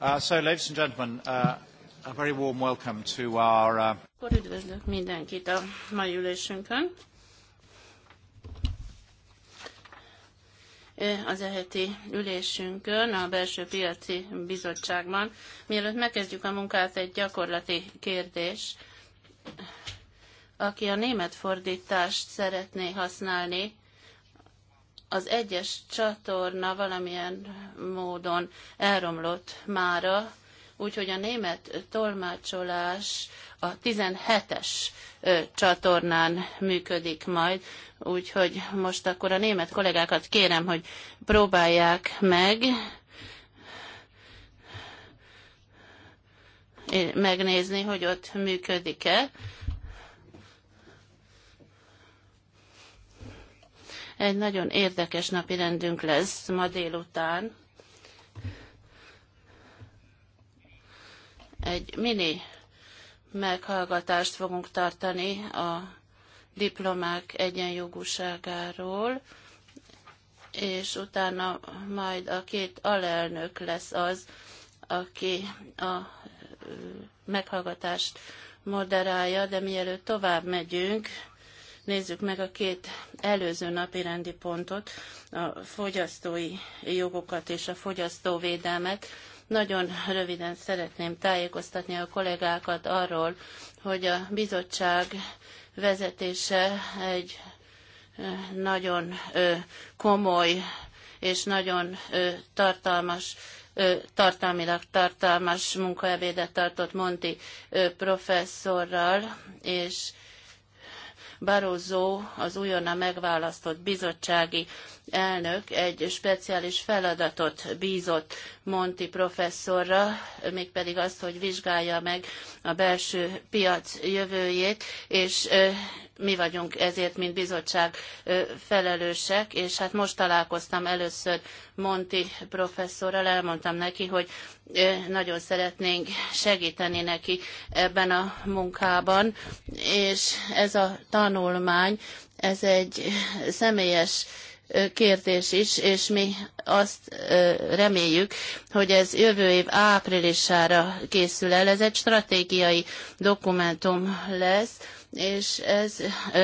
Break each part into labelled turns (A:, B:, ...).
A: Uh, uh, uh, Akkor üdvözlök mindenkit a mai ülésünkön. Az eheti ülésünkön, a Belső Piaci Bizottságban. Mielőtt megkezdjük a munkát, egy gyakorlati kérdés. Aki a német fordítást szeretné használni, az egyes csatorna valamilyen módon elromlott mára, úgyhogy a német tolmácsolás a 17-es csatornán működik majd, úgyhogy most akkor a német kollégákat kérem, hogy próbálják meg, megnézni, hogy ott működik-e. Egy nagyon érdekes napi rendünk lesz ma délután. Egy mini meghallgatást fogunk tartani a diplomák egyenjogúságáról, és utána majd a két alelnök lesz az, aki a meghallgatást moderálja, de mielőtt tovább megyünk, Nézzük meg a két előző napi rendi pontot, a fogyasztói jogokat és a fogyasztóvédelmet. Nagyon röviden szeretném tájékoztatni a kollégákat arról, hogy a bizottság vezetése egy nagyon komoly és nagyon tartalmas tartalmilag tartalmas munkaebédet tartott Monti professzorral, és Barroso, az újonnan megválasztott bizottsági elnök egy speciális feladatot bízott Monti professzorra, mégpedig azt, hogy vizsgálja meg a belső piac jövőjét, és mi vagyunk ezért, mint bizottság felelősek, és hát most találkoztam először Monti professzorral, elmondtam neki, hogy nagyon szeretnénk segíteni neki ebben a munkában, és ez a tanulmány, ez egy személyes kérdés is, és mi azt reméljük, hogy ez jövő év áprilisára készül el. Ez egy stratégiai dokumentum lesz, és ez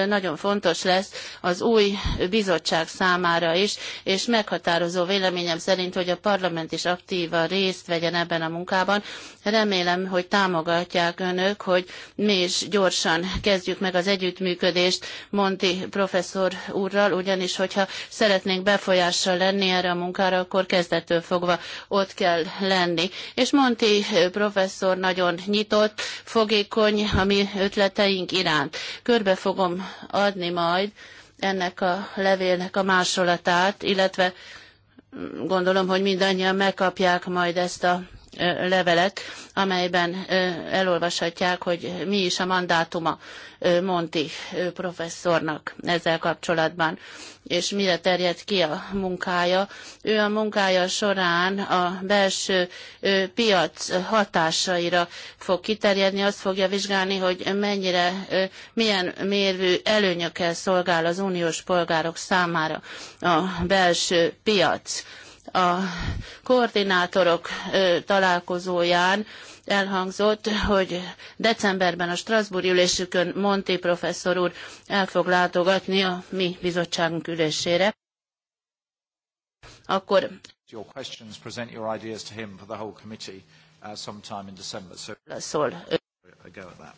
A: nagyon fontos lesz az új bizottság számára is, és meghatározó véleményem szerint, hogy a parlament is aktívan részt vegyen ebben a munkában. Remélem, hogy támogatják önök, hogy mi is gyorsan kezdjük meg az együttműködést Monti professzor úrral, ugyanis hogyha szeretnénk befolyással lenni erre a munkára, akkor kezdettől fogva ott kell lenni. És Monti professzor nagyon nyitott, fogékony a mi ötleteink iránt kívánt. Körbe fogom adni majd ennek a levélnek a másolatát, illetve mm, gondolom, hogy mindannyian megkapják majd ezt a levelet, amelyben elolvashatják, hogy mi is a mandátuma Monti professzornak ezzel kapcsolatban, és mire terjed ki a munkája. Ő a munkája során a belső piac hatásaira fog kiterjedni, azt fogja vizsgálni, hogy mennyire, milyen mérvű előnyökkel szolgál az uniós polgárok számára a belső piac a koordinátorok találkozóján elhangzott, hogy decemberben a Strasbourg ülésükön Monti professzor úr el fog látogatni a mi bizottságunk ülésére. Akkor your questions, present your ideas to him for the whole committee uh, sometime in December. So, I go at that.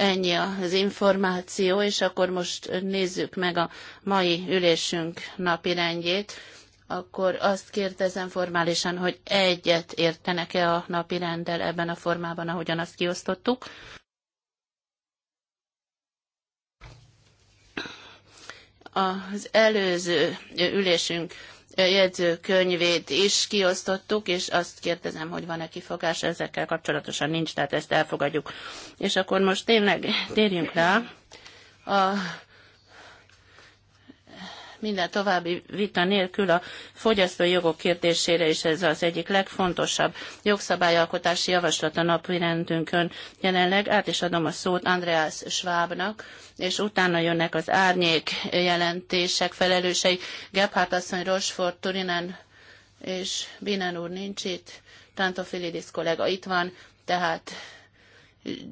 A: Ennyi az információ, és akkor most nézzük meg a mai ülésünk napirendjét. Akkor azt kérdezem formálisan, hogy egyet értenek-e a napirenddel ebben a formában, ahogyan azt kiosztottuk. Az előző ülésünk jegyzőkönyvét is kiosztottuk, és azt kérdezem, hogy van-e kifogás ezekkel kapcsolatosan nincs, tehát ezt elfogadjuk. És akkor most tényleg térjünk rá a minden további vita nélkül a fogyasztói jogok kérdésére is ez az egyik legfontosabb jogszabályalkotási javaslat a napi rendünkön. Jelenleg át is adom a szót Andreas Schwabnak, és utána jönnek az árnyék jelentések felelősei. Gebhardt asszony, Rochefort, Turinen és Binen úr nincs itt, Tantofilidis kollega itt van, tehát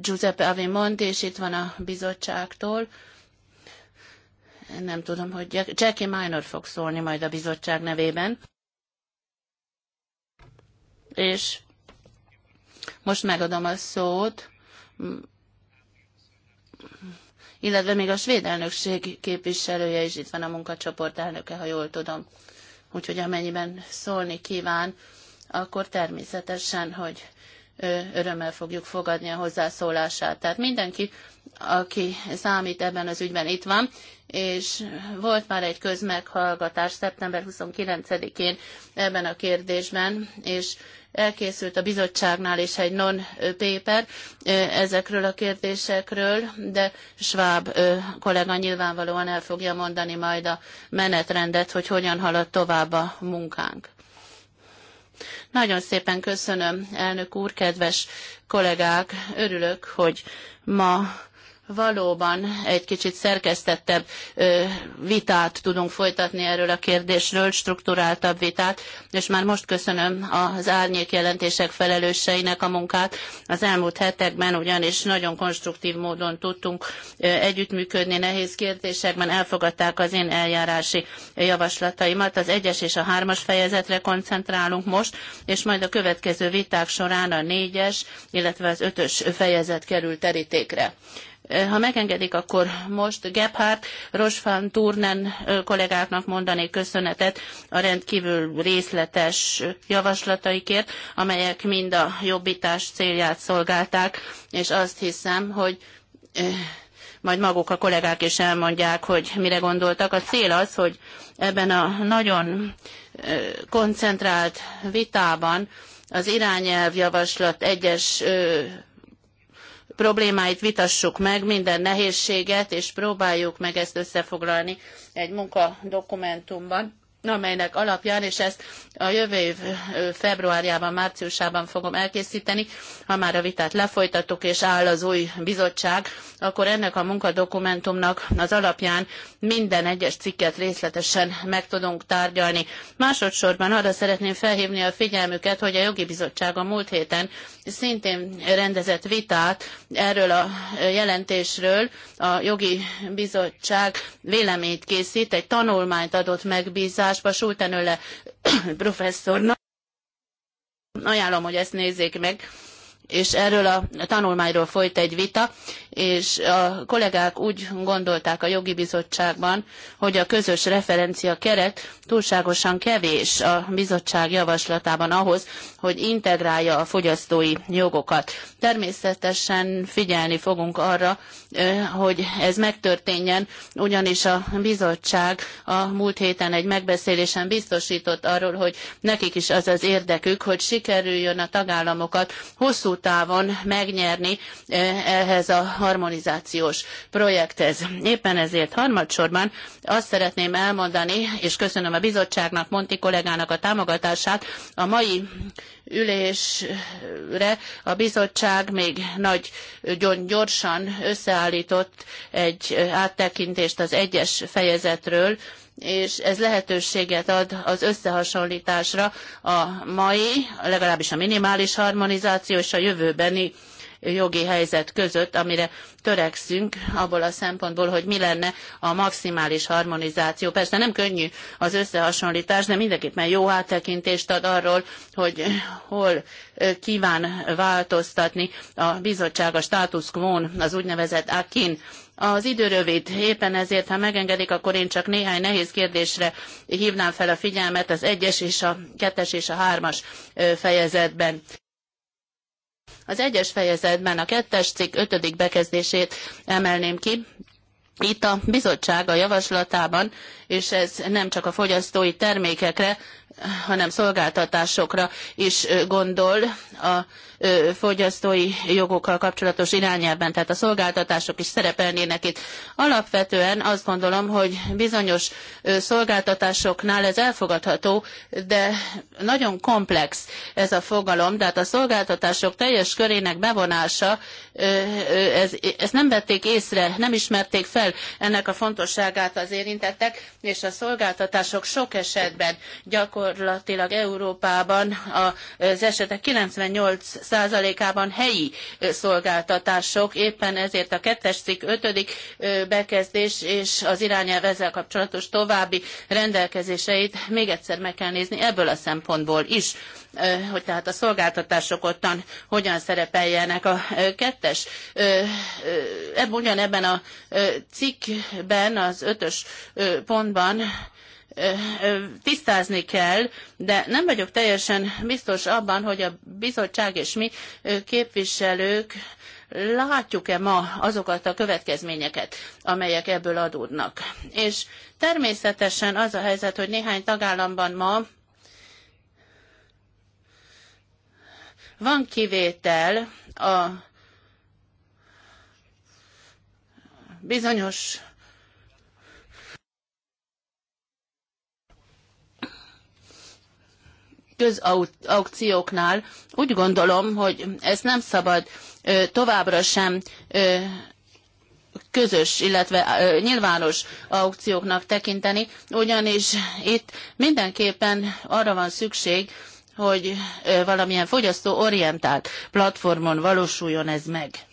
A: Giuseppe Avimonti, és itt van a bizottságtól nem tudom, hogy Jackie Minor fog szólni majd a bizottság nevében. És most megadom a szót, illetve még a svéd elnökség képviselője is itt van a munkacsoport elnöke, ha jól tudom. Úgyhogy amennyiben szólni kíván, akkor természetesen, hogy örömmel fogjuk fogadni a hozzászólását. Tehát mindenki, aki számít ebben az ügyben, itt van, és volt már egy közmeghallgatás szeptember 29-én ebben a kérdésben, és elkészült a bizottságnál is egy non-paper ezekről a kérdésekről, de Schwab kollega nyilvánvalóan el fogja mondani majd a menetrendet, hogy hogyan halad tovább a munkánk. Nagyon szépen köszönöm, elnök úr, kedves kollégák, örülök, hogy ma valóban egy kicsit szerkesztettebb vitát tudunk folytatni erről a kérdésről, strukturáltabb vitát, és már most köszönöm az árnyék jelentések felelőseinek a munkát. Az elmúlt hetekben ugyanis nagyon konstruktív módon tudtunk együttműködni nehéz kérdésekben, elfogadták az én eljárási javaslataimat. Az egyes és a hármas fejezetre koncentrálunk most, és majd a következő viták során a négyes, illetve az ötös fejezet kerül terítékre. Ha megengedik, akkor most Gebhardt, Rosfán Turnen kollégáknak mondanék köszönetet a rendkívül részletes javaslataikért, amelyek mind a jobbítás célját szolgálták, és azt hiszem, hogy majd maguk a kollégák is elmondják, hogy mire gondoltak. A cél az, hogy ebben a nagyon koncentrált vitában az irányelvjavaslat egyes problémáit vitassuk meg, minden nehézséget, és próbáljuk meg ezt összefoglalni egy munkadokumentumban amelynek alapján, és ezt a jövő év februárjában, márciusában fogom elkészíteni, ha már a vitát lefolytattuk, és áll az új bizottság, akkor ennek a munkadokumentumnak az alapján minden egyes cikket részletesen meg tudunk tárgyalni. Másodszorban arra szeretném felhívni a figyelmüket, hogy a jogi bizottság a múlt héten szintén rendezett vitát erről a jelentésről. A jogi bizottság véleményt készít, egy tanulmányt adott megbízást, írásba Sultanöle professzornak. Ajánlom, hogy ezt nézzék meg és erről a tanulmányról folyt egy vita, és a kollégák úgy gondolták a jogi bizottságban, hogy a közös referencia keret túlságosan kevés a bizottság javaslatában ahhoz, hogy integrálja a fogyasztói jogokat. Természetesen figyelni fogunk arra, hogy ez megtörténjen, ugyanis a bizottság a múlt héten egy megbeszélésen biztosított arról, hogy nekik is az az érdekük, hogy sikerüljön a tagállamokat hosszú távon megnyerni eh, ehhez a harmonizációs projekthez. Éppen ezért harmadsorban azt szeretném elmondani, és köszönöm a bizottságnak, Monti kollégának a támogatását, a mai ülésre a bizottság még nagy gyorsan összeállított egy áttekintést az egyes fejezetről, és ez lehetőséget ad az összehasonlításra a mai, legalábbis a minimális harmonizáció és a jövőbeni jogi helyzet között, amire törekszünk abból a szempontból, hogy mi lenne a maximális harmonizáció. Persze nem könnyű az összehasonlítás, de mindenképpen jó áttekintést ad arról, hogy hol kíván változtatni a bizottság a status quo-n, az úgynevezett akin az idő rövid, éppen ezért, ha megengedik, akkor én csak néhány nehéz kérdésre hívnám fel a figyelmet az egyes és a kettes és a hármas fejezetben. Az egyes fejezetben a kettes cikk ötödik bekezdését emelném ki. Itt a bizottság a javaslatában, és ez nem csak a fogyasztói termékekre, hanem szolgáltatásokra is gondol. A fogyasztói jogokkal kapcsolatos irányelben, tehát a szolgáltatások is szerepelnének itt. Alapvetően azt gondolom, hogy bizonyos szolgáltatásoknál ez elfogadható, de nagyon komplex ez a fogalom, tehát a szolgáltatások teljes körének bevonása, ez, ezt nem vették észre, nem ismerték fel ennek a fontosságát az érintettek, és a szolgáltatások sok esetben gyakorlatilag Európában az esetek 98 százalékában helyi szolgáltatások, éppen ezért a kettes cikk ötödik bekezdés és az irányelv ezzel kapcsolatos további rendelkezéseit még egyszer meg kell nézni ebből a szempontból is hogy tehát a szolgáltatások ottan hogyan szerepeljenek. A kettes, ebben ugyanebben a cikkben, az ötös pontban tisztázni kell, de nem vagyok teljesen biztos abban, hogy a bizottság és mi képviselők látjuk-e ma azokat a következményeket, amelyek ebből adódnak. És természetesen az a helyzet, hogy néhány tagállamban ma van kivétel a bizonyos közaukcióknál úgy gondolom, hogy ezt nem szabad továbbra sem közös, illetve nyilvános aukcióknak tekinteni, ugyanis itt mindenképpen arra van szükség, hogy valamilyen fogyasztóorientált platformon valósuljon ez meg.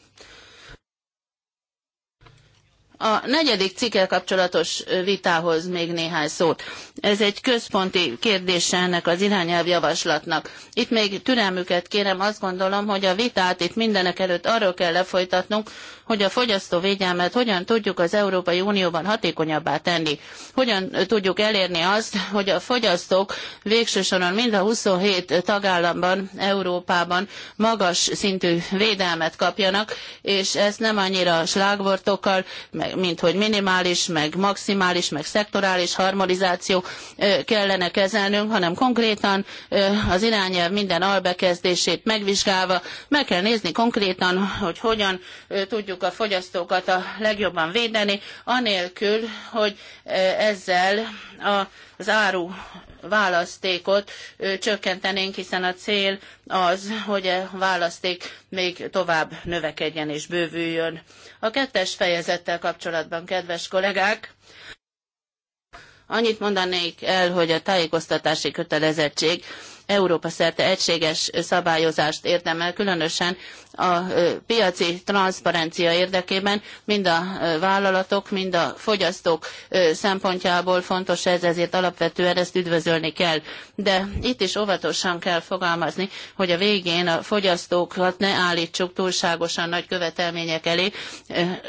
A: A negyedik cikkel kapcsolatos vitához még néhány szót. Ez egy központi kérdése ennek az irányelvjavaslatnak. Itt még türelmüket kérem, azt gondolom, hogy a vitát itt mindenek előtt arról kell lefolytatnunk, hogy a fogyasztóvédelmet hogyan tudjuk az Európai Unióban hatékonyabbá tenni. Hogyan tudjuk elérni azt, hogy a fogyasztók végső soron mind a 27 tagállamban, Európában magas szintű védelmet kapjanak, és ezt nem annyira slágvortokkal, meg mint hogy minimális, meg maximális, meg szektorális harmonizáció kellene kezelnünk, hanem konkrétan az irányelv minden albekezdését megvizsgálva meg kell nézni konkrétan, hogy hogyan tudjuk a fogyasztókat a legjobban védeni, anélkül, hogy ezzel az áru választékot csökkentenénk, hiszen a cél az, hogy a választék még tovább növekedjen és bővüljön. A kettes fejezettel kapcsolatban, kedves kollégák, annyit mondanék el, hogy a tájékoztatási kötelezettség Európa szerte egységes szabályozást érdemel, különösen a piaci transzparencia érdekében mind a vállalatok, mind a fogyasztók szempontjából fontos ez, ezért alapvetően ezt üdvözölni kell. De itt is óvatosan kell fogalmazni, hogy a végén a fogyasztókat ne állítsuk túlságosan nagy követelmények elé,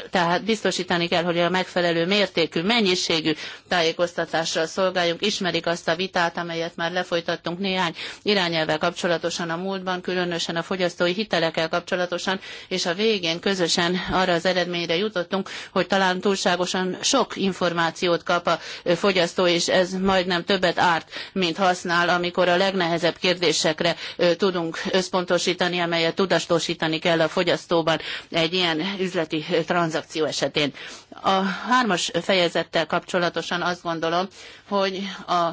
A: tehát biztosítani kell, hogy a megfelelő mértékű, mennyiségű tájékoztatással szolgáljunk, ismerik azt a vitát, amelyet már lefolytattunk néhány irányelvvel kapcsolatosan a múltban, különösen a fogyasztói hitelekkel kapcsolatosan, és a végén közösen arra az eredményre jutottunk, hogy talán túlságosan sok információt kap a fogyasztó, és ez majdnem többet árt, mint használ, amikor a legnehezebb kérdésekre tudunk összpontosítani, amelyet tudatosítani kell a fogyasztóban egy ilyen üzleti tranzakció esetén. A hármas fejezettel kapcsolatosan azt gondolom, hogy a,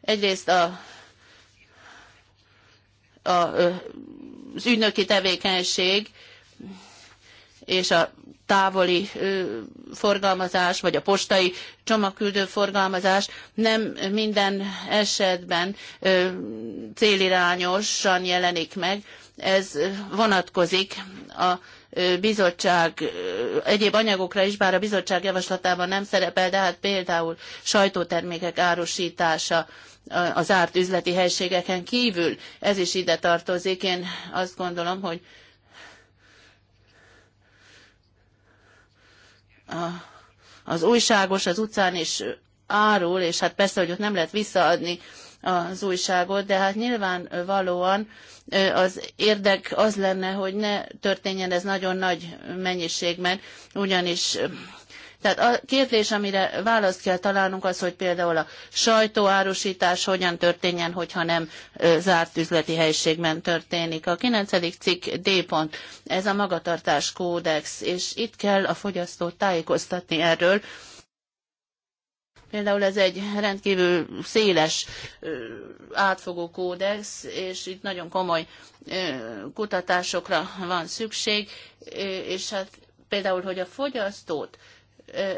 A: egyrészt a a, az ügynöki tevékenység és a távoli forgalmazás, vagy a postai csomagküldő forgalmazás nem minden esetben célirányosan jelenik meg. Ez vonatkozik a bizottság egyéb anyagokra is, bár a bizottság javaslatában nem szerepel, de hát például sajtótermékek árusítása az árt üzleti helységeken kívül, ez is ide tartozik. Én azt gondolom, hogy az újságos az utcán is árul, és hát persze, hogy ott nem lehet visszaadni az újságot, de hát nyilvánvalóan az érdek az lenne, hogy ne történjen ez nagyon nagy mennyiségben, ugyanis tehát a kérdés, amire választ kell találnunk, az, hogy például a sajtóárusítás hogyan történjen, hogyha nem zárt üzleti helységben történik. A 9. cikk D pont, ez a magatartás kódex, és itt kell a fogyasztót tájékoztatni erről, Például ez egy rendkívül széles, átfogó kódex, és itt nagyon komoly kutatásokra van szükség, és hát például, hogy a fogyasztót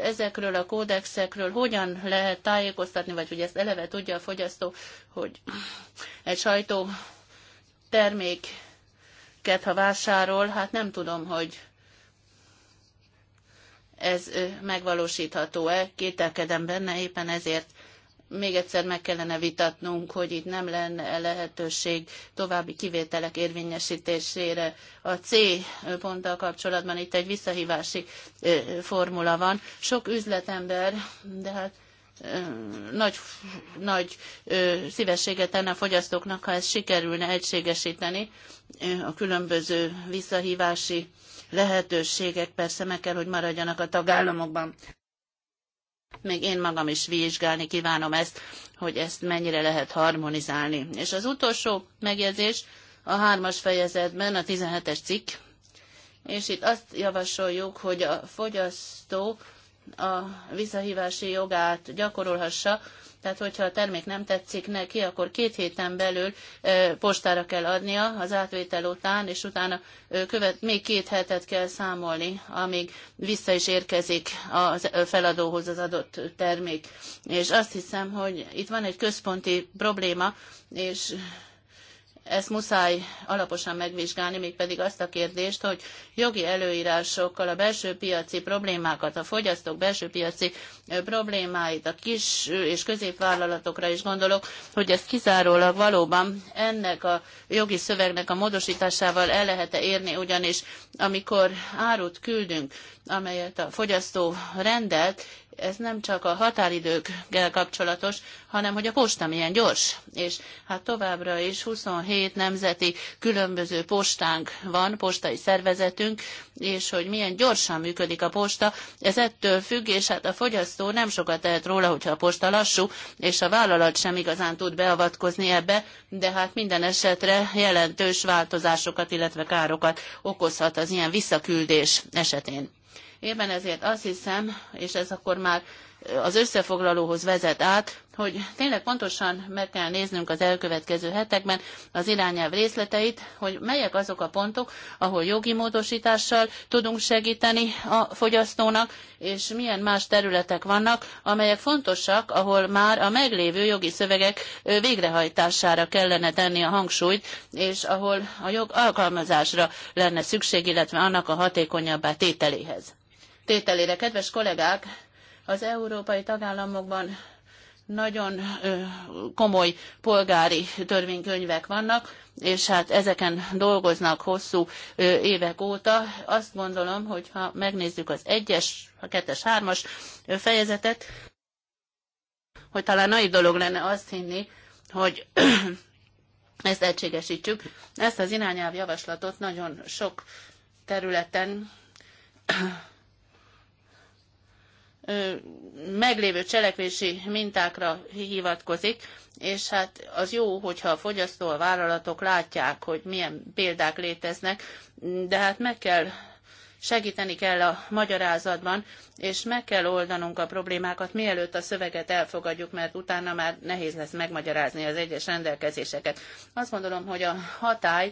A: ezekről a kódexekről hogyan lehet tájékoztatni, vagy hogy ezt eleve tudja a fogyasztó, hogy egy sajtó terméket, ha vásárol, hát nem tudom, hogy ez megvalósítható-e, kételkedem benne, éppen ezért még egyszer meg kellene vitatnunk, hogy itt nem lenne lehetőség további kivételek érvényesítésére. A C ponttal kapcsolatban itt egy visszahívási formula van. Sok üzletember, de hát nagy, nagy szívességet tenne a fogyasztóknak, ha ezt sikerülne egységesíteni a különböző visszahívási lehetőségek persze meg kell, hogy maradjanak a tagállamokban. Még én magam is vizsgálni kívánom ezt, hogy ezt mennyire lehet harmonizálni. És az utolsó megjegyzés a hármas fejezetben a 17-es cikk, és itt azt javasoljuk, hogy a fogyasztó a visszahívási jogát gyakorolhassa, tehát, hogyha a termék nem tetszik neki, akkor két héten belül postára kell adnia az átvétel után, és utána követ, még két hetet kell számolni, amíg vissza is érkezik a feladóhoz az adott termék. És azt hiszem, hogy itt van egy központi probléma, és ezt muszáj alaposan megvizsgálni, mégpedig azt a kérdést, hogy jogi előírásokkal a belső piaci problémákat, a fogyasztók belső piaci problémáit, a kis és középvállalatokra is gondolok, hogy ezt kizárólag valóban ennek a jogi szövegnek a módosításával el lehet-e érni, ugyanis amikor árut küldünk, amelyet a fogyasztó rendelt, ez nem csak a határidőkkel kapcsolatos, hanem hogy a posta milyen gyors. És hát továbbra is 27 nemzeti különböző postánk van, postai szervezetünk, és hogy milyen gyorsan működik a posta, ez ettől függ, és hát a fogyasztó nem sokat tehet róla, hogyha a posta lassú, és a vállalat sem igazán tud beavatkozni ebbe, de hát minden esetre jelentős változásokat, illetve károkat okozhat az ilyen visszaküldés esetén. Éppen ezért azt hiszem, és ez akkor már az összefoglalóhoz vezet át, hogy tényleg pontosan meg kell néznünk az elkövetkező hetekben az irányelv részleteit, hogy melyek azok a pontok, ahol jogi módosítással tudunk segíteni a fogyasztónak, és milyen más területek vannak, amelyek fontosak, ahol már a meglévő jogi szövegek végrehajtására kellene tenni a hangsúlyt, és ahol a jog alkalmazásra lenne szükség, illetve annak a hatékonyabbá tételéhez tételére. Kedves kollégák, az európai tagállamokban nagyon komoly polgári törvénykönyvek vannak, és hát ezeken dolgoznak hosszú évek óta. Azt gondolom, hogy ha megnézzük az egyes, a kettes, hármas fejezetet, hogy talán naiv dolog lenne azt hinni, hogy ezt egységesítsük. Ezt az irányelv javaslatot nagyon sok területen meglévő cselekvési mintákra hivatkozik, és hát az jó, hogyha a fogyasztó, a vállalatok látják, hogy milyen példák léteznek, de hát meg kell segíteni kell a magyarázatban, és meg kell oldanunk a problémákat, mielőtt a szöveget elfogadjuk, mert utána már nehéz lesz megmagyarázni az egyes rendelkezéseket. Azt gondolom, hogy a hatály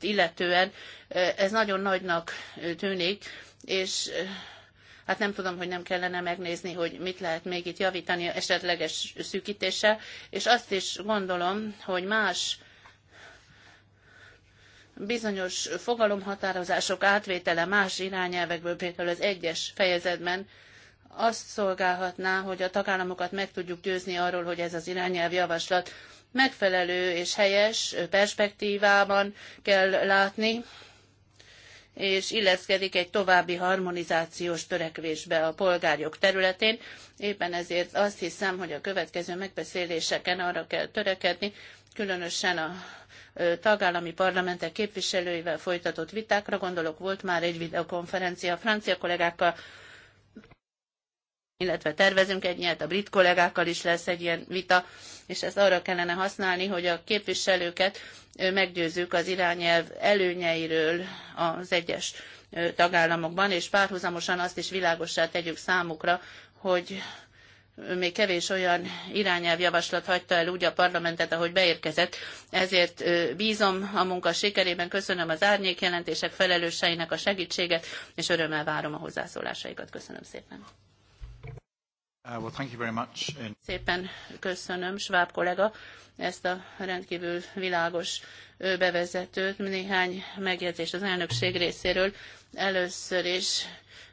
A: illetően ez nagyon nagynak tűnik, és Hát nem tudom, hogy nem kellene megnézni, hogy mit lehet még itt javítani esetleges szűkítéssel, és azt is gondolom, hogy más bizonyos fogalomhatározások átvétele más irányelvekből, például az egyes fejezetben azt szolgálhatná, hogy a tagállamokat meg tudjuk győzni arról, hogy ez az irányelv javaslat megfelelő és helyes perspektívában kell látni, és illeszkedik egy további harmonizációs törekvésbe a polgárjog területén. Éppen ezért azt hiszem, hogy a következő megbeszéléseken arra kell törekedni, különösen a tagállami parlamentek képviselőivel folytatott vitákra, gondolok volt már egy videokonferencia a francia kollégákkal, illetve tervezünk egy ilyet, a brit kollégákkal is lesz egy ilyen vita, és ezt arra kellene használni, hogy a képviselőket meggyőzzük az irányelv előnyeiről az egyes tagállamokban, és párhuzamosan azt is világossá tegyük számukra, hogy még kevés olyan irányelvjavaslat hagyta el úgy a parlamentet, ahogy beérkezett. Ezért bízom a munka sikerében, köszönöm az árnyékjelentések felelőseinek a segítséget, és örömmel várom a hozzászólásaikat. Köszönöm szépen. Uh, uh, Szépen köszönöm, Schwab kollega, ezt a rendkívül világos bevezetőt. Néhány megjegyzést az elnökség részéről. Először is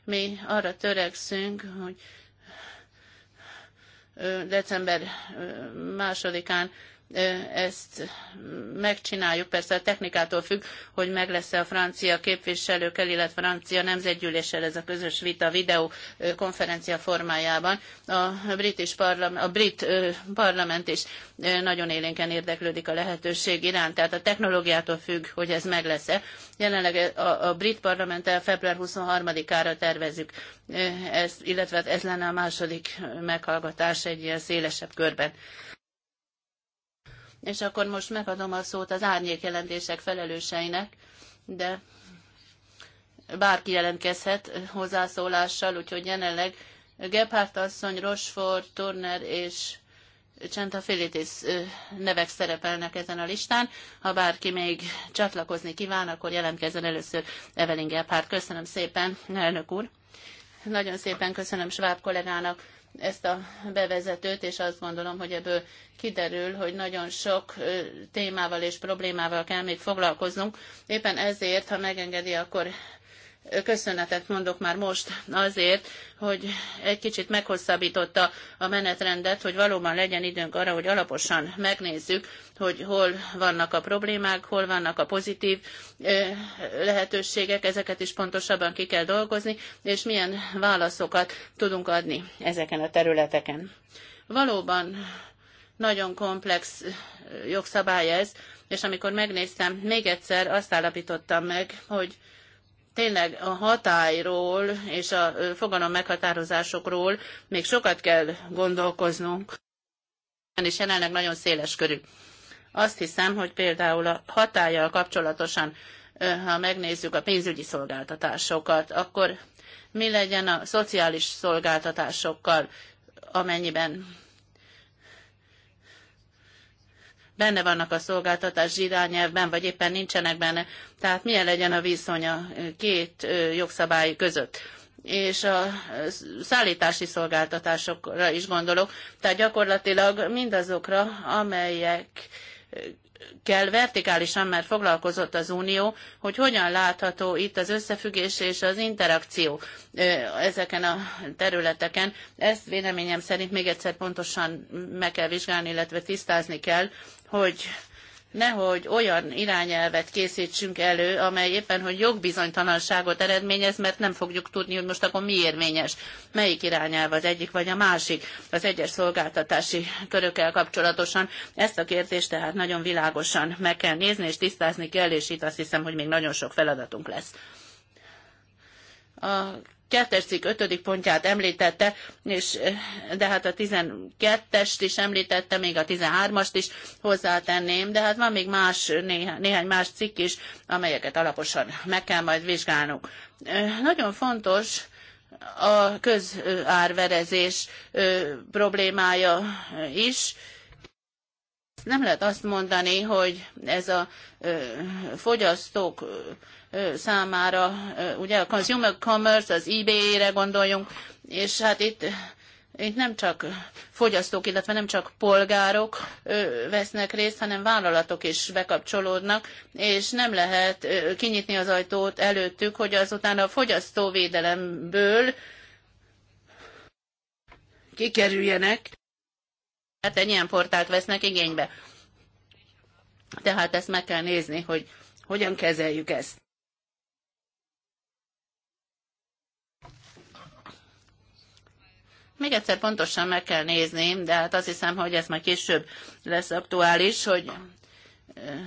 A: mi arra törekszünk, hogy december másodikán ezt megcsináljuk. Persze a technikától függ, hogy meg lesz -e a francia képviselőkkel, illetve francia nemzetgyűléssel ez a közös vita videó konferencia formájában. A, British parlament, a brit parlament is nagyon élénken érdeklődik a lehetőség iránt, tehát a technológiától függ, hogy ez meg lesz-e. Jelenleg a, a brit parlamenttel február 23-ára tervezük, ezt, illetve ez lenne a második meghallgatás egy ilyen szélesebb körben. És akkor most megadom a szót az árnyékjelentések felelőseinek, de bárki jelentkezhet hozzászólással, úgyhogy jelenleg Gebhardt asszony, Rochefort, Turner és Csenta Filitis nevek szerepelnek ezen a listán. Ha bárki még csatlakozni kíván, akkor jelentkezzen először Evelyn Gebhardt. Köszönöm szépen, elnök úr! Nagyon szépen köszönöm Schwab kollégának ezt a bevezetőt, és azt gondolom, hogy ebből kiderül, hogy nagyon sok témával és problémával kell még foglalkoznunk. Éppen ezért, ha megengedi, akkor köszönetet mondok már most azért, hogy egy kicsit meghosszabbította a menetrendet, hogy valóban legyen időnk arra, hogy alaposan megnézzük, hogy hol vannak a problémák, hol vannak a pozitív eh, lehetőségek, ezeket is pontosabban ki kell dolgozni, és milyen válaszokat tudunk adni ezeken a területeken. Valóban nagyon komplex eh, jogszabály ez, és amikor megnéztem, még egyszer azt állapítottam meg, hogy tényleg a hatályról és a fogalom meghatározásokról még sokat kell gondolkoznunk, és jelenleg nagyon széles körül. Azt hiszem, hogy például a hatállyal kapcsolatosan, ha megnézzük a pénzügyi szolgáltatásokat, akkor mi legyen a szociális szolgáltatásokkal, amennyiben benne vannak a szolgáltatás irányelvben, vagy éppen nincsenek benne. Tehát milyen legyen a viszony a két jogszabály között és a szállítási szolgáltatásokra is gondolok, tehát gyakorlatilag mindazokra, amelyek kell vertikálisan már foglalkozott az Unió, hogy hogyan látható itt az összefüggés és az interakció ezeken a területeken. Ezt véleményem szerint még egyszer pontosan meg kell vizsgálni, illetve tisztázni kell, hogy nehogy olyan irányelvet készítsünk elő, amely éppen, hogy jogbizonytalanságot eredményez, mert nem fogjuk tudni, hogy most akkor mi érvényes, melyik irányelv az egyik vagy a másik az egyes szolgáltatási körökkel kapcsolatosan. Ezt a kérdést tehát nagyon világosan meg kell nézni, és tisztázni kell, és itt azt hiszem, hogy még nagyon sok feladatunk lesz. A kettes cikk ötödik pontját említette, és eh, de hát a 12-est is említette, még a 13-ast is hozzátenném, de hát van még más, néhány, néhány más cikk is, amelyeket alaposan meg kell majd vizsgálnunk. Eh, nagyon fontos, a közárverezés eh, problémája is. Nem lehet azt mondani, hogy ez a fogyasztók számára, ugye a consumer commerce, az eBay-re gondoljunk, és hát itt itt nem csak fogyasztók, illetve nem csak polgárok vesznek részt, hanem vállalatok is bekapcsolódnak, és nem lehet kinyitni az ajtót előttük, hogy azután a fogyasztóvédelemből kikerüljenek, hát egy ilyen portált vesznek igénybe. Tehát ezt meg kell nézni, hogy hogyan kezeljük ezt. Még egyszer pontosan meg kell nézni, de hát azt hiszem, hogy ez már később lesz aktuális, hogy eh,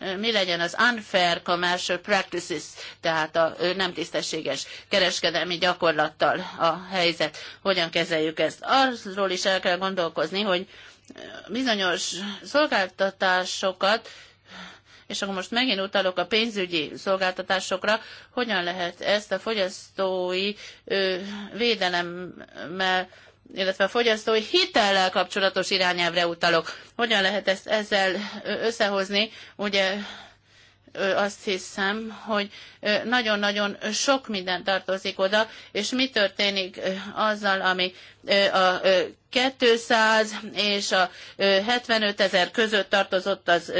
A: eh, mi legyen az unfair commercial practices, tehát a nem tisztességes kereskedelmi gyakorlattal a helyzet, hogyan kezeljük ezt. Arról is el kell gondolkozni, hogy eh, bizonyos szolgáltatásokat és akkor most megint utalok a pénzügyi szolgáltatásokra, hogyan lehet ezt a fogyasztói ö, védelemmel illetve a fogyasztói hitellel kapcsolatos irányelvre utalok. Hogyan lehet ezt ezzel összehozni? Ugye azt hiszem, hogy nagyon-nagyon sok minden tartozik oda, és mi történik azzal, ami a 200 és a 75 ezer között tartozott az,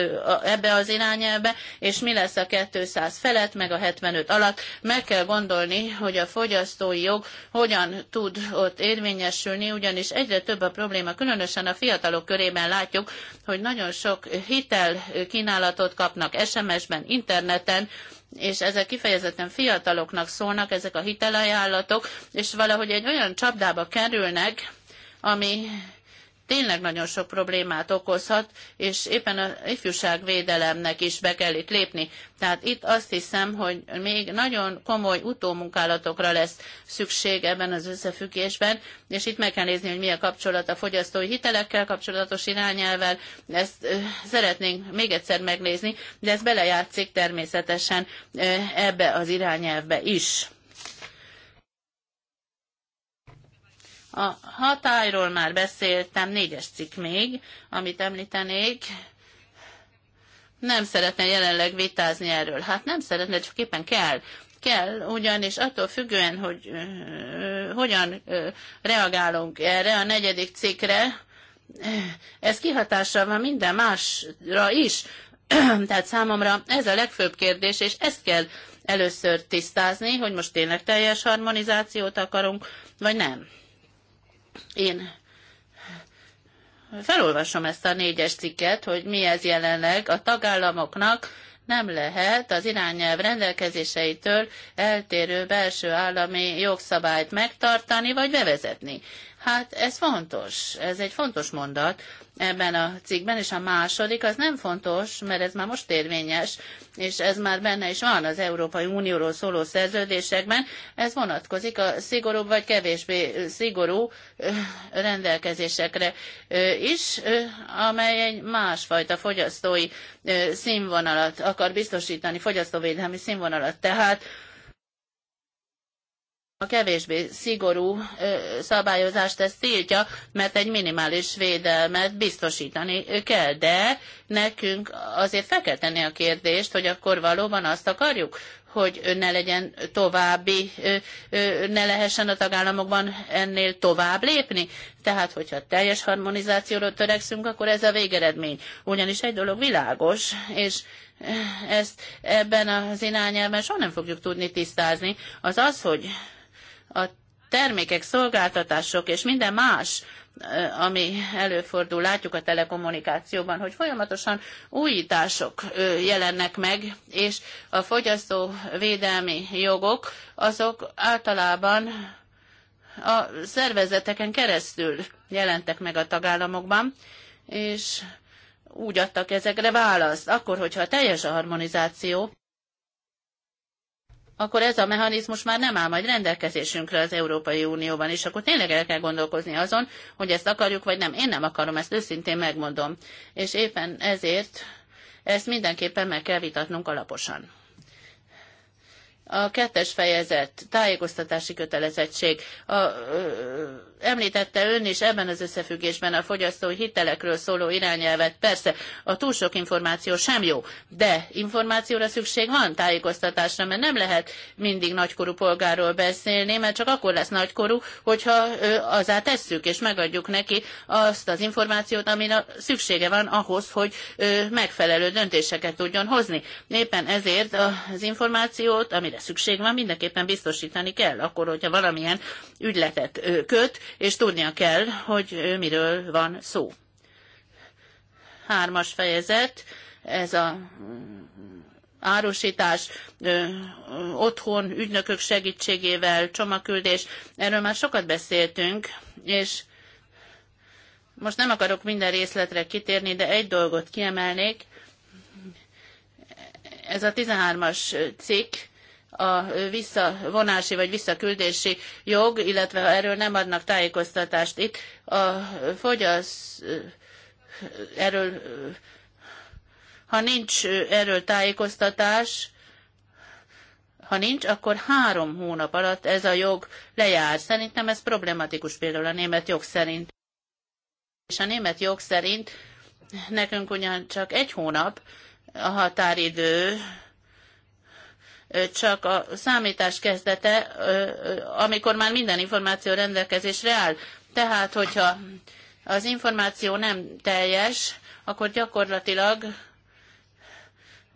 A: ebbe az irányelbe, és mi lesz a 200 felett, meg a 75 alatt. Meg kell gondolni, hogy a fogyasztói jog hogyan tud ott érvényesülni, ugyanis egyre több a probléma, különösen a fiatalok körében látjuk, hogy nagyon sok hitel kínálatot kapnak SMS-ben, interneten, és ezek kifejezetten fiataloknak szólnak, ezek a hitelajánlatok, és valahogy egy olyan csapdába kerülnek, ami tényleg nagyon sok problémát okozhat, és éppen a ifjúságvédelemnek is be kell itt lépni. Tehát itt azt hiszem, hogy még nagyon komoly utómunkálatokra lesz szükség ebben az összefüggésben, és itt meg kell nézni, hogy mi a kapcsolat a fogyasztói hitelekkel kapcsolatos irányelvel. Ezt szeretnénk még egyszer megnézni, de ez belejátszik természetesen ebbe az irányelvbe is. A hatályról már beszéltem, négyes cikk még, amit említenék. Nem szeretne jelenleg vitázni erről. Hát nem szeretne, csak éppen kell kell, ugyanis attól függően, hogy ö, hogyan ö, reagálunk erre a negyedik cikkre, ez kihatással van minden másra is. Tehát számomra ez a legfőbb kérdés, és ezt kell először tisztázni, hogy most tényleg teljes harmonizációt akarunk, vagy nem. Én felolvasom ezt a négyes cikket, hogy mi ez jelenleg a tagállamoknak, nem lehet az irányelv rendelkezéseitől eltérő belső állami jogszabályt megtartani vagy bevezetni. Hát ez fontos, ez egy fontos mondat ebben a cikkben, és a második az nem fontos, mert ez már most érvényes, és ez már benne is van az Európai Unióról szóló szerződésekben, ez vonatkozik a szigorúbb vagy kevésbé szigorú rendelkezésekre is, amely egy másfajta fogyasztói színvonalat akar biztosítani, fogyasztóvédelmi színvonalat. Tehát kevésbé szigorú szabályozást ezt tiltja, mert egy minimális védelmet biztosítani kell, de nekünk azért fel kell tenni a kérdést, hogy akkor valóban azt akarjuk, hogy ne legyen további, ne lehessen a tagállamokban ennél tovább lépni. Tehát, hogyha teljes harmonizációra törekszünk, akkor ez a végeredmény. Ugyanis egy dolog világos, és ezt ebben az irányelben soha nem fogjuk tudni tisztázni, az az, hogy a termékek, szolgáltatások és minden más, eh, ami előfordul, látjuk a telekommunikációban, hogy folyamatosan újítások eh, jelennek meg, és a fogyasztó védelmi jogok azok általában a szervezeteken keresztül jelentek meg a tagállamokban, és úgy adtak ezekre választ, akkor, hogyha teljes a harmonizáció, akkor ez a mechanizmus már nem áll majd rendelkezésünkre az Európai Unióban, és akkor tényleg el kell gondolkozni azon, hogy ezt akarjuk, vagy nem. Én nem akarom, ezt őszintén megmondom. És éppen ezért ezt mindenképpen meg kell vitatnunk alaposan. A kettes fejezet, tájékoztatási kötelezettség. A, ö, említette ön is ebben az összefüggésben a fogyasztói hitelekről szóló irányelvet. Persze, a túl sok információ sem jó, de információra szükség van tájékoztatásra, mert nem lehet mindig nagykorú polgárról beszélni, mert csak akkor lesz nagykorú, hogyha ö, tesszük és megadjuk neki azt az információt, amire szüksége van ahhoz, hogy ö, megfelelő döntéseket tudjon hozni. Éppen ezért az információt, amire mire szükség van, mindenképpen biztosítani kell, akkor, hogyha valamilyen ügyletet köt, és tudnia kell, hogy miről van szó. Hármas fejezet, ez a mm, árusítás, ö, otthon, ügynökök segítségével, csomagküldés. Erről már sokat beszéltünk, és most nem akarok minden részletre kitérni, de egy dolgot kiemelnék. Ez a 13-as cikk, a visszavonási vagy visszaküldési jog, illetve ha erről nem adnak tájékoztatást itt, a fogyaszt erről, ha nincs erről tájékoztatás, ha nincs, akkor három hónap alatt ez a jog lejár. Szerintem ez problematikus például a német jog szerint. És a német jog szerint nekünk ugyancsak egy hónap a határidő, csak a számítás kezdete, amikor már minden információ rendelkezésre áll. Tehát, hogyha az információ nem teljes, akkor gyakorlatilag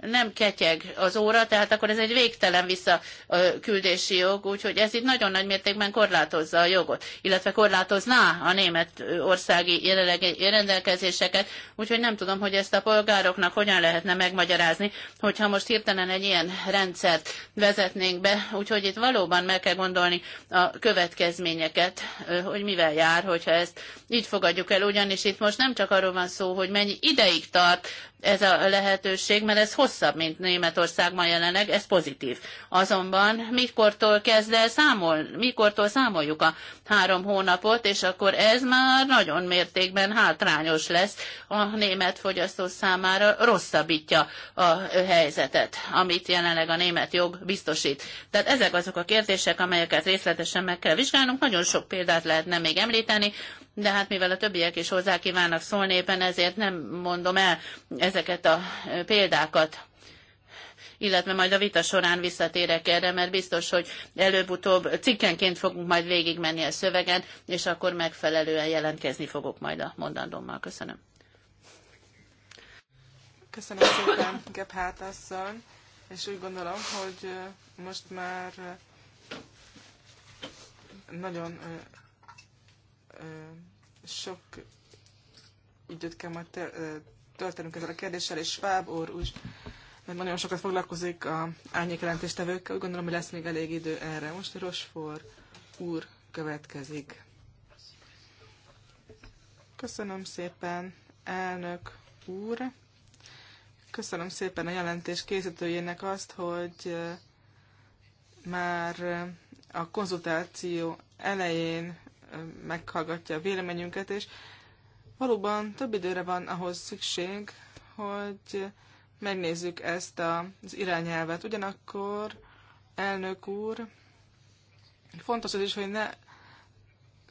A: nem ketyeg az óra, tehát akkor ez egy végtelen visszaküldési jog, úgyhogy ez itt nagyon nagy mértékben korlátozza a jogot, illetve korlátozná a német országi jelenlegi rendelkezéseket, úgyhogy nem tudom, hogy ezt a polgároknak hogyan lehetne megmagyarázni, hogyha most hirtelen egy ilyen rendszert vezetnénk be, úgyhogy itt valóban meg kell gondolni a következményeket, hogy mivel jár, hogyha ezt így fogadjuk el, ugyanis itt most nem csak arról van szó, hogy mennyi ideig tart ez a lehetőség, mert ez hosszabb, mint Németországban jelenleg, ez pozitív. Azonban mikortól kezd el számol, mikortól számoljuk a három hónapot, és akkor ez már nagyon mértékben hátrányos lesz a német fogyasztó számára, rosszabbítja a helyzetet, amit jelenleg a német jog biztosít. Tehát ezek azok a kérdések, amelyeket részletesen meg kell vizsgálnunk, nagyon sok példát lehetne még említeni, de hát mivel a többiek is hozzá kívánnak szólni, éppen ezért nem mondom el ezeket a példákat illetve majd a vita során visszatérek erre, mert biztos, hogy előbb-utóbb cikkenként fogunk majd végigmenni a szövegen, és akkor megfelelően jelentkezni fogok majd a mondandómmal. Köszönöm.
B: Köszönöm szépen, Gebhát asszony, és úgy gondolom, hogy most már nagyon sok időt kell majd töltenünk ezzel a kérdéssel, és fáb úr úgy, mert nagyon sokat foglalkozik a árnyékelentéstevőkkel, úgy gondolom, hogy lesz még elég idő erre. Most Rosfor úr következik. Köszönöm szépen, elnök úr. Köszönöm szépen a jelentés készítőjének azt, hogy már a konzultáció elején meghallgatja a véleményünket, és valóban több időre van ahhoz szükség, hogy megnézzük ezt az irányelvet. Ugyanakkor, elnök úr, fontos az is, hogy ne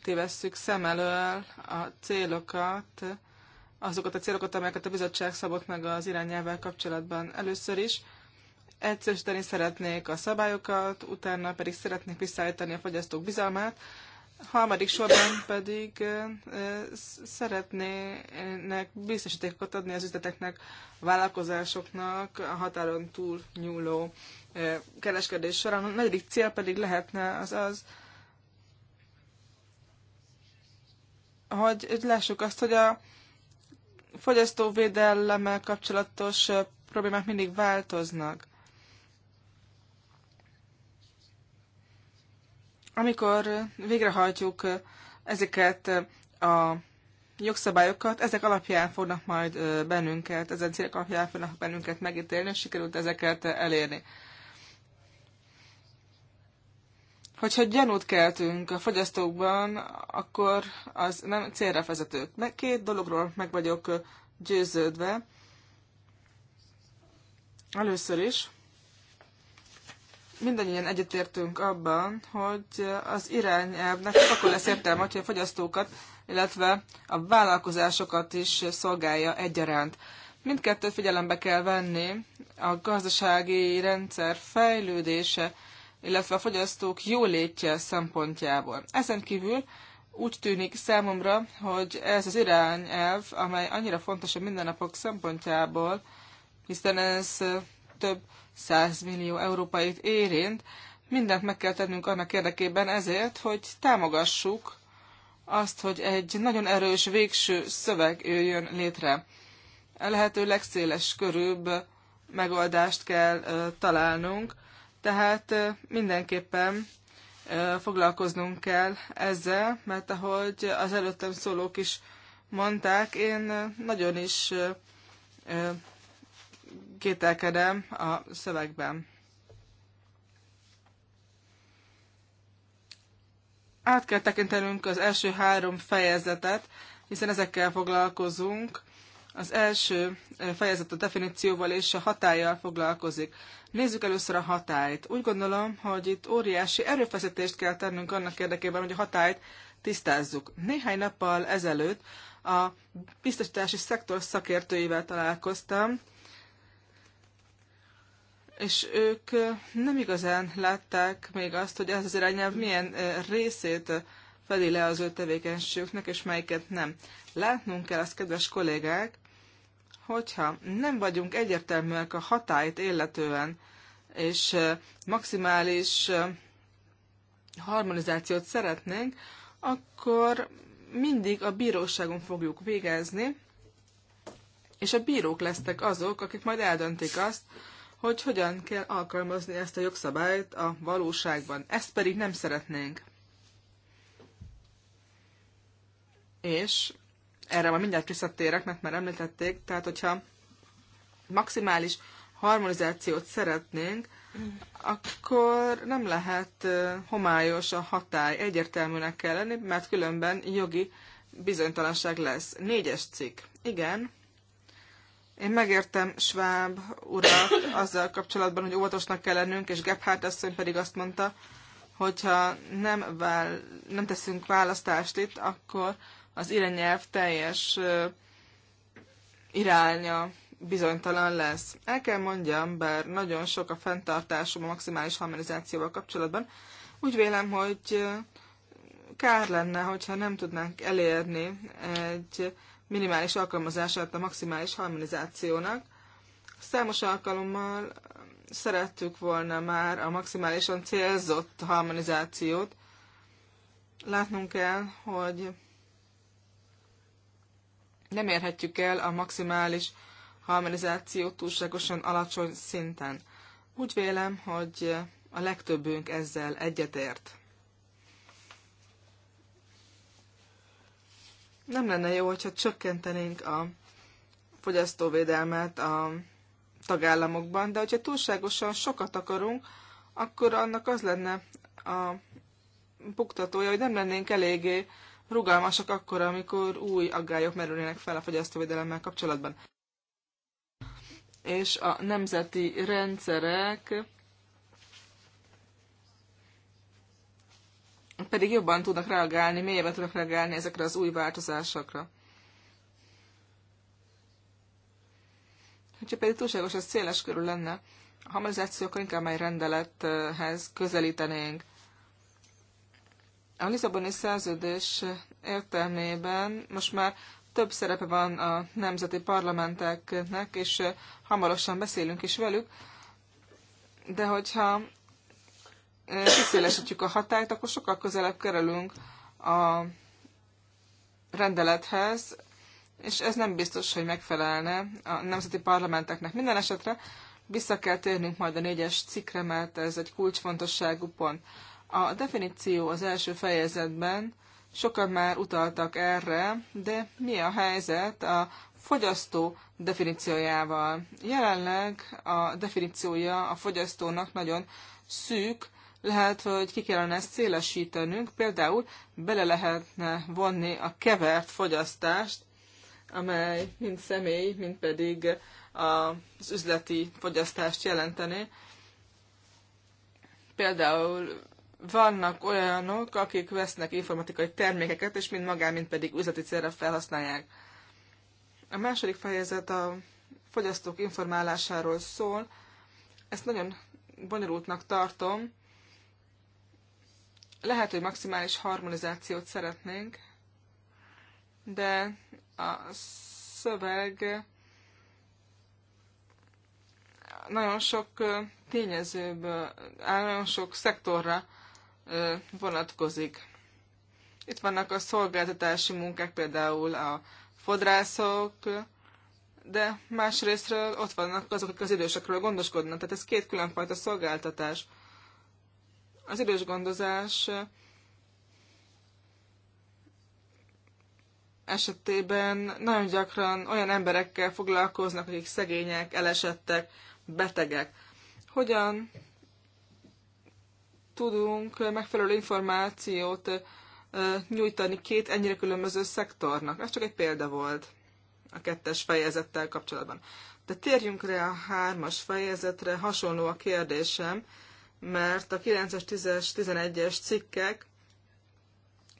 B: tévesszük szem elől a célokat, azokat a célokat, amelyeket a bizottság szabott meg az irányelvvel kapcsolatban először is. Egyszerűsíteni szeretnék a szabályokat, utána pedig szeretnék visszaállítani a fogyasztók bizalmát, harmadik sorban pedig szeretnének biztosítékokat adni az üzleteknek, a vállalkozásoknak a határon túl nyúló kereskedés során. A negyedik cél pedig lehetne az az, hogy lássuk azt, hogy a fogyasztóvédelemmel kapcsolatos problémák mindig változnak. Amikor végrehajtjuk ezeket a jogszabályokat, ezek alapján fognak majd bennünket, ezen célok alapján fognak bennünket megítélni, és sikerült ezeket elérni. Hogyha gyanút keltünk a fogyasztókban, akkor az nem célra vezető. Meg két dologról meg vagyok győződve. Először is, mindannyian egyetértünk abban, hogy az irányelvnek akkor lesz értelme, hogy a fogyasztókat, illetve a vállalkozásokat is szolgálja egyaránt. Mindkettőt figyelembe kell venni, a gazdasági rendszer fejlődése, illetve a fogyasztók jólétje szempontjából. Ezen kívül úgy tűnik számomra, hogy ez az irányelv, amely annyira fontos a mindennapok szempontjából, hiszen ez több 100 millió európait érint. Mindent meg kell tennünk annak érdekében ezért, hogy támogassuk azt, hogy egy nagyon erős végső szöveg jöjjön létre. A lehető legszéles körűbb megoldást kell találnunk, tehát mindenképpen foglalkoznunk kell ezzel, mert ahogy az előttem szólók is mondták, én nagyon is kételkedem a szövegben. Át kell tekintenünk az első három fejezetet, hiszen ezekkel foglalkozunk. Az első fejezet a definícióval és a hatállyal foglalkozik. Nézzük először a hatályt. Úgy gondolom, hogy itt óriási erőfeszítést kell tennünk annak érdekében, hogy a hatályt tisztázzuk. Néhány nappal ezelőtt a biztosítási szektor szakértőivel találkoztam, és ők nem igazán látták még azt, hogy ez az irányelv milyen részét fedi le az ő tevékenységüknek, és melyiket nem. Látnunk kell azt, kedves kollégák, hogyha nem vagyunk egyértelműek a hatályt illetően, és maximális harmonizációt szeretnénk, akkor mindig a bíróságon fogjuk végezni, és a bírók lesznek azok, akik majd eldöntik azt, hogy hogyan kell alkalmazni ezt a jogszabályt a valóságban. Ezt pedig nem szeretnénk. És erre már mindjárt visszatérek, mert már említették, tehát hogyha maximális harmonizációt szeretnénk, akkor nem lehet homályos a hatály, egyértelműnek kell lenni, mert különben jogi bizonytalanság lesz. Négyes cikk. Igen, én megértem Schwab urat azzal kapcsolatban, hogy óvatosnak kell lennünk, és Gebhardt asszony pedig azt mondta, hogyha nem, vál, nem teszünk választást itt, akkor az irányelv teljes iránya bizonytalan lesz. El kell mondjam, bár nagyon sok a fenntartásom a maximális harmonizációval kapcsolatban, úgy vélem, hogy kár lenne, hogyha nem tudnánk elérni egy minimális alkalmazását a maximális harmonizációnak. Számos alkalommal um, szerettük volna már a maximálisan célzott harmonizációt. Látnunk kell, hogy nem érhetjük el a maximális harmonizációt túlságosan alacsony szinten. Úgy vélem, hogy a legtöbbünk ezzel egyetért. nem lenne jó, hogyha csökkentenénk a fogyasztóvédelmet a tagállamokban, de hogyha túlságosan sokat akarunk, akkor annak az lenne a buktatója, hogy nem lennénk eléggé rugalmasak akkor, amikor új aggályok merülnének fel a fogyasztóvédelemmel kapcsolatban. És a nemzeti rendszerek pedig jobban tudnak reagálni, mélyebben tudnak reagálni ezekre az új változásokra. Hogyha pedig ez széles körül lenne, a harmonizáció, akkor inkább egy rendelethez közelítenénk. A Lisszaboni szerződés értelmében most már több szerepe van a nemzeti parlamenteknek, és hamarosan beszélünk is velük, de hogyha kiszélesítjük a hatályt, akkor sokkal közelebb kerülünk a rendelethez, és ez nem biztos, hogy megfelelne a nemzeti parlamenteknek. Minden esetre vissza kell térnünk majd a négyes cikkre, mert ez egy kulcsfontosságú pont. A definíció az első fejezetben, sokan már utaltak erre, de mi a helyzet a fogyasztó definíciójával? Jelenleg a definíciója a fogyasztónak nagyon szűk, lehet, hogy ki kellene ezt szélesítenünk, például bele lehetne vonni a kevert fogyasztást, amely mind személy, mind pedig az üzleti fogyasztást jelenteni. Például vannak olyanok, akik vesznek informatikai termékeket, és mind magán, mind pedig üzleti célra felhasználják. A második fejezet a fogyasztók informálásáról szól. Ezt nagyon bonyolultnak tartom, lehet, hogy maximális harmonizációt szeretnénk, de a szöveg nagyon sok tényezőből nagyon sok szektorra vonatkozik. Itt vannak a szolgáltatási munkák, például a fodrászok, de másrésztről ott vannak azok, akik az idősekről gondoskodnak. Tehát ez két különfajta szolgáltatás. Az idős gondozás esetében nagyon gyakran olyan emberekkel foglalkoznak, akik szegények, elesettek, betegek. Hogyan tudunk megfelelő információt nyújtani két ennyire különböző szektornak? Ez csak egy példa volt a kettes fejezettel kapcsolatban. De térjünk rá a hármas fejezetre, hasonló a kérdésem mert a 9-es, 10-es, 11-es cikkek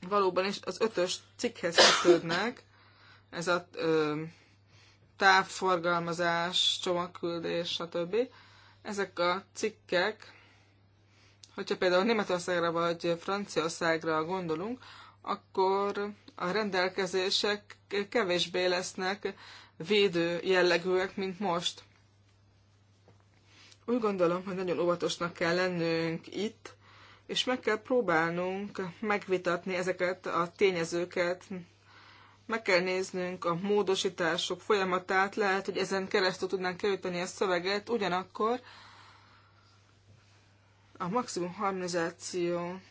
B: valóban is az 5-ös cikkhez kötődnek, ez a ö, távforgalmazás, csomagküldés, stb. Ezek a cikkek, hogyha például Németországra vagy Franciaországra gondolunk, akkor a rendelkezések kevésbé lesznek védő jellegűek, mint most. Úgy gondolom, hogy nagyon óvatosnak kell lennünk itt, és meg kell próbálnunk megvitatni ezeket a tényezőket, meg kell néznünk a módosítások folyamatát, lehet, hogy ezen keresztül tudnánk kerülteni a szöveget, ugyanakkor a maximum harmonizáció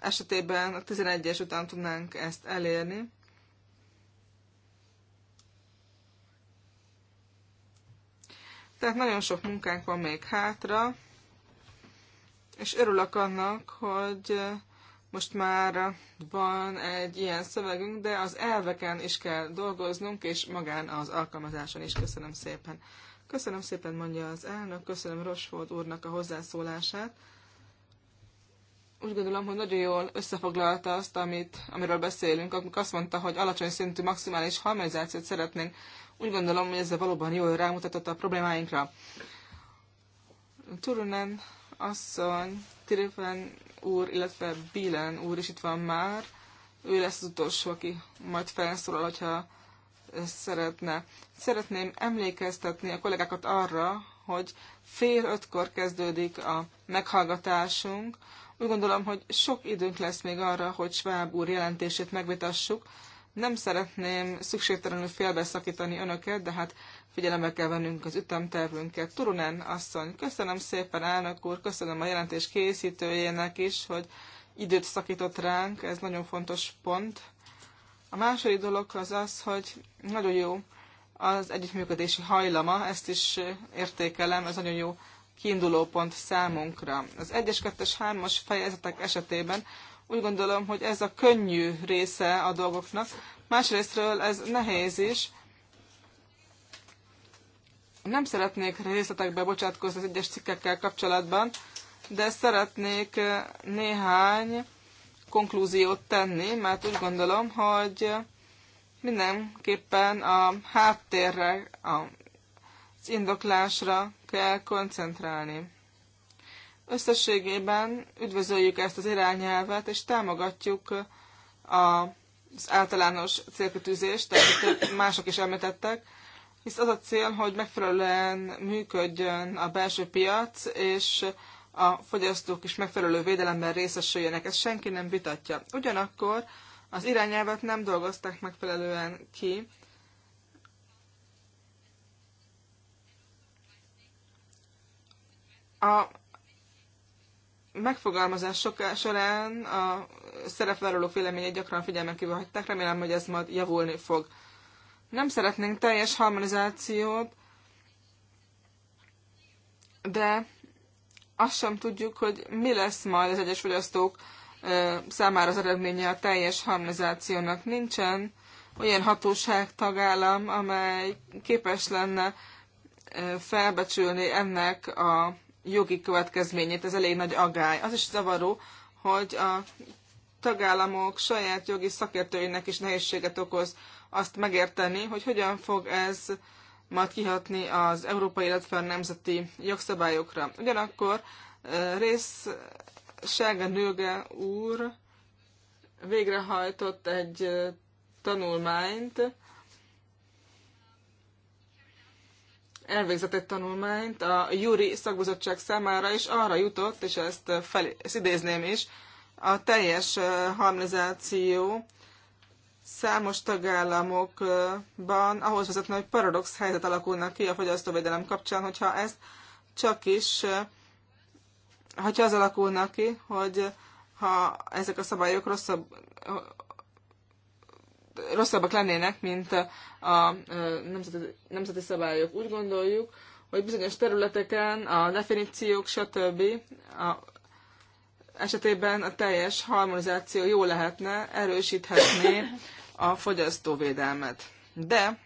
B: esetében a 11-es után tudnánk ezt elérni. Tehát nagyon sok munkánk van még hátra, és örülök annak, hogy most már van egy ilyen szövegünk, de az elveken is kell dolgoznunk, és magán az alkalmazáson is. Köszönöm szépen. Köszönöm szépen, mondja az elnök, köszönöm Rosford úrnak a hozzászólását. Úgy gondolom, hogy nagyon jól összefoglalta azt, amit, amiről beszélünk, amikor azt mondta, hogy alacsony szintű maximális harmonizációt szeretnénk úgy gondolom, hogy ezzel valóban jól rámutatott a problémáinkra. Turunen asszony, Tirifen úr, illetve Bílen úr is itt van már. Ő lesz az utolsó, aki majd felszólal, hogyha szeretne. Szeretném emlékeztetni a kollégákat arra, hogy fél ötkor kezdődik a meghallgatásunk. Úgy gondolom, hogy sok időnk lesz még arra, hogy Schwab úr jelentését megvitassuk, nem szeretném szükségtelenül félbeszakítani önöket, de hát figyelembe kell vennünk az ütemtervünket. Turunen asszony, köszönöm szépen elnök úr, köszönöm a jelentés készítőjének is, hogy időt szakított ránk, ez nagyon fontos pont. A második dolog az az, hogy nagyon jó az együttműködési hajlama, ezt is értékelem, ez nagyon jó kiinduló pont számunkra. Az 1-es, 2-es, 3-as fejezetek esetében úgy gondolom, hogy ez a könnyű része a dolgoknak. Másrésztről ez nehéz is. Nem szeretnék részletekbe bocsátkozni az egyes cikkekkel kapcsolatban, de szeretnék eh, néhány konklúziót tenni, mert úgy gondolom, hogy mindenképpen a háttérre, az indoklásra kell koncentrálni. Összességében üdvözöljük ezt az irányelvet, és támogatjuk az általános célkötűzést, amit mások is említettek, hisz az a cél, hogy megfelelően működjön a belső piac, és a fogyasztók is megfelelő védelemben részesüljenek. Ezt senki nem vitatja. Ugyanakkor az irányelvet nem dolgozták megfelelően ki, a megfogalmazások során a szerepvállalók véleményét gyakran figyelmen kívül hagyták, remélem, hogy ez majd javulni fog. Nem szeretnénk teljes harmonizációt, de azt sem tudjuk, hogy mi lesz majd az egyes fogyasztók számára az eredménye a teljes harmonizációnak. Nincsen olyan hatóság tagállam, amely képes lenne felbecsülni ennek a jogi következményét, ez elég nagy agály. Az is zavaró, hogy a tagállamok saját jogi szakértőinek is nehézséget okoz azt megérteni, hogy hogyan fog ez majd kihatni az európai, illetve a nemzeti jogszabályokra. Ugyanakkor rész Sága Nőge úr végrehajtott egy tanulmányt, elvégzett egy tanulmányt a Júri szakbizottság számára, és arra jutott, és ezt, eh, fel, ezt idézném is, a teljes eh, harmonizáció számos tagállamokban ahhoz vezetne, hogy paradox helyzet alakulnak ki a fogyasztóvédelem kapcsán, hogyha ezt csak is, eh, hogyha az alakulnak ki, hogy ha ezek a szabályok rosszabb, rosszabbak lennének, mint a nemzeti, nemzeti szabályok. Úgy gondoljuk, hogy bizonyos területeken a definíciók, stb. A esetében a teljes harmonizáció jó lehetne, erősíthetné a fogyasztóvédelmet. De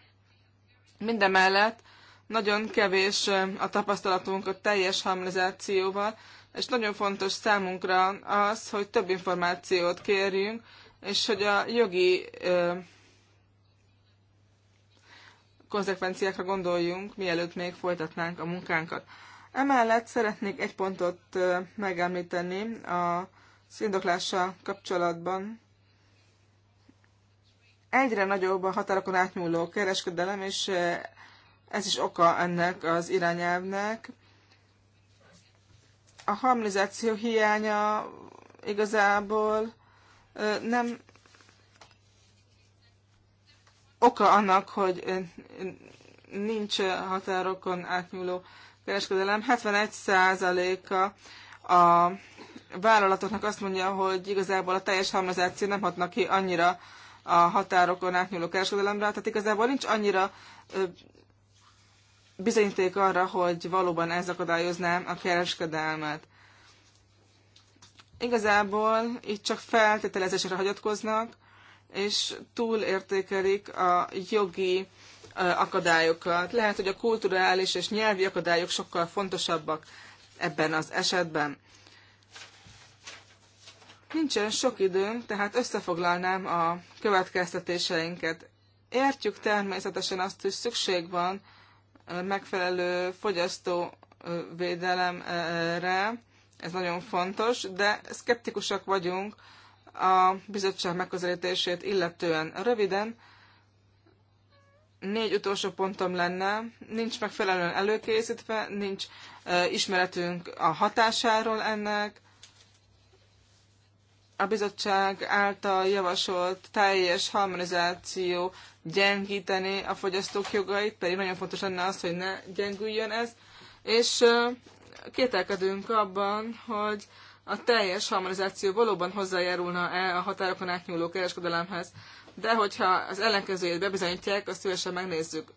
B: mindemellett nagyon kevés a tapasztalatunk a teljes harmonizációval, és nagyon fontos számunkra az, hogy több információt kérjünk, és hogy a jogi ö, konzekvenciákra gondoljunk, mielőtt még folytatnánk a munkánkat. Emellett szeretnék egy pontot megemlíteni a szindoklással kapcsolatban. Egyre nagyobb a határokon átnyúló kereskedelem, és ez is oka ennek az irányelvnek. A harmonizáció hiánya igazából nem oka annak, hogy nincs határokon átnyúló kereskedelem. 71%-a a vállalatoknak azt mondja, hogy igazából a teljes harmonizáció nem hatna ki annyira a határokon átnyúló kereskedelemre, tehát igazából nincs annyira bizonyíték arra, hogy valóban ez akadályozná a kereskedelmet. Igazából itt csak feltételezésre hagyatkoznak, és túlértékelik a jogi akadályokat. Lehet, hogy a kulturális és nyelvi akadályok sokkal fontosabbak ebben az esetben. Nincsen sok időm, tehát összefoglalnám a következtetéseinket. Értjük természetesen azt, hogy szükség van megfelelő fogyasztóvédelemre, ez nagyon fontos, de szkeptikusak vagyunk a bizottság megközelítését illetően. Röviden, négy utolsó pontom lenne, nincs megfelelően előkészítve, nincs ismeretünk a hatásáról ennek, a bizottság által javasolt teljes harmonizáció gyengíteni a fogyasztók jogait, pedig nagyon fontos lenne az, hogy ne gyengüljön ez, és kételkedünk abban, hogy a teljes harmonizáció valóban hozzájárulna-e a határokon átnyúló kereskedelemhez. De hogyha az ellenkezőjét bebizonyítják, azt szívesen megnézzük.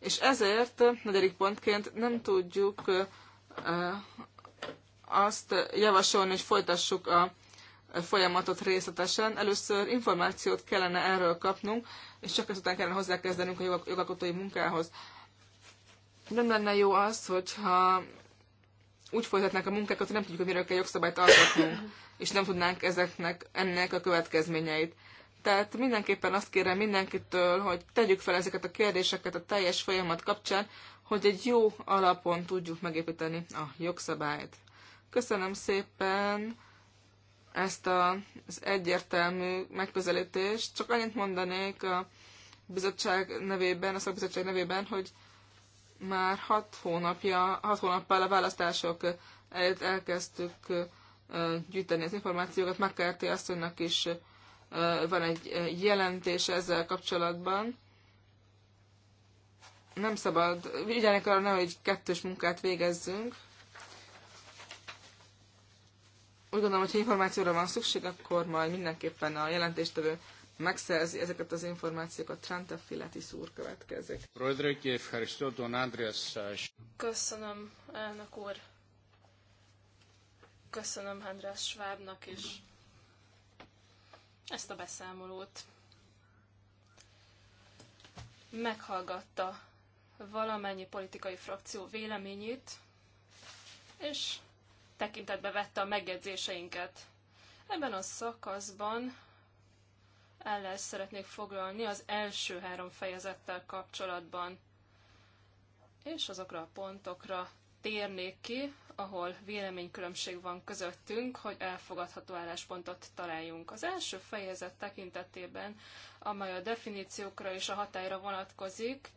B: És ezért, negyedik pontként nem tudjuk azt javasolni, hogy folytassuk a folyamatot részletesen. Először információt kellene erről kapnunk, és csak ezután kellene hozzákezdenünk a jogalkotói munkához. Nem lenne jó az, hogyha úgy folytatnák a munkákat, hogy nem tudjuk, hogy miről kell jogszabályt alkotnunk, és nem tudnánk ezeknek, ennek a következményeit. Tehát mindenképpen azt kérem mindenkitől, hogy tegyük fel ezeket a kérdéseket a teljes folyamat kapcsán, hogy egy jó alapon tudjuk megépíteni a jogszabályt. Köszönöm szépen ezt a, az egyértelmű megközelítést. Csak annyit mondanék a bizottság nevében, a szakbizottság nevében, hogy már hat hónapja, hat hónappal a választások előtt elkezdtük gyűjteni az információkat. azt asszonynak is van egy jelentés ezzel kapcsolatban. Nem szabad, vigyenek arra ne, hogy kettős munkát végezzünk. Úgy gondolom, hogy ha információra van szükség, akkor majd mindenképpen a jelentéstevő megszerzi ezeket az információkat. Tranta Filati szúr következik.
C: Köszönöm, elnök úr. Köszönöm András Schwabnak is ezt a beszámolót. Meghallgatta valamennyi politikai frakció véleményét, és tekintetbe vette a megjegyzéseinket. Ebben a szakaszban állást szeretnék foglalni az első három fejezettel kapcsolatban, és azokra a pontokra térnék ki, ahol véleménykülönbség van közöttünk, hogy elfogadható álláspontot találjunk. Az első fejezet tekintetében, amely a definíciókra és a hatályra vonatkozik,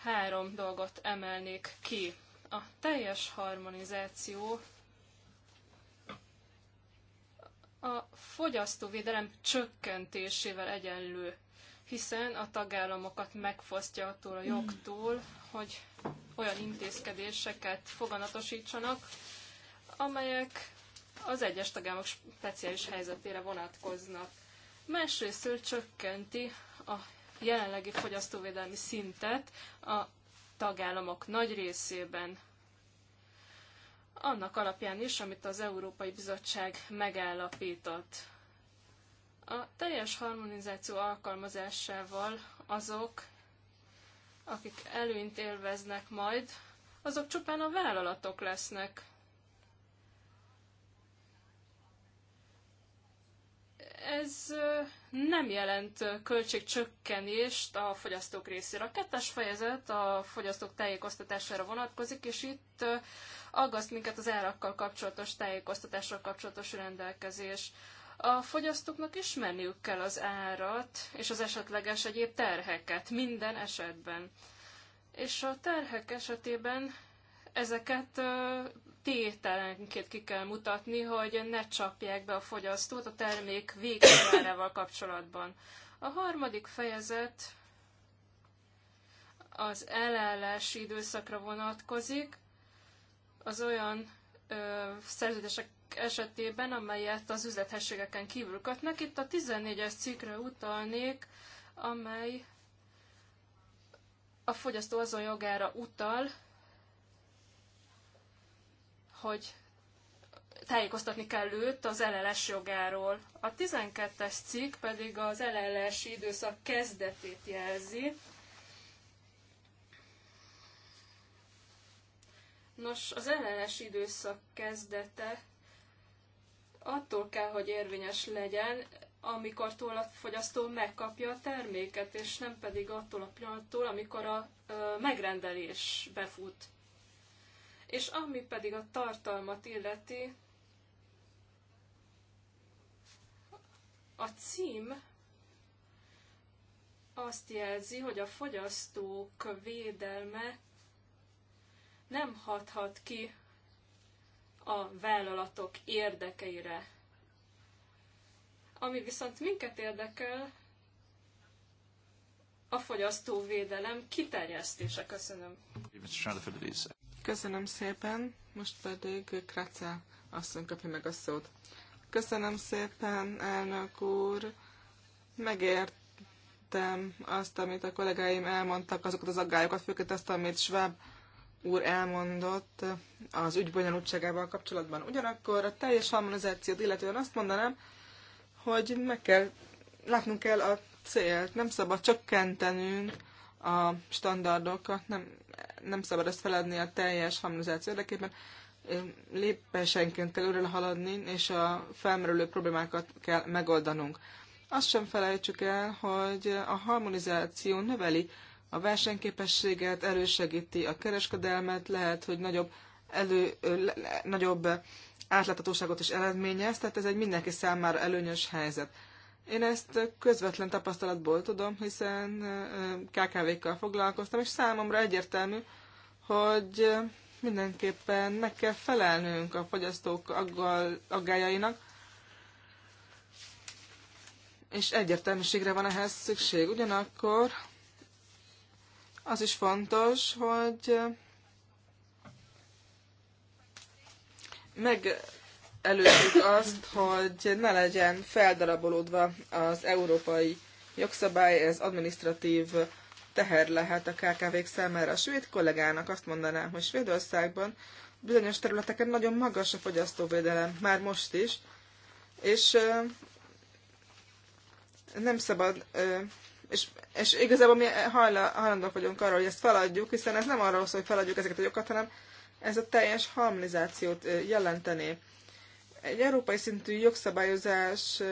C: három dolgot emelnék ki. A teljes harmonizáció a fogyasztóvédelem csökkentésével egyenlő, hiszen a tagállamokat megfosztja attól a jogtól, hogy olyan intézkedéseket foganatosítsanak, amelyek az egyes tagállamok speciális helyzetére vonatkoznak. Másrésztől csökkenti a jelenlegi fogyasztóvédelmi szintet a tagállamok nagy részében annak alapján is, amit az Európai Bizottság megállapított. A teljes harmonizáció alkalmazásával azok, akik előnyt élveznek majd, azok csupán a vállalatok lesznek. Ez nem jelent költségcsökkenést a fogyasztók részére. A kettes fejezet a fogyasztók tájékoztatására vonatkozik, és itt Aggaszt minket az árakkal kapcsolatos tájékoztatásra kapcsolatos rendelkezés. A fogyasztóknak ismerniük kell az árat és az esetleges egyéb terheket minden esetben. És a terhek esetében ezeket tételenként ki kell mutatni, hogy ne csapják be a fogyasztót a termék végszárával kapcsolatban. A harmadik fejezet az elállási időszakra vonatkozik az olyan ö, szerződések esetében, amelyet az üzlethességeken kívül kötnek. Itt a 14-es cikkre utalnék, amely a fogyasztó azon jogára utal, hogy tájékoztatni kell őt az LLS jogáról. A 12-es cikk pedig az LLS időszak kezdetét jelzi, Nos, az ellenes időszak kezdete attól kell, hogy érvényes legyen, amikortól a fogyasztó megkapja a terméket, és nem pedig attól a pillanattól, amikor a ö, megrendelés befut. És ami pedig a tartalmat illeti, a cím azt jelzi, hogy a fogyasztók védelme nem hathat ki a vállalatok érdekeire. Ami viszont minket érdekel, a fogyasztóvédelem kiterjesztése. Köszönöm.
B: Köszönöm szépen, most pedig Kraca asszony kapja meg a szót. Köszönöm szépen, elnök úr. Megértem azt, amit a kollégáim elmondtak, azokat az aggályokat, főként azt, amit Schwab úr elmondott az ügy bonyolultságával kapcsolatban. Ugyanakkor a teljes harmonizációt illetően azt mondanám, hogy meg kell, látnunk kell a célt, nem szabad csökkentenünk a standardokat, nem, nem szabad ezt feladni a teljes harmonizáció érdekében, lépésenként kell előre haladni, és a felmerülő problémákat kell megoldanunk. Azt sem felejtsük el, hogy a harmonizáció növeli a versenyképességet, elősegíti a kereskedelmet, lehet, hogy nagyobb, elő, le, le, nagyobb átláthatóságot is eredményez, tehát ez egy mindenki számára előnyös helyzet. Én ezt közvetlen tapasztalatból tudom, hiszen KKV-kkal foglalkoztam, és számomra egyértelmű, hogy mindenképpen meg kell felelnünk a fogyasztók aggal, aggájainak, és egyértelműségre van ehhez szükség. Ugyanakkor az is fontos, hogy megelőzzük azt, hogy ne legyen feldarabolódva az európai jogszabály, ez adminisztratív teher lehet a KKV-k számára. A svéd kollégának azt mondanám, hogy Svédországban bizonyos területeken nagyon magas a fogyasztóvédelem, már most is, és nem szabad és, és igazából mi hajla, hajlandók vagyunk arra, hogy ezt feladjuk, hiszen ez nem arról szól, hogy feladjuk ezeket a jogokat, hanem ez a teljes harmonizációt jelenteni. Egy európai szintű jogszabályozás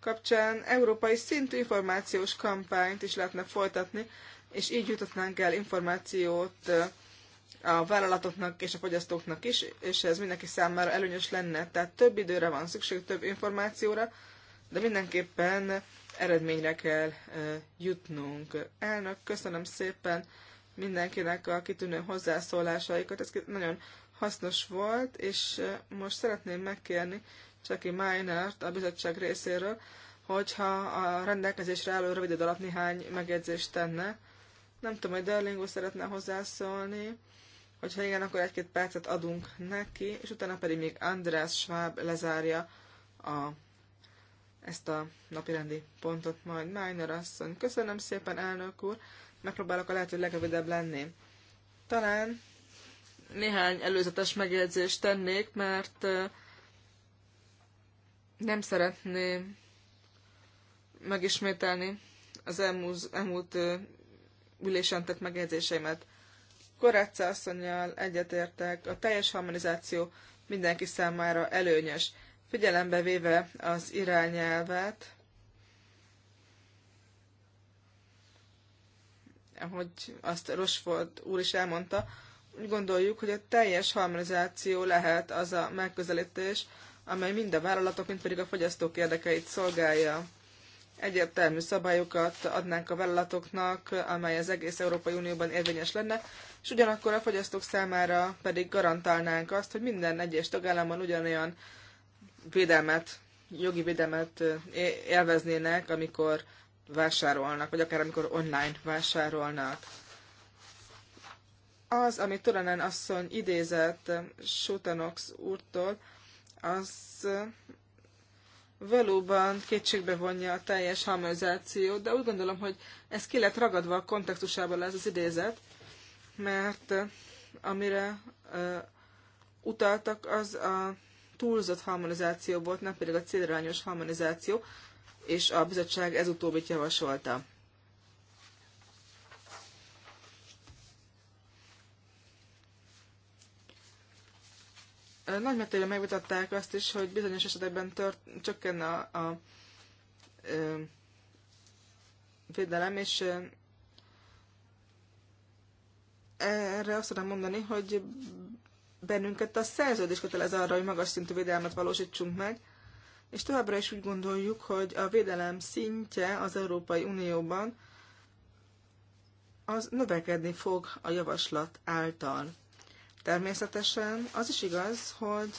B: kapcsán európai szintű információs kampányt is lehetne folytatni, és így jutatnánk el információt a vállalatoknak és a fogyasztóknak is, és ez mindenki számára előnyös lenne. Tehát több időre van szükség, több információra, de mindenképpen eredményre kell jutnunk. Elnök, köszönöm szépen mindenkinek a kitűnő hozzászólásaikat, ez nagyon hasznos volt, és most szeretném megkérni Csaki Minert a bizottság részéről, hogyha a rendelkezésre álló rövid idő alatt néhány megjegyzést tenne. Nem tudom, hogy Derlingó szeretne hozzászólni, hogyha igen, akkor egy-két percet adunk neki, és utána pedig még András Schwab lezárja a ezt a napirendi pontot majd. Minor asszony, köszönöm szépen, elnök úr, megpróbálok a lehető legrövidebb lenni. Talán néhány előzetes megjegyzést tennék, mert nem szeretném megismételni az elmúz, elmúlt ülésen tett megjegyzéseimet. Korácsa asszonynal egyetértek, a teljes harmonizáció mindenki számára előnyös figyelembe véve az irányelvet, ahogy azt Rosford úr is elmondta, úgy gondoljuk, hogy a teljes harmonizáció lehet az a megközelítés, amely mind a vállalatok, mind pedig a fogyasztók érdekeit szolgálja. Egyértelmű szabályokat adnánk a vállalatoknak, amely az egész Európai Unióban érvényes lenne, és ugyanakkor a fogyasztók számára pedig garantálnánk azt, hogy minden egyes tagállamban ugyanolyan védelmet, jogi védelmet élveznének, amikor vásárolnak, vagy akár amikor online vásárolnak. Az, amit Tulanen asszony idézett Sutanox úrtól, az valóban kétségbe vonja a teljes harmonizációt, de úgy gondolom, hogy ez ki lett ragadva a kontextusából ez az idézet, mert amire utaltak, az a túlzott harmonizáció volt, nem pedig a célirányos harmonizáció, és a bizottság ez utóbbit javasolta. Nagy mértékben megvitatták azt is, hogy bizonyos esetekben tört, csökken a, a a védelem, és erre azt tudom mondani, hogy bennünket a szerződés kötelez arra, hogy magas szintű védelmet valósítsunk meg, és továbbra is úgy gondoljuk, hogy a védelem szintje az Európai Unióban az növekedni fog a javaslat által. Természetesen az is igaz, hogy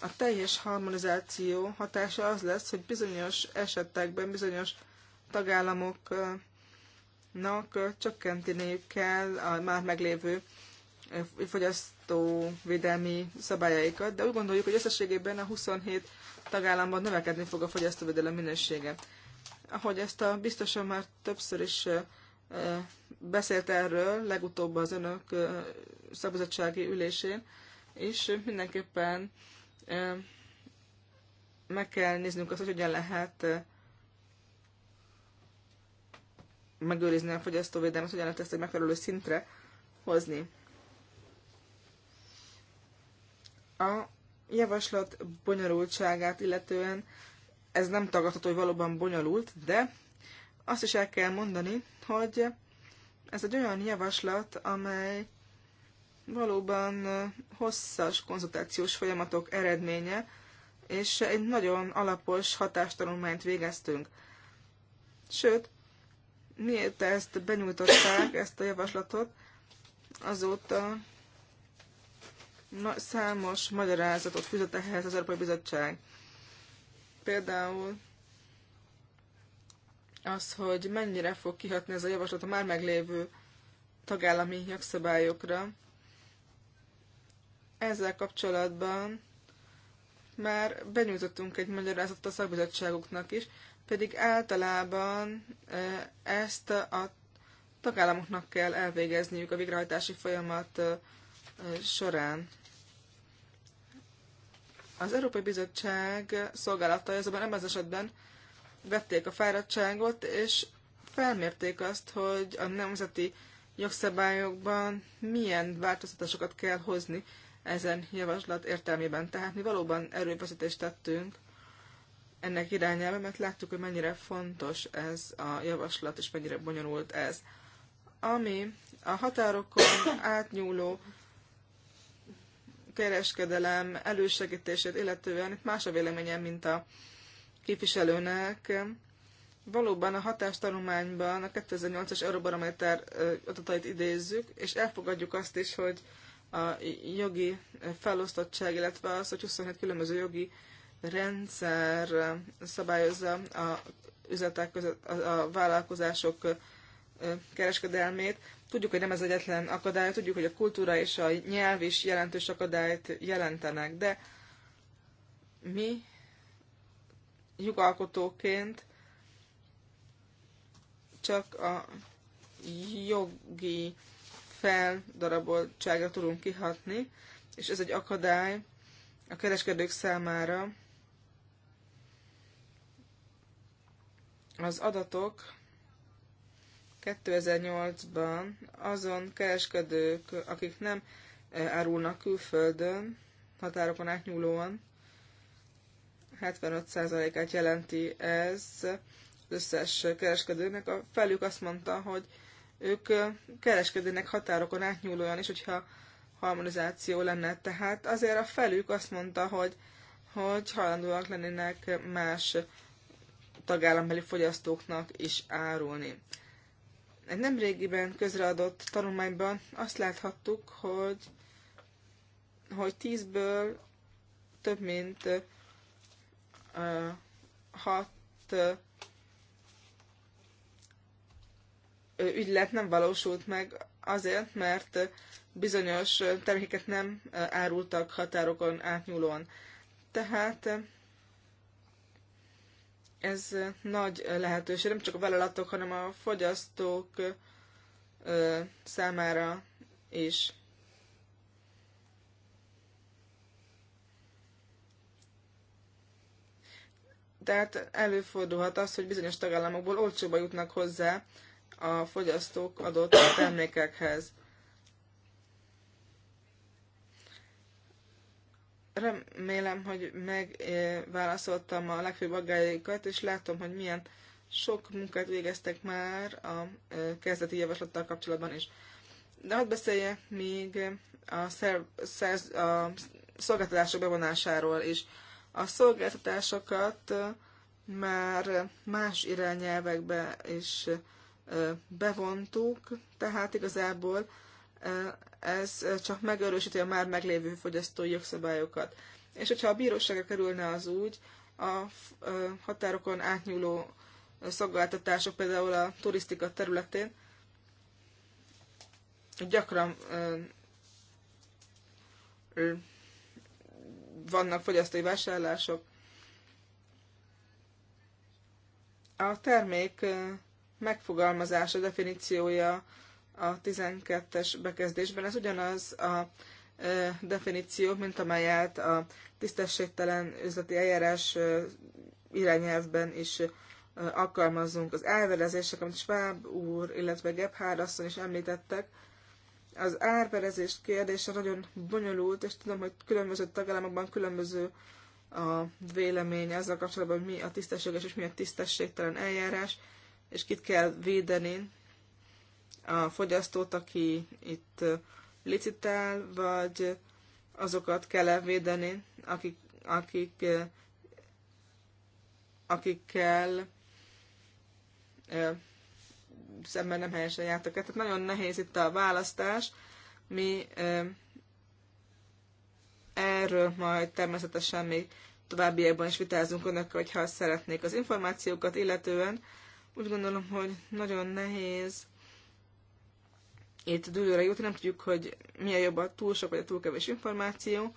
B: a teljes harmonizáció hatása az lesz, hogy bizonyos esetekben, bizonyos tagállamoknak csökkenteniük kell a már meglévő fogyasztóvédelmi szabályaikat, de úgy gondoljuk, hogy összességében a 27 tagállamban növekedni fog a fogyasztóvédelem minősége. Ahogy ezt a biztosan már többször is beszélt erről, legutóbb az önök szabadsági ülésén, és mindenképpen meg kell néznünk azt, hogy hogyan lehet megőrizni a fogyasztóvédelmet, hogyan lehet ezt egy megfelelő szintre hozni. A javaslat bonyolultságát illetően ez nem tagadható, hogy valóban bonyolult, de azt is el kell mondani, hogy ez egy olyan javaslat, amely valóban hosszas konzultációs folyamatok eredménye, és egy nagyon alapos hatástanulmányt végeztünk. Sőt, miért ezt benyújtották, ezt a javaslatot, azóta na, számos magyarázatot fűzött ehhez az Európai Bizottság. Például az, hogy mennyire fog kihatni ez a javaslat a már meglévő tagállami jogszabályokra. Ezzel kapcsolatban már benyújtottunk egy magyarázatot a szakbizottságoknak is, pedig általában e, ezt a tagállamoknak kell elvégezniük a végrehajtási folyamat e, során. Az Európai Bizottság szolgálatai azonban ebben az esetben vették a fáradtságot, és felmérték azt, hogy a nemzeti jogszabályokban milyen változtatásokat kell hozni ezen javaslat értelmében. Tehát mi valóban erőfeszítést tettünk ennek irányába, mert láttuk, hogy mennyire fontos ez a javaslat, és mennyire bonyolult ez. Ami a határokon átnyúló kereskedelem elősegítését illetően itt más a véleményem, mint a képviselőnek. Valóban a hatástanulmányban a 2008-as Euróbarométer adatait idézzük, és elfogadjuk azt is, hogy a jogi felosztottság, illetve az, hogy 27 különböző jogi rendszer szabályozza a üzletek között, a vállalkozások kereskedelmét. Tudjuk, hogy nem ez egyetlen akadály, tudjuk, hogy a kultúra és a nyelv is jelentős akadályt jelentenek, de mi jogalkotóként csak a jogi feldaraboltságra tudunk kihatni, és ez egy akadály a kereskedők számára. Az adatok 2008-ban azon kereskedők, akik nem eh, árulnak külföldön, határokon átnyúlóan, 75%-át jelenti ez az összes kereskedőnek. A felük azt mondta, hogy ők eh, kereskedőnek határokon átnyúlóan is, hogyha harmonizáció lenne. Tehát azért a felük azt mondta, hogy, hogy hajlandóak lennének más tagállambeli fogyasztóknak is árulni. Egy nemrégiben közreadott tanulmányban azt láthattuk, hogy, hogy tízből több mint uh, hat uh, ügylet nem valósult meg azért, mert bizonyos termékeket nem árultak határokon átnyúlóan. Tehát ez nagy lehetőség, nem csak a vállalatok, hanem a fogyasztók számára is. Tehát előfordulhat az, hogy bizonyos tagállamokból olcsóba jutnak hozzá a fogyasztók adott termékekhez. Remélem, hogy megválaszoltam a legfőbb aggájaikat, és látom, hogy milyen sok munkát végeztek már a kezdeti javaslattal kapcsolatban is. De hadd beszélje még a, szerv, szerz, a szolgáltatások bevonásáról is. A szolgáltatásokat már más irányelvekbe is bevontuk, tehát igazából ez csak megerősíti a már meglévő fogyasztói jogszabályokat. És hogyha a bíróságra kerülne az úgy, a határokon átnyúló szolgáltatások, például a turisztika területén, gyakran vannak fogyasztói vásárlások. A termék megfogalmazása, definíciója a 12-es bekezdésben. Ez ugyanaz a definíció, mint amelyet a tisztességtelen üzleti eljárás irányelvben is alkalmazunk. Az elverezések, amit Schwab úr, illetve Gebhár asszony is említettek, az árverezés kérdése nagyon bonyolult, és tudom, hogy különböző tagállamokban különböző a vélemény azzal kapcsolatban, hogy mi a tisztességes és mi a tisztességtelen eljárás, és kit kell védeni, a fogyasztót, aki itt licitál, vagy azokat kell -e védeni, akik, akik, akikkel szemben nem helyesen jártak Tehát nagyon nehéz itt a választás. Mi erről majd természetesen még továbbiakban is vitázunk önökkel, hogyha szeretnék az információkat, illetően úgy gondolom, hogy nagyon nehéz itt dőlőre jutni, nem tudjuk, hogy milyen jobb a túl sok vagy a túl kevés információ.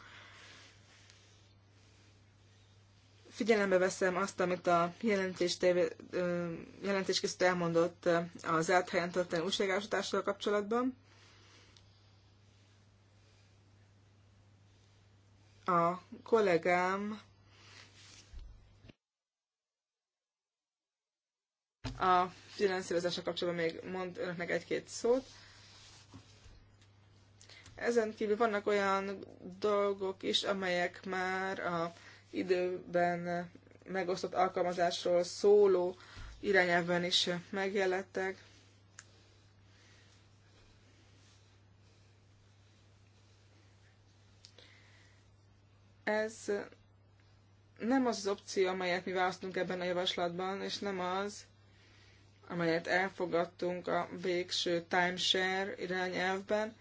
B: Figyelembe veszem azt, amit a jelentéskészítő elmondott az áthelyen történő újságásítással kapcsolatban. A kollégám a finanszírozása kapcsolatban még mond önöknek egy-két szót. Ezen kívül vannak olyan dolgok is, amelyek már a időben megosztott alkalmazásról szóló irányelven is megjelentek. Ez nem az az opció, amelyet mi választunk ebben a javaslatban, és nem az, amelyet elfogadtunk a végső timeshare irányelvben,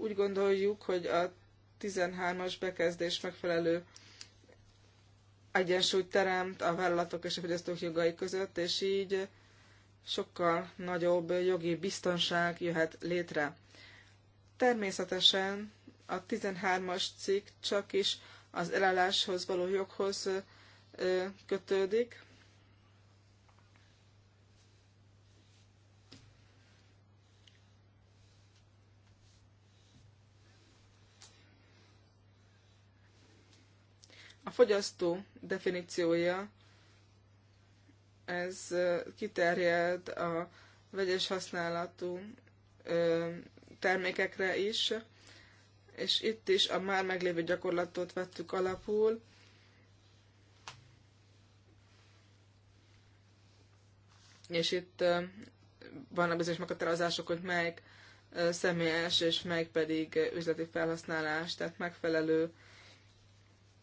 B: úgy gondoljuk, hogy a 13-as bekezdés megfelelő egyensúlyt teremt a vállalatok és a fogyasztók jogai között, és így sokkal nagyobb jogi biztonság jöhet létre. Természetesen a 13-as cikk csak is az elálláshoz való joghoz kötődik, A fogyasztó definíciója, ez kiterjed a vegyes használatú termékekre is, és itt is a már meglévő gyakorlatot vettük alapul, és itt vannak bizonyos meghatározások, hogy melyik személyes és melyik pedig üzleti felhasználás, tehát megfelelő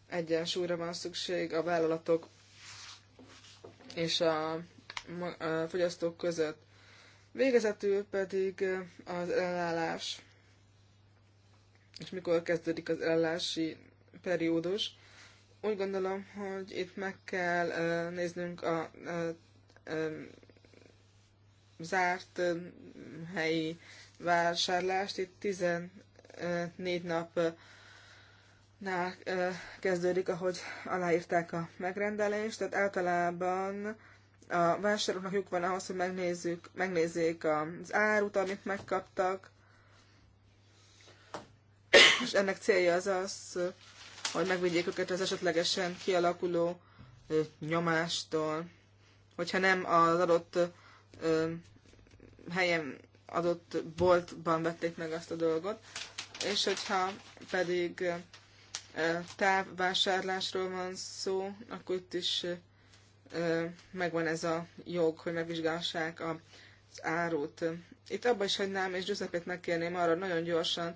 B: egyensúlyra van szükség a vállalatok és a fogyasztók között. Végezetül pedig az ellenállás, és mikor kezdődik az ellenállási periódus. Úgy gondolom, hogy itt meg kell néznünk a zárt helyi vásárlást. Itt 14 nap nál kezdődik, ahogy aláírták a megrendelést, tehát általában a vásárlóknak lyuk van ahhoz, hogy megnézzük, megnézzék az árut, amit megkaptak, és ennek célja az az, hogy megvédjék őket az esetlegesen kialakuló nyomástól, hogyha nem az adott helyen, adott boltban vették meg azt a dolgot, és hogyha pedig távvásárlásról van szó, akkor itt is megvan ez a jog, hogy megvizsgálhassák az árut. Itt abba is hagynám, és Giuseppet megkérném arra, hogy nagyon gyorsan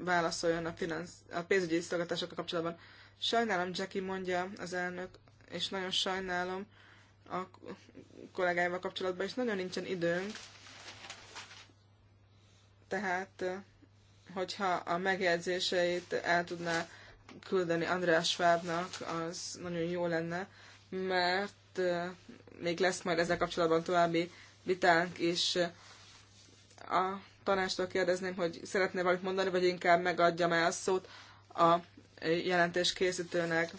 B: válaszoljon a, finansz, a pénzügyi szolgáltatásokkal kapcsolatban. Sajnálom, Jackie mondja az elnök, és nagyon sajnálom a kollégáival kapcsolatban, és nagyon nincsen időnk. Tehát hogyha a megjegyzéseit el tudná küldeni András Schwabnak, az nagyon jó lenne, mert még lesz majd ezzel kapcsolatban további vitánk, és a tanástól kérdezném, hogy szeretné valamit mondani, vagy inkább megadjam el a szót a jelentés készítőnek.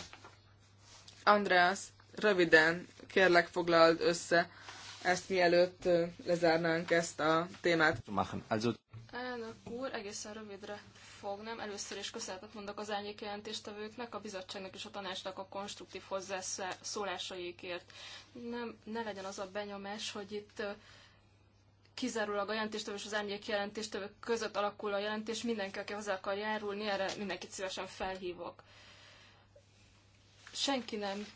B: András, röviden, kérlek foglald össze ezt mielőtt lezárnánk ezt a témát.
C: Elnök úr, egészen rövidre fognám. Először is köszönetet mondok az árnyék jelentéstevőknek, a bizottságnak és a tanácsnak a konstruktív hozzászólásaikért. Nem, ne legyen az a benyomás, hogy itt kizárólag a jelentéstevő és az árnyék jelentéstevők között alakul a jelentés, mindenki, aki hozzá akar járulni, erre mindenkit szívesen felhívok. Senki nem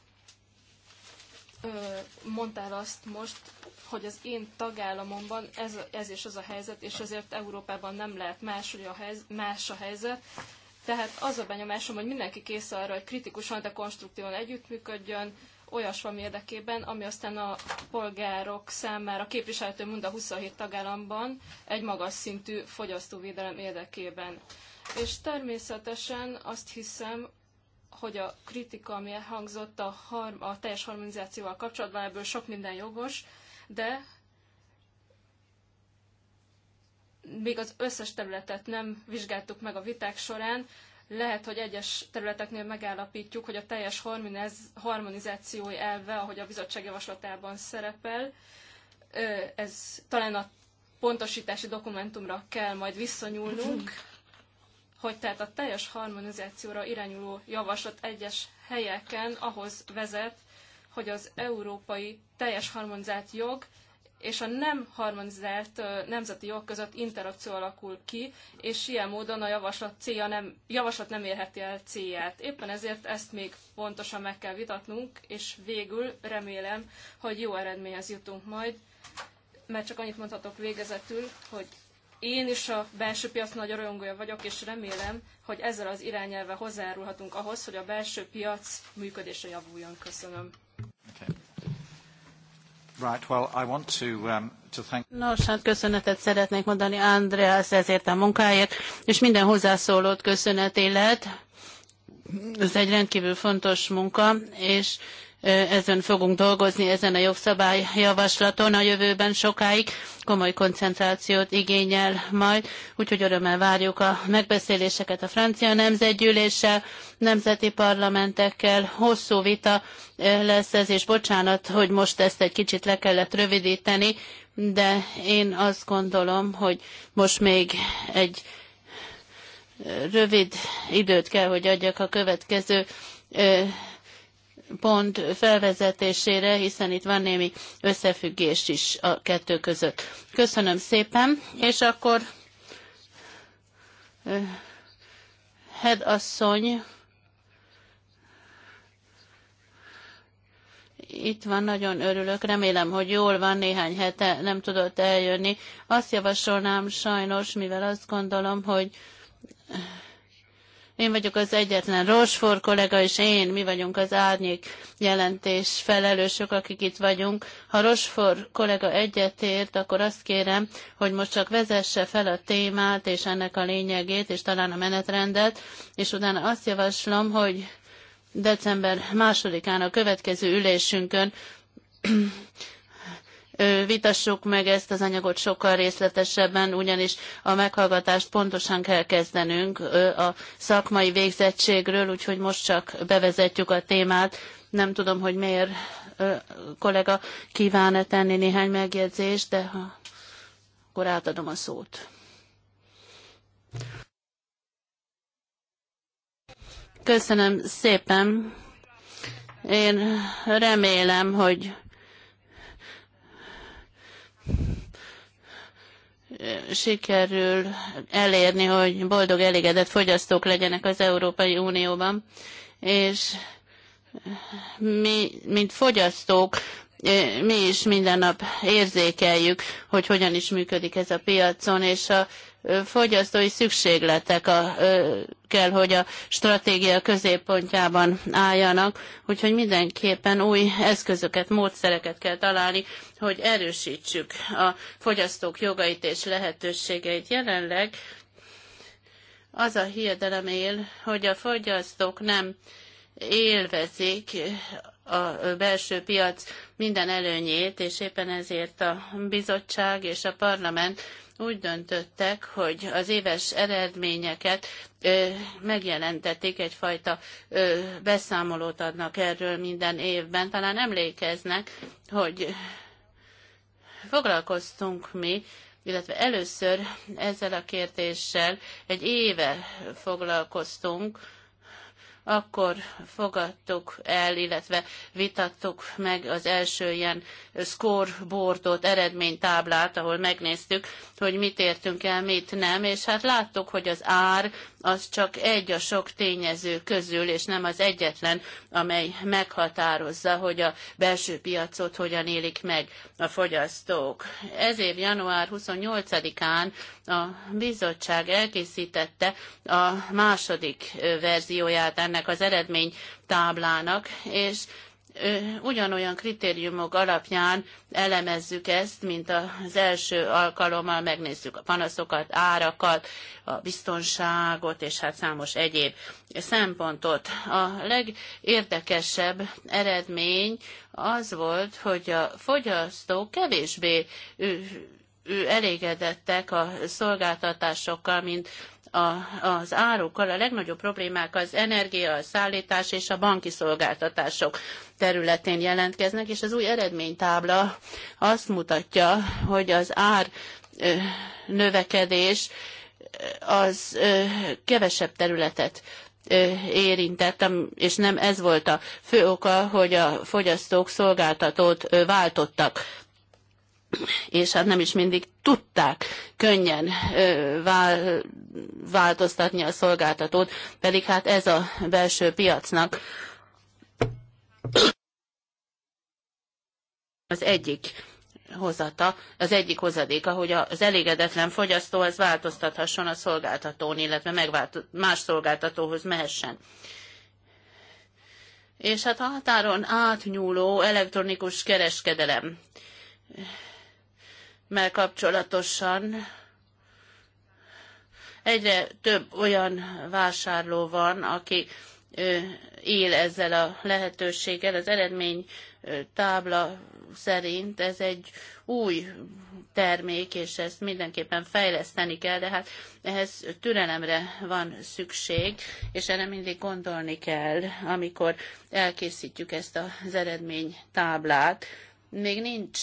C: mondtál azt most, hogy az én tagállamomban ez, ez és az a helyzet, és ezért Európában nem lehet más, a helyz, más a helyzet. Tehát az a benyomásom, hogy mindenki kész arra, hogy kritikusan, de konstruktívan együttműködjön, olyas van érdekében, ami aztán a polgárok számára képviselhető mind a 27 tagállamban egy magas szintű fogyasztóvédelem érdekében. És természetesen azt hiszem, hogy a kritika, ami elhangzott a, har- a teljes harmonizációval kapcsolatban, ebből sok minden jogos, de még az összes területet nem vizsgáltuk meg a viták során, lehet, hogy egyes területeknél megállapítjuk, hogy a teljes harmonizáció elve, ahogy a bizottság javaslatában szerepel, ez talán a pontosítási dokumentumra kell majd visszanyúlnunk, hogy tehát a teljes harmonizációra irányuló javaslat egyes helyeken ahhoz vezet, hogy az európai teljes harmonizált jog és a nem harmonizált nemzeti jog között interakció alakul ki, és ilyen módon a javaslat, célja nem, javaslat nem érheti el célját. Éppen ezért ezt még pontosan meg kell vitatnunk, és végül remélem, hogy jó eredményhez jutunk majd, mert csak annyit mondhatok végezetül, hogy én is a belső piac nagy rajongója vagyok, és remélem, hogy ezzel az irányelve hozzájárulhatunk ahhoz, hogy a belső piac működése javuljon. Köszönöm.
A: Um, Nos, hát köszönetet szeretnék mondani Andreas ezért a munkáért, és minden hozzászólót köszönet illet. Ez egy rendkívül fontos munka, és ezen fogunk dolgozni, ezen a jogszabályjavaslaton a jövőben sokáig. Komoly koncentrációt igényel majd, úgyhogy örömmel várjuk a megbeszéléseket a francia nemzetgyűléssel, nemzeti parlamentekkel. Hosszú vita lesz ez, és bocsánat, hogy most ezt egy kicsit le kellett rövidíteni, de én azt gondolom, hogy most még egy rövid időt kell, hogy adjak a következő pont felvezetésére, hiszen itt van némi összefüggés is a kettő között. Köszönöm szépen, és akkor Head asszony, itt van, nagyon örülök, remélem, hogy jól van, néhány hete nem tudott eljönni. Azt javasolnám sajnos, mivel azt gondolom, hogy én vagyok az egyetlen Rosfor kollega, és én, mi vagyunk az árnyék jelentés felelősök, akik itt vagyunk. Ha Rosfor kollega egyetért, akkor azt kérem, hogy most csak vezesse fel a témát, és ennek a lényegét, és talán a menetrendet, és utána azt javaslom, hogy december másodikán a következő ülésünkön vitassuk meg ezt az anyagot sokkal részletesebben, ugyanis a meghallgatást pontosan kell kezdenünk a szakmai végzettségről, úgyhogy most csak bevezetjük a témát. Nem tudom, hogy miért kollega kíván-e tenni néhány megjegyzést, de ha, akkor átadom a szót. Köszönöm szépen. Én remélem, hogy sikerül elérni, hogy boldog, elégedett fogyasztók legyenek az Európai Unióban, és mi, mint fogyasztók, eh, mi is minden nap érzékeljük, hogy hogyan is működik ez a piacon, és a fogyasztói szükségletek a, kell, hogy a stratégia középpontjában álljanak, úgyhogy mindenképpen új eszközöket, módszereket kell találni, hogy erősítsük a fogyasztók jogait és lehetőségeit. Jelenleg az a hiedelem él, hogy a fogyasztók nem élvezik a belső piac minden előnyét, és éppen ezért a bizottság és a parlament úgy döntöttek, hogy az éves eredményeket megjelentették, egyfajta beszámolót adnak erről minden évben. Talán emlékeznek, hogy foglalkoztunk mi illetve először ezzel a kérdéssel egy éve foglalkoztunk, akkor fogadtuk el, illetve vitattuk meg az első ilyen scoreboardot, eredménytáblát, ahol megnéztük, hogy mit értünk el, mit nem, és hát láttuk, hogy az ár az csak egy a sok tényező közül, és nem az egyetlen, amely meghatározza, hogy a belső piacot hogyan élik meg a fogyasztók. Ez év január 28-án a bizottság elkészítette a második verzióját ennek ennek az eredmény táblának és ugyanolyan kritériumok alapján elemezzük ezt, mint az első alkalommal megnézzük a panaszokat, árakat, a biztonságot, és hát számos egyéb szempontot. A legérdekesebb eredmény az volt, hogy a fogyasztó kevésbé ő, ő elégedettek a szolgáltatásokkal, mint a, az árukkal a legnagyobb problémák az energia, a szállítás és a banki szolgáltatások területén jelentkeznek, és az új eredménytábla azt mutatja, hogy az ár növekedés az kevesebb területet érintett, és nem ez volt a fő oka, hogy a fogyasztók szolgáltatót váltottak és hát nem is mindig tudták könnyen változtatni a szolgáltatót, pedig hát ez a belső piacnak az egyik hozata, az egyik hozadéka, hogy az elégedetlen fogyasztó az változtathasson a szolgáltatón, illetve más szolgáltatóhoz mehessen. És hát a határon átnyúló elektronikus kereskedelem mel kapcsolatosan egyre több olyan vásárló van, aki él ezzel a lehetőséggel. Az eredmény tábla szerint ez egy új termék, és ezt mindenképpen fejleszteni kell, de hát ehhez türelemre van szükség, és erre mindig gondolni kell, amikor elkészítjük ezt az eredmény táblát. Még nincs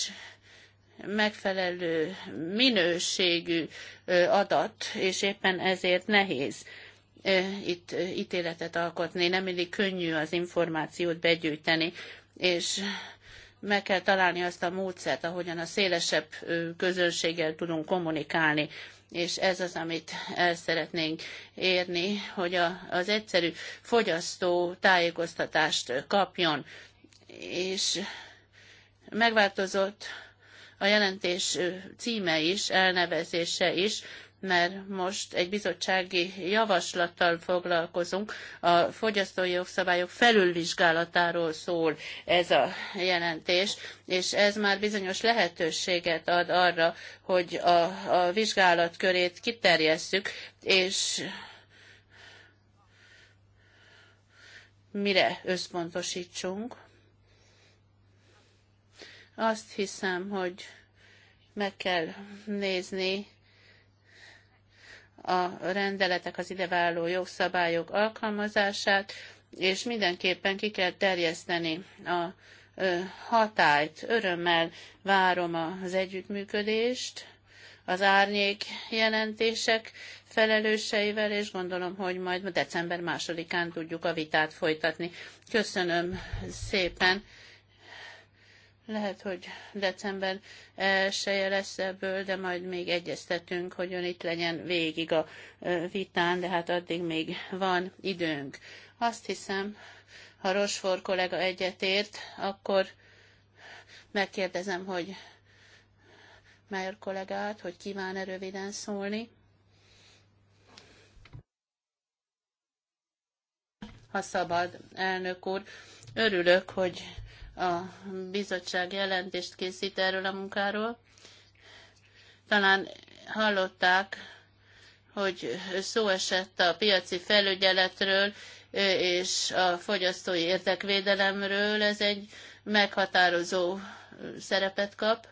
A: megfelelő minőségű adat, és éppen ezért nehéz itt ítéletet alkotni, nem mindig könnyű az információt begyűjteni, és meg kell találni azt a módszert, ahogyan a szélesebb közönséggel tudunk kommunikálni és ez az, amit el szeretnénk érni, hogy a, az egyszerű fogyasztó tájékoztatást kapjon, és megváltozott a jelentés címe is, elnevezése is, mert most egy bizottsági javaslattal foglalkozunk, a fogyasztói jogszabályok felülvizsgálatáról szól ez a jelentés, és ez már bizonyos lehetőséget ad arra, hogy a, a vizsgálat körét kiterjesszük, és mire összpontosítsunk. Azt hiszem, hogy meg kell nézni a rendeletek, az ideválló jogszabályok alkalmazását, és mindenképpen ki kell terjeszteni a hatályt. Örömmel várom az együttműködést az árnyék jelentések felelőseivel, és gondolom, hogy majd december másodikán tudjuk a vitát folytatni. Köszönöm szépen! Lehet, hogy december elsője lesz ebből, de majd még egyeztetünk, hogy ön itt legyen végig a vitán, de hát addig még van időnk. Azt hiszem, ha Rosfor kollega egyetért, akkor megkérdezem, hogy Mayer kollégát, hogy kíván-e röviden szólni. Ha szabad, elnök úr, örülök, hogy a bizottság jelentést készít erről a munkáról. Talán hallották, hogy szó esett a piaci felügyeletről és a fogyasztói érdekvédelemről. Ez egy meghatározó szerepet kap.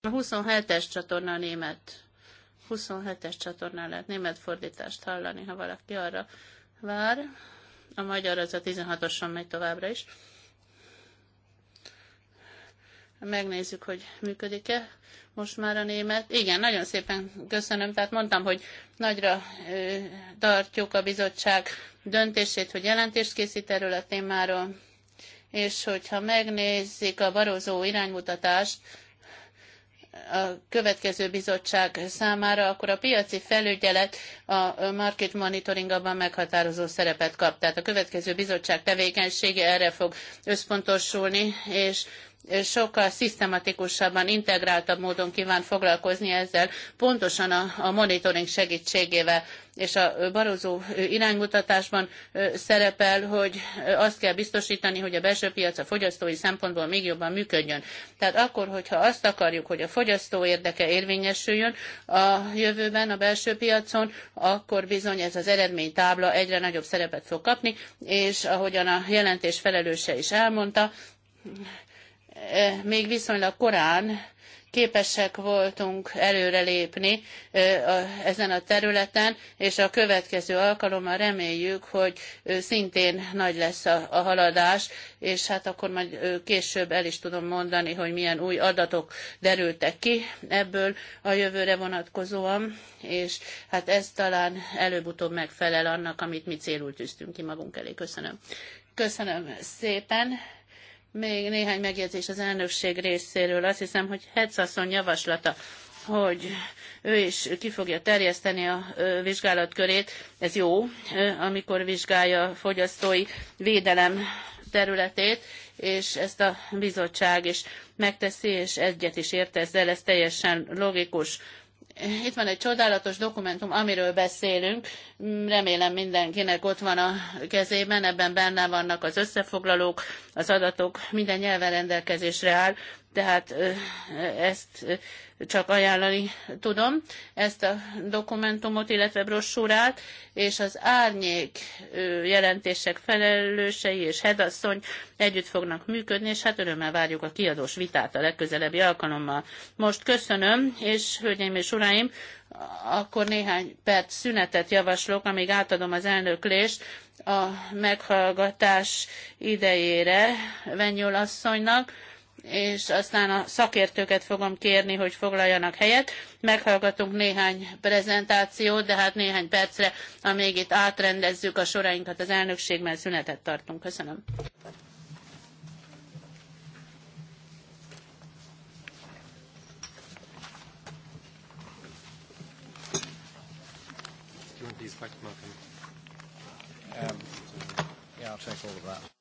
A: A 27-es csatorna a német 27-es csatornán lehet német fordítást hallani, ha valaki arra vár. A magyar az a 16-oson megy továbbra is. Megnézzük, hogy működik-e most már a német. Igen, nagyon szépen köszönöm. Tehát mondtam, hogy nagyra ö, tartjuk a bizottság döntését, hogy jelentést készít erről a témáról, és hogyha megnézzük a barozó iránymutatást, a következő bizottság számára, akkor a piaci felügyelet a market monitoring abban meghatározó szerepet kap. Tehát a következő bizottság tevékenysége erre fog összpontosulni, és sokkal szisztematikusabban, integráltabb módon kíván foglalkozni ezzel, pontosan a, a monitoring segítségével. És a Barozó iránymutatásban szerepel, hogy azt kell biztosítani, hogy a belső piac a fogyasztói szempontból még jobban működjön. Tehát akkor, hogyha azt akarjuk, hogy a fogyasztó érdeke érvényesüljön a jövőben a belső piacon, akkor bizony ez az eredménytábla egyre nagyobb szerepet fog kapni, és ahogyan a jelentés felelőse is elmondta, E, még viszonylag korán képesek voltunk előrelépni e, ezen a területen, és a következő alkalommal reméljük, hogy szintén nagy lesz a, haladás, és hát akkor majd később el is tudom mondani, hogy milyen új adatok derültek ki ebből a jövőre vonatkozóan, és hát ez talán előbb-utóbb megfelel annak, amit mi célul tűztünk ki magunk elé. Köszönöm. Köszönöm szépen. Még néhány megjegyzés az elnökség részéről. Azt hiszem, hogy Hetzasszony javaslata, hogy ő is ki fogja terjeszteni a vizsgálatkörét. Ez jó, amikor vizsgálja a fogyasztói védelem területét, és ezt a bizottság is megteszi, és egyet is ért ezzel, ez teljesen logikus itt van egy csodálatos dokumentum, amiről beszélünk. Remélem mindenkinek ott van a kezében, ebben benne vannak az összefoglalók, az adatok, minden nyelven rendelkezésre áll, tehát ezt csak ajánlani tudom ezt a dokumentumot, illetve brossúrát, és az árnyék jelentések felelősei és hedasszony együtt fognak működni, és hát örömmel várjuk a kiadós vitát a legközelebbi alkalommal. Most köszönöm, és hölgyeim és uraim, akkor néhány perc szünetet javaslok, amíg átadom az elnöklést a meghallgatás idejére Venyol asszonynak és aztán a szakértőket fogom kérni, hogy foglaljanak helyet. Meghallgatunk néhány prezentációt, de hát néhány percre, amíg itt átrendezzük a sorainkat az elnökség, mert szünetet tartunk. Köszönöm.
C: Um, yeah, I'll take all of that.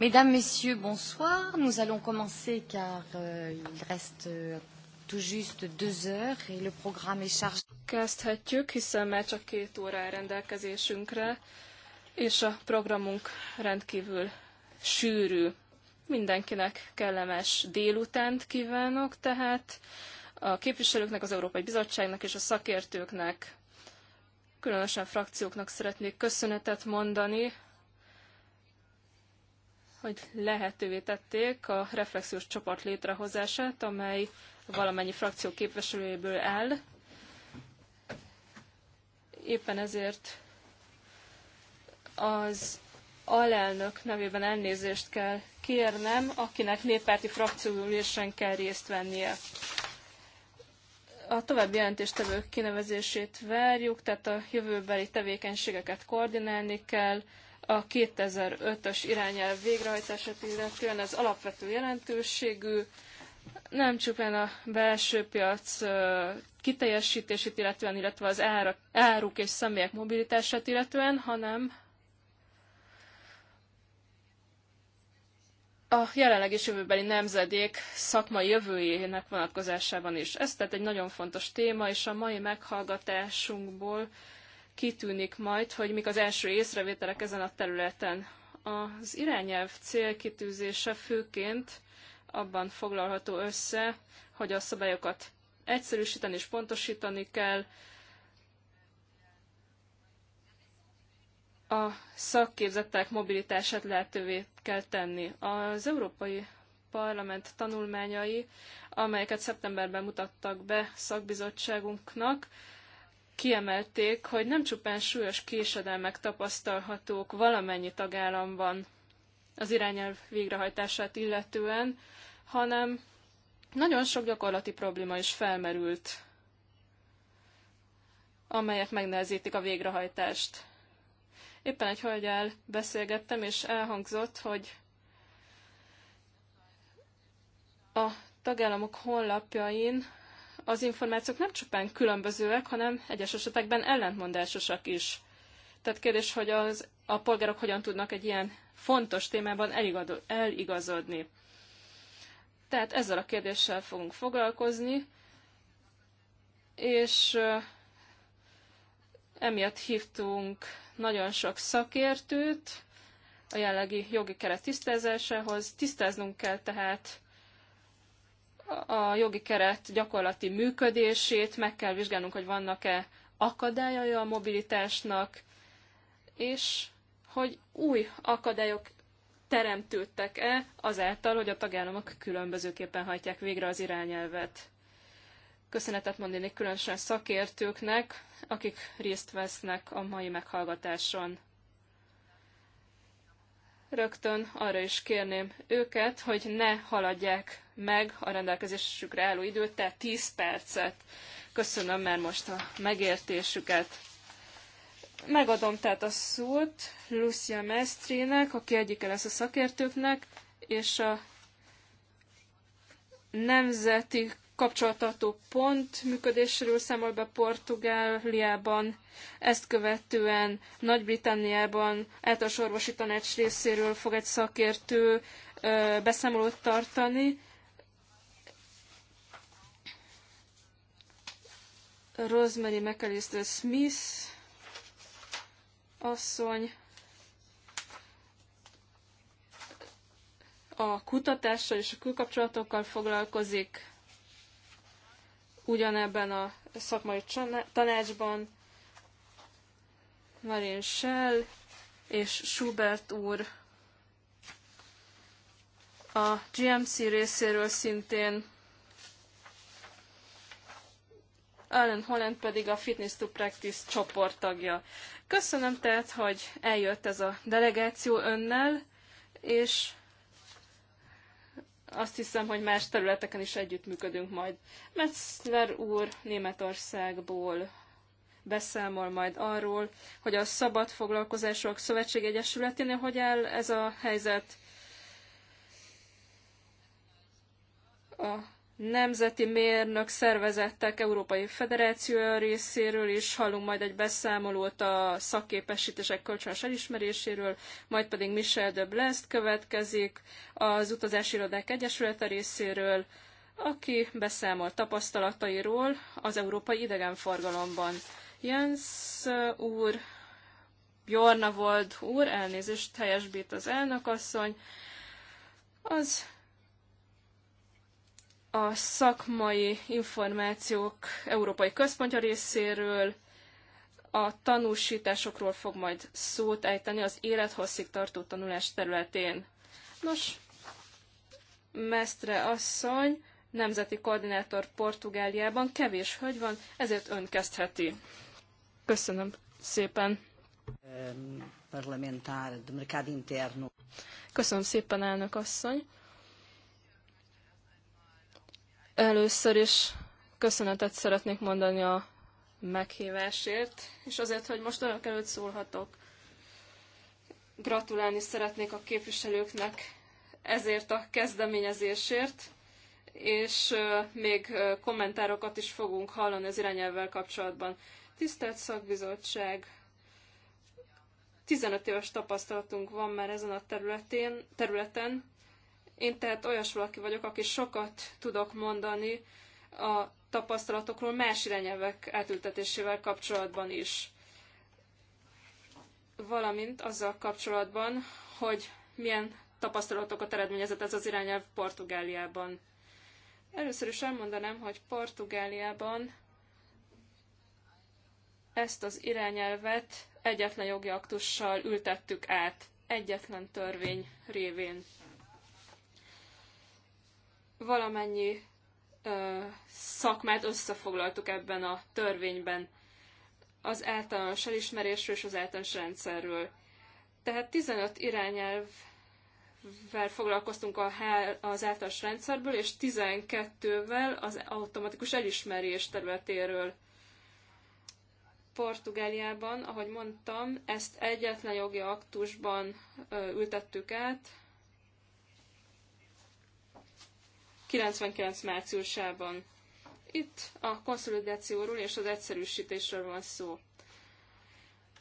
C: Mesdames, Messieurs, bonsoir. Nous allons commencer car euh, il
A: reste euh, tout juste deux heures et le programme est chargé.
C: Kezdhetjük, hiszen már csak két óra rendelkezésünkre, és a programunk rendkívül sűrű. Mindenkinek kellemes délutánt kívánok, tehát a képviselőknek, az Európai Bizottságnak és a szakértőknek, különösen frakcióknak szeretnék köszönetet mondani, hogy lehetővé tették a reflexiós csoport létrehozását, amely valamennyi frakció képviselőjéből áll. Éppen ezért az alelnök nevében elnézést kell kérnem, akinek néppárti frakcióülésen kell részt vennie. A további jelentéstevők kinevezését várjuk, tehát a jövőbeli tevékenységeket koordinálni kell, a 2005-ös irányelv végrehajtását illetően ez alapvető jelentőségű, nem csupán a belső piac kiteljesítését illetően, illetve az ára, áruk és személyek mobilitását illetően, hanem a jelenleg és jövőbeli nemzedék szakmai jövőjének vonatkozásában is. Ez tehát egy nagyon fontos téma, és a mai meghallgatásunkból kitűnik majd, hogy mik az első észrevételek ezen a területen. Az irányelv célkitűzése főként abban foglalható össze, hogy a szabályokat egyszerűsíteni és pontosítani kell, a szakképzettek mobilitását lehetővé kell tenni. Az Európai Parlament tanulmányai, amelyeket szeptemberben mutattak be szakbizottságunknak, kiemelték, hogy nem csupán súlyos késedelmek tapasztalhatók valamennyi tagállamban az irányelv végrehajtását illetően, hanem nagyon sok gyakorlati probléma is felmerült, amelyek megnehezítik a végrehajtást. Éppen egy hölgyel beszélgettem, és elhangzott, hogy a tagállamok honlapjain az információk nem csupán különbözőek, hanem egyes esetekben ellentmondásosak is. Tehát kérdés, hogy az, a polgárok hogyan tudnak egy ilyen fontos témában eligazodni. Tehát ezzel a kérdéssel fogunk foglalkozni, és emiatt hívtunk nagyon sok szakértőt a jellegi jogi keret tisztázásához. Tisztáznunk kell tehát a jogi keret gyakorlati működését, meg kell vizsgálnunk, hogy vannak-e akadályai a mobilitásnak, és hogy új akadályok teremtődtek-e azáltal, hogy a tagállamok különbözőképpen hajtják végre az irányelvet. Köszönetet mondanék különösen szakértőknek, akik részt vesznek a mai meghallgatáson. Rögtön arra is kérném őket, hogy ne haladják meg a rendelkezésükre álló időt, tehát 10 percet. Köszönöm már most a megértésüket. Megadom tehát a szót Lucia Mestrinek, aki egyike lesz a szakértőknek, és a nemzeti kapcsolatartó pont működéséről számol be Portugáliában, ezt követően Nagy-Britanniában általános orvosi tanács részéről fog egy szakértő beszámolót tartani, Rosemary McAllister Smith asszony a kutatással és a külkapcsolatokkal foglalkozik ugyanebben a szakmai tanácsban. Marin Shell és Schubert úr a GMC részéről szintén Ellen Holland pedig a Fitness to Practice csoport tagja. Köszönöm tehát, hogy eljött ez a delegáció önnel, és azt hiszem, hogy más területeken is együttműködünk majd. Metzler úr Németországból beszámol majd arról, hogy a Szabad Foglalkozások Szövetség Egyesületénél hogy áll ez a helyzet. A nemzeti mérnök szervezettek Európai Federációja részéről is, hallunk majd egy beszámolót a szakképesítések kölcsönös elismeréséről, majd pedig Michel de Blest következik az Utazási Irodák Egyesülete részéről, aki beszámol tapasztalatairól az európai idegenforgalomban. Jens úr, Bjorna volt úr, elnézést helyesbít az elnökasszony, az a szakmai információk Európai Központja részéről, a tanúsításokról fog majd szót ejteni az élethosszig tartó tanulás területén. Nos, Mestre asszony, nemzeti koordinátor Portugáliában, kevés hölgy van, ezért ön kezdheti. Köszönöm szépen. Ehm, de mercado interno. Köszönöm szépen, elnök asszony. Először is köszönetet szeretnék mondani a meghívásért, és azért, hogy most önök előtt szólhatok. Gratulálni szeretnék a képviselőknek ezért a kezdeményezésért, és még kommentárokat is fogunk hallani az irányelvvel kapcsolatban. Tisztelt Szakbizottság, 15 éves tapasztalatunk van már ezen a területén, területen, én tehát olyas valaki vagyok, aki sokat tudok mondani a tapasztalatokról más irányelvek átültetésével kapcsolatban is. Valamint azzal kapcsolatban, hogy milyen tapasztalatokat eredményezett ez az irányelv Portugáliában. Először is elmondanám, hogy Portugáliában ezt az irányelvet egyetlen jogi aktussal ültettük át, egyetlen törvény révén valamennyi ö, szakmát összefoglaltuk ebben a törvényben az általános elismerésről és az általános rendszerről. Tehát 15 irányelvvel foglalkoztunk a, az általános rendszerből, és 12-vel az automatikus elismerés területéről. Portugáliában, ahogy mondtam, ezt egyetlen jogi aktusban ültettük át, 99 márciusában. Itt a konszolidációról és az egyszerűsítésről van szó.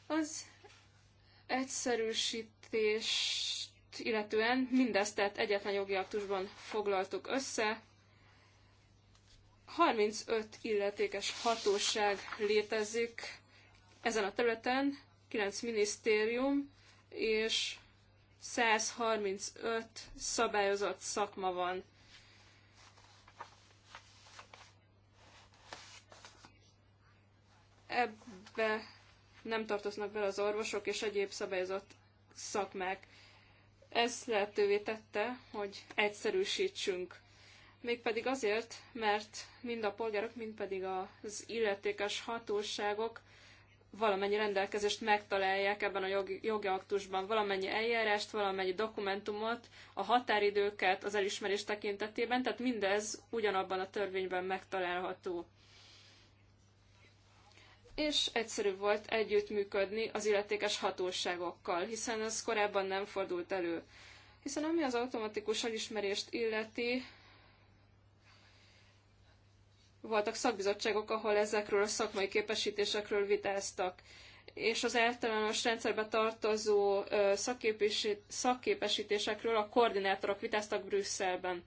C: Az egyszerűsítést illetően mindezt tehát egyetlen jogi aktusban foglaltuk össze. 35 illetékes hatóság létezik ezen a területen, 9 minisztérium és 135 szabályozott szakma van. Ebbe nem tartoznak bele az orvosok és egyéb szabályozott szakmák. Ez lehetővé tette, hogy egyszerűsítsünk. Mégpedig azért, mert mind a polgárok, mind pedig az illetékes hatóságok valamennyi rendelkezést megtalálják ebben a jogi, aktusban, valamennyi eljárást, valamennyi dokumentumot, a határidőket, az elismerés tekintetében, tehát mindez ugyanabban a törvényben megtalálható és egyszerű volt együttműködni az illetékes hatóságokkal, hiszen ez korábban nem fordult elő. Hiszen ami az automatikus elismerést illeti, voltak szakbizottságok, ahol ezekről a szakmai képesítésekről vitáztak és az általános rendszerbe tartozó szakképesítésekről a koordinátorok vitáztak Brüsszelben.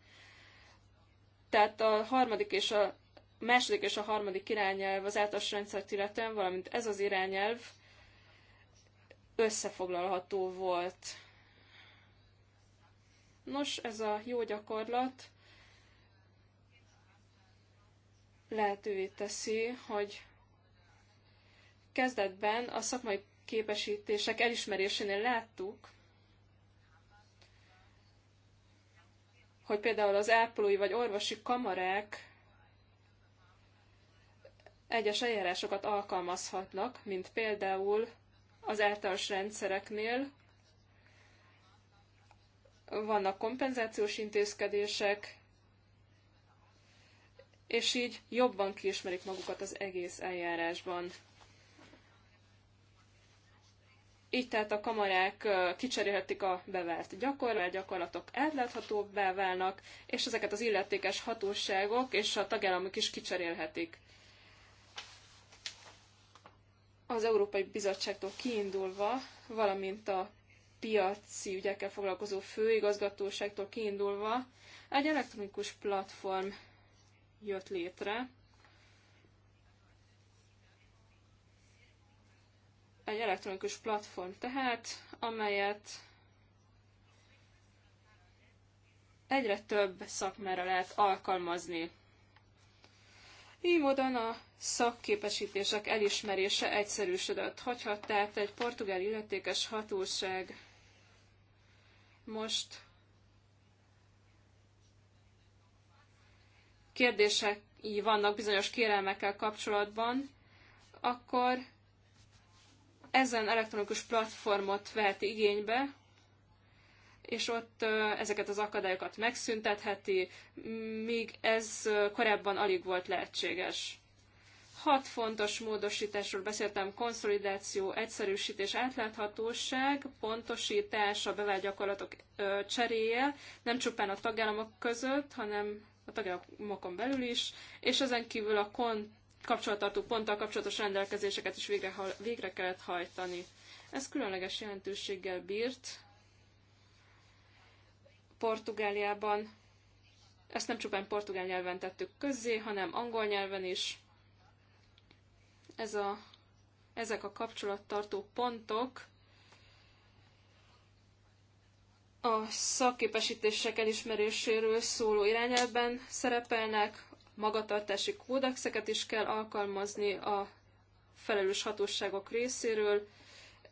C: Tehát a harmadik és a második és a harmadik irányelv az általános rendszert illetően, valamint ez az irányelv összefoglalható volt. Nos, ez a jó gyakorlat lehetővé teszi, hogy kezdetben a szakmai képesítések elismerésénél láttuk, hogy például az ápolói vagy orvosi kamarák egyes eljárásokat alkalmazhatnak, mint például az általános rendszereknél vannak kompenzációs intézkedések, és így jobban kiismerik magukat az egész eljárásban. Így tehát a kamarák kicserélhetik a bevált gyakorlat, gyakorlatok átláthatóbbá válnak, és ezeket az illetékes hatóságok és a tagállamok is kicserélhetik. az Európai Bizottságtól kiindulva, valamint a piaci ügyekkel foglalkozó főigazgatóságtól kiindulva egy elektronikus platform jött létre. Egy elektronikus platform tehát, amelyet egyre több szakmára lehet alkalmazni. Így módon a szakképesítések elismerése egyszerűsödött. Hogyha tehát egy portugál illetékes hatóság most kérdések így vannak bizonyos kérelmekkel kapcsolatban, akkor ezen elektronikus platformot veheti igénybe, és ott ezeket az akadályokat megszüntetheti, míg ez korábban alig volt lehetséges. Hat fontos módosításról beszéltem, konszolidáció, egyszerűsítés, átláthatóság, pontosítás, a bevált gyakorlatok cseréje, nem csupán a tagállamok között, hanem a tagállamokon belül is, és ezen kívül a kon kapcsolattartó ponttal kapcsolatos rendelkezéseket is végre, végre kellett hajtani. Ez különleges jelentőséggel bírt, Portugáliában ezt nem csupán portugál nyelven tettük közzé, hanem angol nyelven is. Ez a, ezek a kapcsolattartó pontok a szakképesítések elismeréséről szóló irányelben szerepelnek, magatartási kódexeket is kell alkalmazni a felelős hatóságok részéről.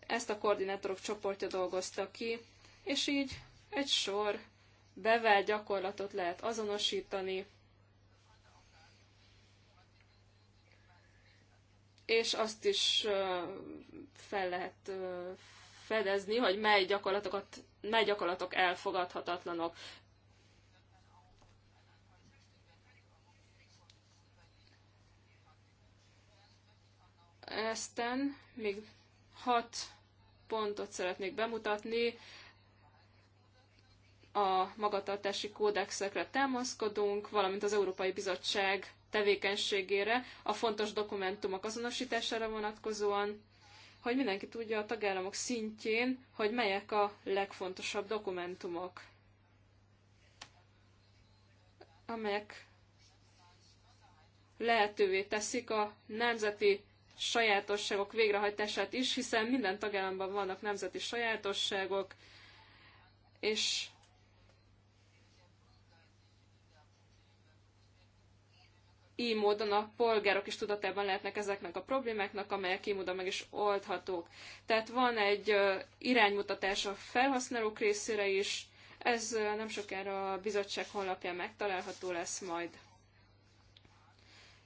C: Ezt a koordinátorok csoportja dolgozta ki, és így egy sor bevel gyakorlatot lehet azonosítani, és azt is fel lehet fedezni, hogy mely, gyakorlatokat, mely gyakorlatok elfogadhatatlanok. Ezten még hat pontot szeretnék bemutatni a magatartási kódexekre támaszkodunk, valamint az Európai Bizottság tevékenységére, a fontos dokumentumok azonosítására vonatkozóan, hogy mindenki tudja a tagállamok szintjén, hogy melyek a legfontosabb dokumentumok, amelyek lehetővé teszik a nemzeti sajátosságok végrehajtását is, hiszen minden tagállamban vannak nemzeti sajátosságok, és így módon a polgárok is tudatában lehetnek ezeknek a problémáknak, amelyek így módon meg is oldhatók. Tehát van egy iránymutatás a felhasználók részére is, ez nem sokára a bizottság honlapján megtalálható lesz majd.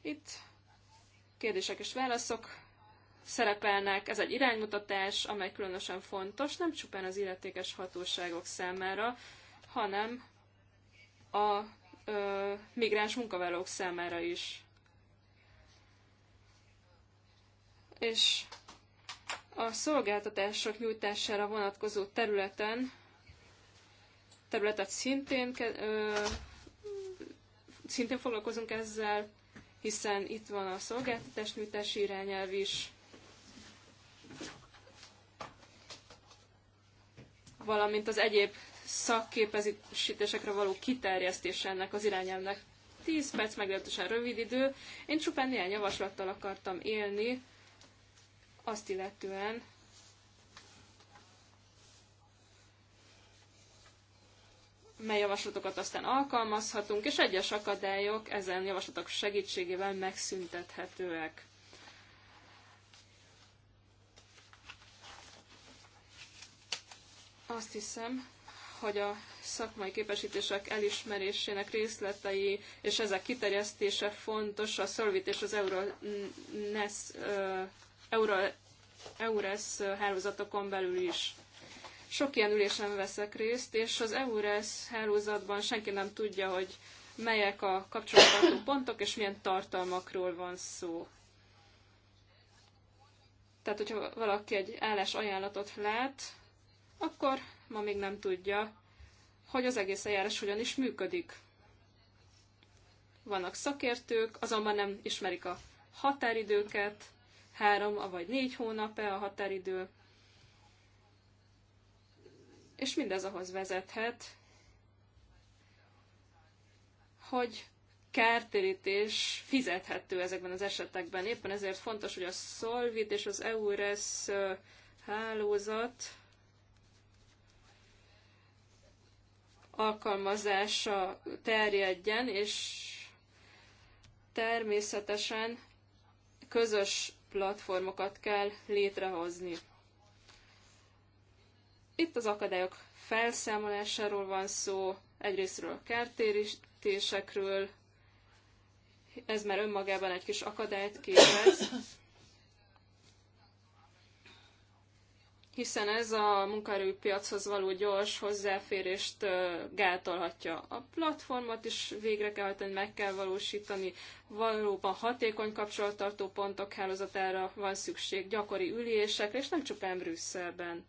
C: Itt kérdések és válaszok szerepelnek. Ez egy iránymutatás, amely különösen fontos, nem csupán az illetékes hatóságok számára, hanem a ö, migráns munkavállalók számára is. És a szolgáltatások nyújtására vonatkozó területen területet szintén, ö, szintén foglalkozunk ezzel, hiszen itt van a szolgáltatás nyújtási irányelv is, valamint az egyéb szakképesítésekre való kiterjesztése ennek az irányelvnek. 10 perc meglehetősen rövid idő. Én csupán néhány javaslattal akartam élni, azt illetően, mely javaslatokat aztán alkalmazhatunk, és egyes akadályok ezen javaslatok segítségével megszüntethetőek. Azt hiszem, hogy a szakmai képesítések elismerésének részletei és ezek kiterjesztése fontos a Solvit és az Euronesz, Euro, EURES hálózatokon belül is. Sok ilyen ülésen veszek részt, és az EURES hálózatban senki nem tudja, hogy melyek a kapcsolatartó pontok, és milyen tartalmakról van szó. Tehát, hogyha valaki egy ajánlatot lát, akkor ma még nem tudja, hogy az egész eljárás hogyan is működik. Vannak szakértők, azonban nem ismerik a határidőket, három vagy négy hónap-e a határidő, és mindez ahhoz vezethet, hogy kártérítés fizethető ezekben az esetekben. Éppen ezért fontos, hogy a Solvit és az EURES hálózat alkalmazása terjedjen, és természetesen közös platformokat kell létrehozni. Itt az akadályok felszámolásáról van szó, egyrésztről a kertérítésekről, ez már önmagában egy kis akadályt képez, hiszen ez a munkaerőpiachoz való gyors hozzáférést gátolhatja. A platformot is végre kell hajtani, meg kell valósítani, valóban hatékony kapcsolattartó pontok hálózatára van szükség, gyakori ülésekre, és nem csupán Brüsszelben.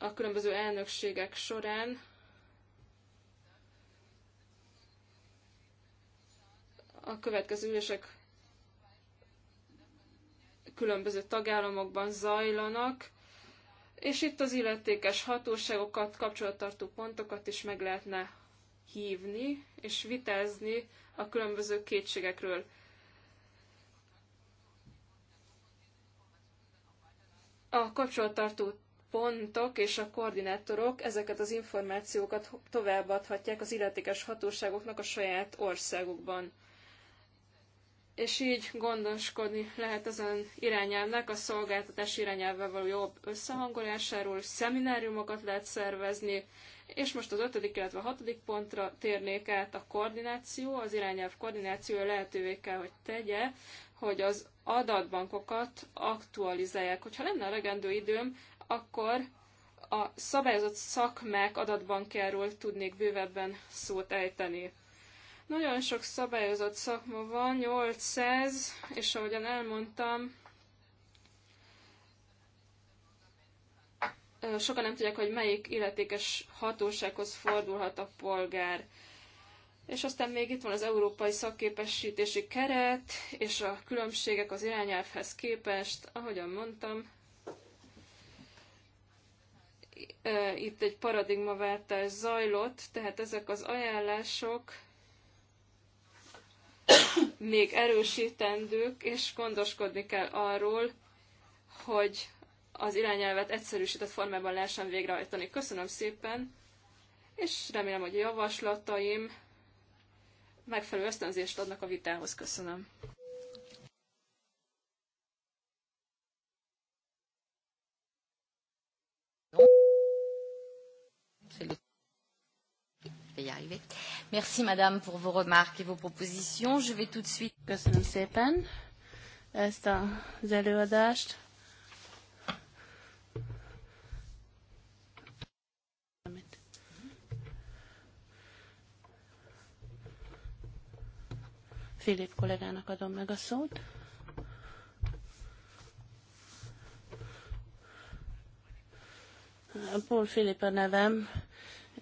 C: A különböző elnökségek során a következő ülések különböző tagállamokban zajlanak, és itt az illetékes hatóságokat, kapcsolattartó pontokat is meg lehetne hívni és vitázni a különböző kétségekről. A kapcsolattartó pontok és a koordinátorok ezeket az információkat továbbadhatják az illetékes hatóságoknak a saját országukban és így gondoskodni lehet ezen irányelvnek, a szolgáltatás irányelvvel való jobb összehangolásáról, szemináriumokat lehet szervezni, és most az ötödik, illetve a hatodik pontra térnék át a koordináció, az irányelv koordinációja lehetővé kell, hogy tegye, hogy az adatbankokat aktualizálják. Hogyha lenne elegendő időm, akkor a szabályozott szakmák adatbankjáról tudnék bővebben szót ejteni. Nagyon sok szabályozott szakma van, 800, és ahogyan elmondtam, sokan nem tudják, hogy melyik illetékes hatósághoz fordulhat a polgár. És aztán még itt van az európai szakképesítési keret, és a különbségek az irányelvhez képest, ahogyan mondtam, itt egy paradigmaváltás zajlott, tehát ezek az ajánlások még erősítendők, és gondoskodni kell arról, hogy az irányelvet egyszerűsített formában lehessen végrehajtani. Köszönöm szépen, és remélem, hogy a javaslataim megfelelő ösztönzést adnak a vitához. Köszönöm.
A: Je vais Merci, madame, pour vos remarques et vos propositions. Je vais tout de suite... Köszönöm szépen ezt az előadást. Filip kollégának adom meg a szót. Paul Filip a nevem,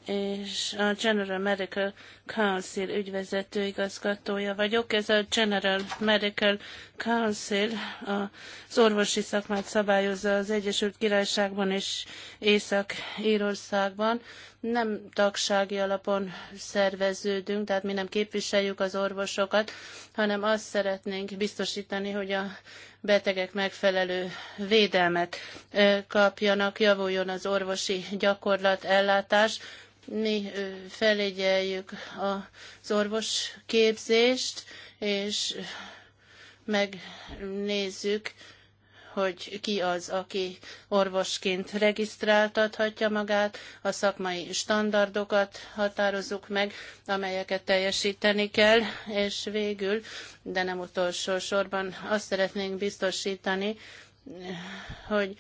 A: és a General Medical Council ügyvezető igazgatója vagyok. Ez a General Medical Council az orvosi szakmát szabályozza az Egyesült Királyságban és Észak-Írországban. Nem tagsági alapon szerveződünk, tehát mi nem képviseljük az orvosokat, hanem azt szeretnénk biztosítani, hogy a betegek megfelelő védelmet kapjanak, javuljon az orvosi gyakorlat, ellátás, mi felügyeljük az orvos képzést, és megnézzük, hogy ki az, aki orvosként regisztráltathatja magát, a szakmai standardokat határozzuk meg, amelyeket teljesíteni kell, és végül, de nem utolsó sorban azt szeretnénk biztosítani, hogy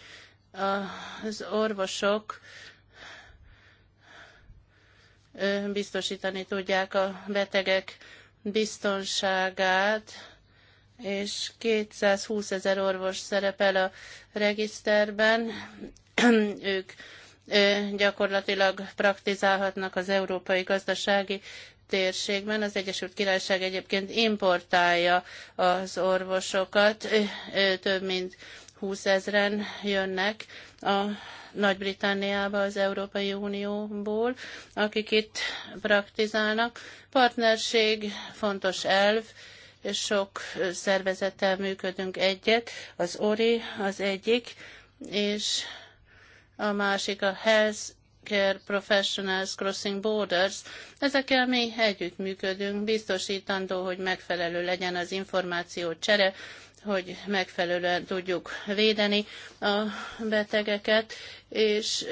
A: az orvosok biztosítani tudják a betegek biztonságát, és 220 ezer orvos szerepel a regiszterben. ők gyakorlatilag praktizálhatnak az európai gazdasági térségben. Az Egyesült Királyság egyébként importálja az orvosokat, több mint 20 ezeren jönnek a Nagy-Britanniába az Európai Unióból, akik itt praktizálnak. Partnerség fontos elv, és sok szervezettel működünk egyet, az ORI az egyik, és a másik a Health Care Professionals Crossing Borders. Ezekkel mi együttműködünk, biztosítandó, hogy megfelelő legyen az információ csere, hogy megfelelően tudjuk védeni a betegeket, és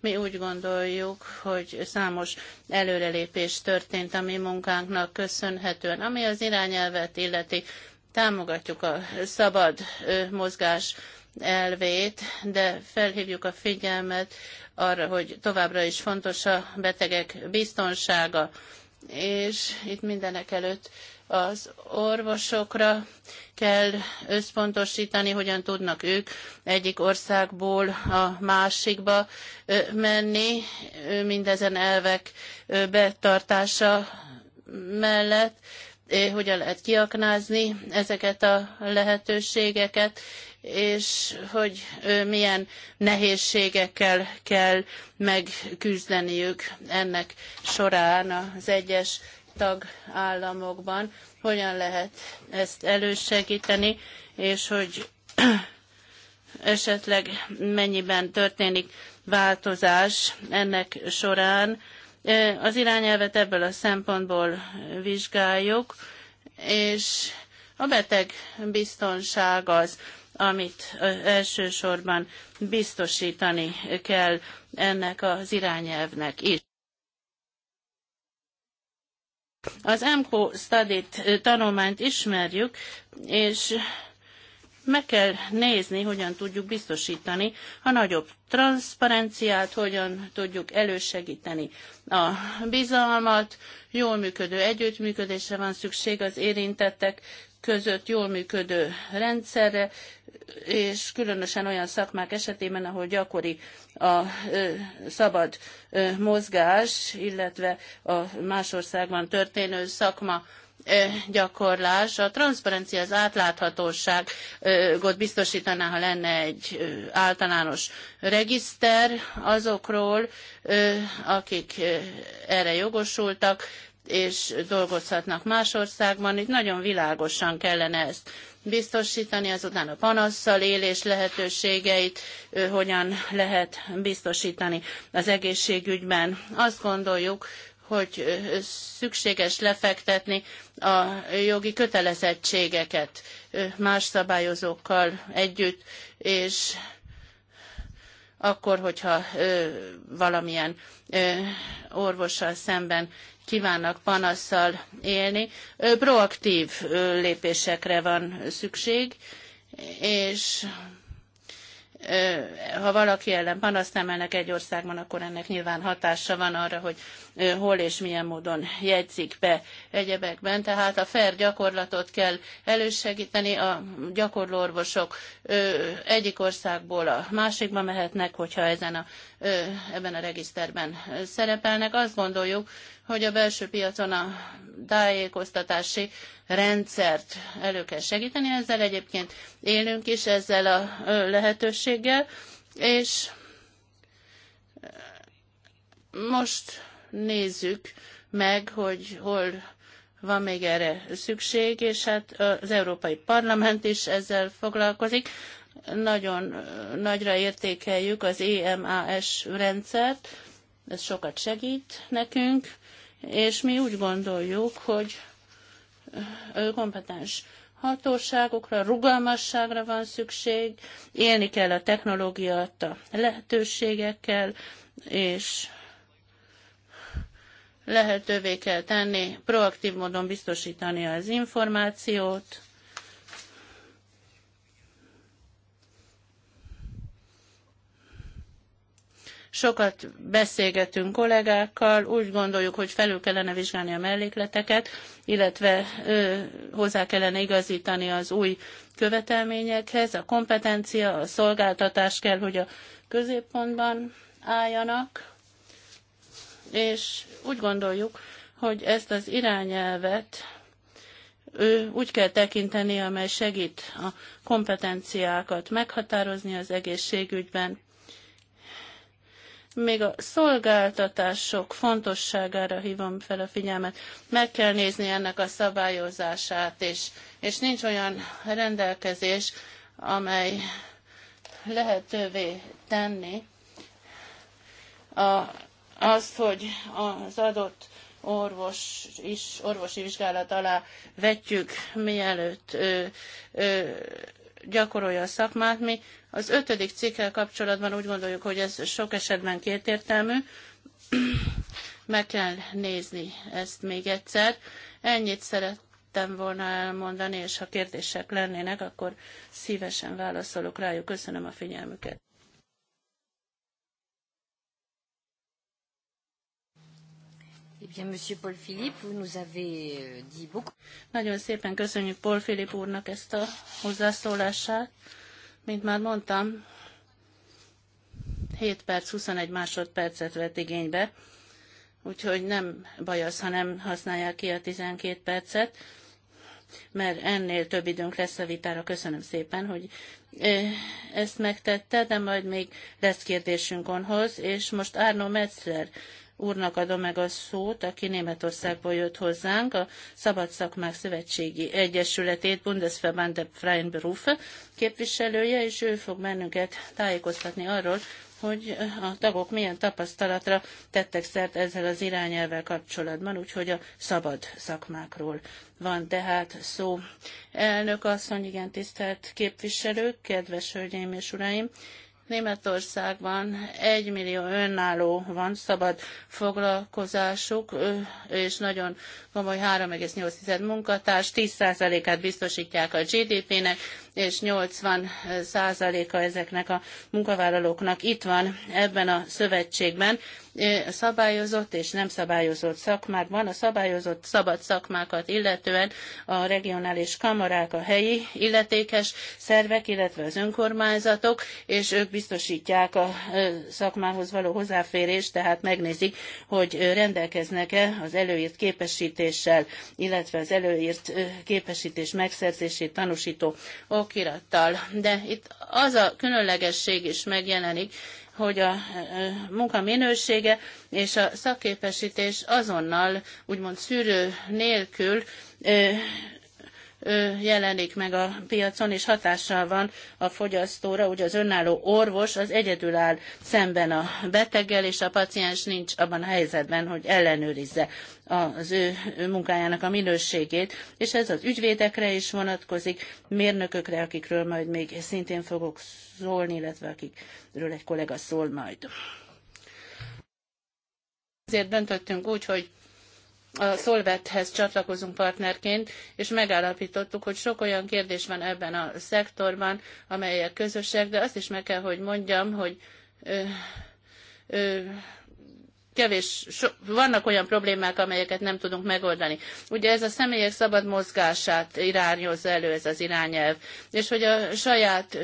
A: mi úgy gondoljuk, hogy számos előrelépés történt a mi munkánknak köszönhetően, ami az irányelvet illeti. Támogatjuk a szabad mozgás elvét, de felhívjuk a figyelmet arra, hogy továbbra is fontos a betegek biztonsága, és itt mindenek előtt az orvosokra kell összpontosítani, hogyan tudnak ők egyik országból a másikba menni, mindezen elvek betartása mellett, hogyan lehet kiaknázni ezeket a lehetőségeket, és hogy milyen nehézségekkel kell megküzdeniük ennek során az egyes tagállamokban, hogyan lehet ezt elősegíteni, és hogy esetleg mennyiben történik változás ennek során. E, az irányelvet ebből a szempontból vizsgáljuk, és a beteg biztonság az, amit e, elsősorban biztosítani kell ennek az irányelvnek is. Az EMCO Study tanulmányt ismerjük, és meg kell nézni, hogyan tudjuk biztosítani a nagyobb transzparenciát, hogyan tudjuk elősegíteni a bizalmat, jól működő együttműködésre van szükség az érintettek között jól működő rendszerre, és különösen olyan szakmák esetében, ahol gyakori a szabad mozgás, illetve a más országban történő szakma gyakorlás, a transzparencia, az átláthatóságot biztosítaná, ha lenne egy általános regiszter azokról, akik erre jogosultak, és dolgozhatnak más országban. Itt nagyon világosan kellene ezt biztosítani, azután a panasszal élés lehetőségeit hogyan lehet biztosítani az egészségügyben. Azt gondoljuk, hogy szükséges lefektetni a jogi kötelezettségeket más szabályozókkal együtt, és akkor, hogyha valamilyen orvossal szemben kívánnak panasszal élni. Proaktív lépésekre van szükség, és ha valaki ellen panaszt emelnek egy országban, akkor ennek nyilván hatása van arra, hogy hol és milyen módon jegyzik be egyebekben. Tehát a fair gyakorlatot kell elősegíteni, a gyakorló orvosok egyik országból a másikba mehetnek, hogyha ezen a, ebben a regiszterben szerepelnek. Azt gondoljuk, hogy a belső piacon a tájékoztatási rendszert elő kell segíteni, ezzel egyébként élünk is ezzel a lehetőséggel, és most nézzük meg, hogy hol van még erre szükség, és hát az Európai Parlament is ezzel foglalkozik. Nagyon nagyra értékeljük az EMAS rendszert, ez sokat segít nekünk, és mi úgy gondoljuk, hogy kompetens hatóságokra, rugalmasságra van szükség, élni kell a technológiát a lehetőségekkel, és lehetővé kell tenni, proaktív módon biztosítani az információt, Sokat beszélgetünk kollégákkal, úgy gondoljuk, hogy felül kellene vizsgálni a mellékleteket, illetve ö, hozzá kellene igazítani az új követelményekhez. A kompetencia, a szolgáltatás kell, hogy a középpontban álljanak és úgy gondoljuk, hogy ezt az irányelvet ő úgy kell tekinteni, amely segít a kompetenciákat meghatározni az egészségügyben. Még a szolgáltatások fontosságára hívom fel a figyelmet. Meg kell nézni ennek a szabályozását, és, és nincs olyan rendelkezés, amely lehetővé tenni a azt, hogy az adott orvos is, orvosi vizsgálat alá vetjük, mielőtt ö, ö, gyakorolja a szakmát. Mi az ötödik cikkel kapcsolatban úgy gondoljuk, hogy ez sok esetben kétértelmű. Meg kell nézni ezt még egyszer. Ennyit szerettem volna elmondani, és ha kérdések lennének, akkor szívesen válaszolok rájuk. Köszönöm a figyelmüket. Eh euh, Nagyon szépen köszönjük Paul Philip úrnak ezt a hozzászólását. Mint már mondtam, 7 perc 21 másodpercet vett igénybe, úgyhogy nem baj az, ha nem használják ki a 12 percet, mert ennél több időnk lesz a vitára. Köszönöm szépen, hogy eh, ezt megtette, de majd még lesz kérdésünk onhoz, és most Árnó Metzler úrnak adom meg a szót, aki Németországból jött hozzánk, a Szabad Szakmák Szövetségi Egyesületét, Bundesverband der Freien Berufe képviselője, és ő fog bennünket tájékoztatni arról, hogy a tagok milyen tapasztalatra tettek szert ezzel az irányelvel kapcsolatban, úgyhogy a szabad szakmákról van tehát szó. Elnök asszony, igen tisztelt képviselők, kedves hölgyeim és uraim, Németországban egy millió önálló van szabad foglalkozásuk, és nagyon komoly 3,8 munkatárs, 10%-át biztosítják a GDP-nek, és 80 százaléka ezeknek a munkavállalóknak itt van ebben a szövetségben. A szabályozott és nem szabályozott szakmákban, a szabályozott szabad szakmákat illetően a regionális kamarák, a helyi illetékes szervek, illetve az önkormányzatok, és ők biztosítják a szakmához való hozzáférést, tehát megnézik, hogy rendelkeznek-e az előírt képesítéssel, illetve az előírt képesítés megszerzését tanúsító okirattal. De itt az a különlegesség is megjelenik, hogy a munka minősége és a szakképesítés azonnal, úgymond szűrő nélkül jelenik meg a piacon, és hatással van a fogyasztóra, ugye az önálló orvos az egyedül áll szemben a beteggel, és a paciens nincs abban a helyzetben, hogy ellenőrizze az ő munkájának a minőségét, és ez az ügyvédekre is vonatkozik, mérnökökre, akikről majd még szintén fogok szólni, illetve akikről egy kollega szól majd. Ezért döntöttünk úgy, hogy a Szolvethez csatlakozunk partnerként, és megállapítottuk, hogy sok olyan kérdés van ebben a szektorban, amelyek közösek, de azt is meg kell, hogy mondjam, hogy ö, ö, kevés, so, vannak olyan problémák, amelyeket nem tudunk megoldani. Ugye ez a személyek szabad mozgását irányozza elő ez az irányelv, és hogy a saját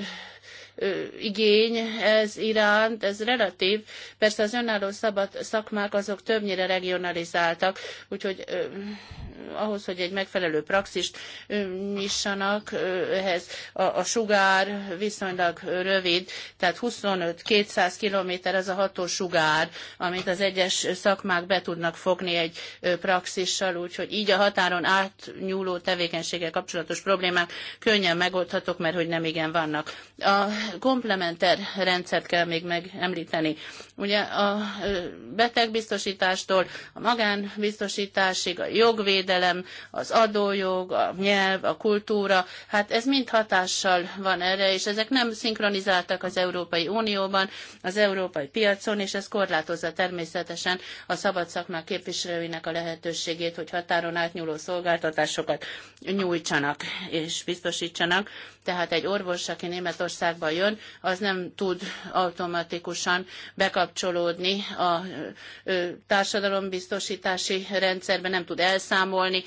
A: igény ez iránt, ez relatív. Persze az önálló szabad szakmák azok többnyire regionalizáltak, úgyhogy ahhoz, hogy egy megfelelő praxist nyissanak, ehhez a, a sugár viszonylag rövid, tehát 25-200 kilométer az a ható sugár, amit az egyes szakmák be tudnak fogni egy praxissal, úgyhogy így a határon átnyúló tevékenységgel kapcsolatos problémák könnyen megoldhatók, mert hogy nem igen vannak. A komplementer rendszert kell még megemlíteni. Ugye a betegbiztosítástól a magánbiztosításig, a jogvédelem, az adójog, a nyelv, a kultúra, hát ez mind hatással van erre, és ezek nem szinkronizáltak az Európai Unióban, az európai piacon, és ez korlátozza természetesen a szabad szakmák képviselőinek a lehetőségét, hogy határon átnyúló szolgáltatásokat nyújtsanak és biztosítsanak. Tehát egy orvos, aki Németországban jön, az nem tud automatikusan bekapcsolódni a társadalombiztosítási rendszerbe, nem tud elszámolni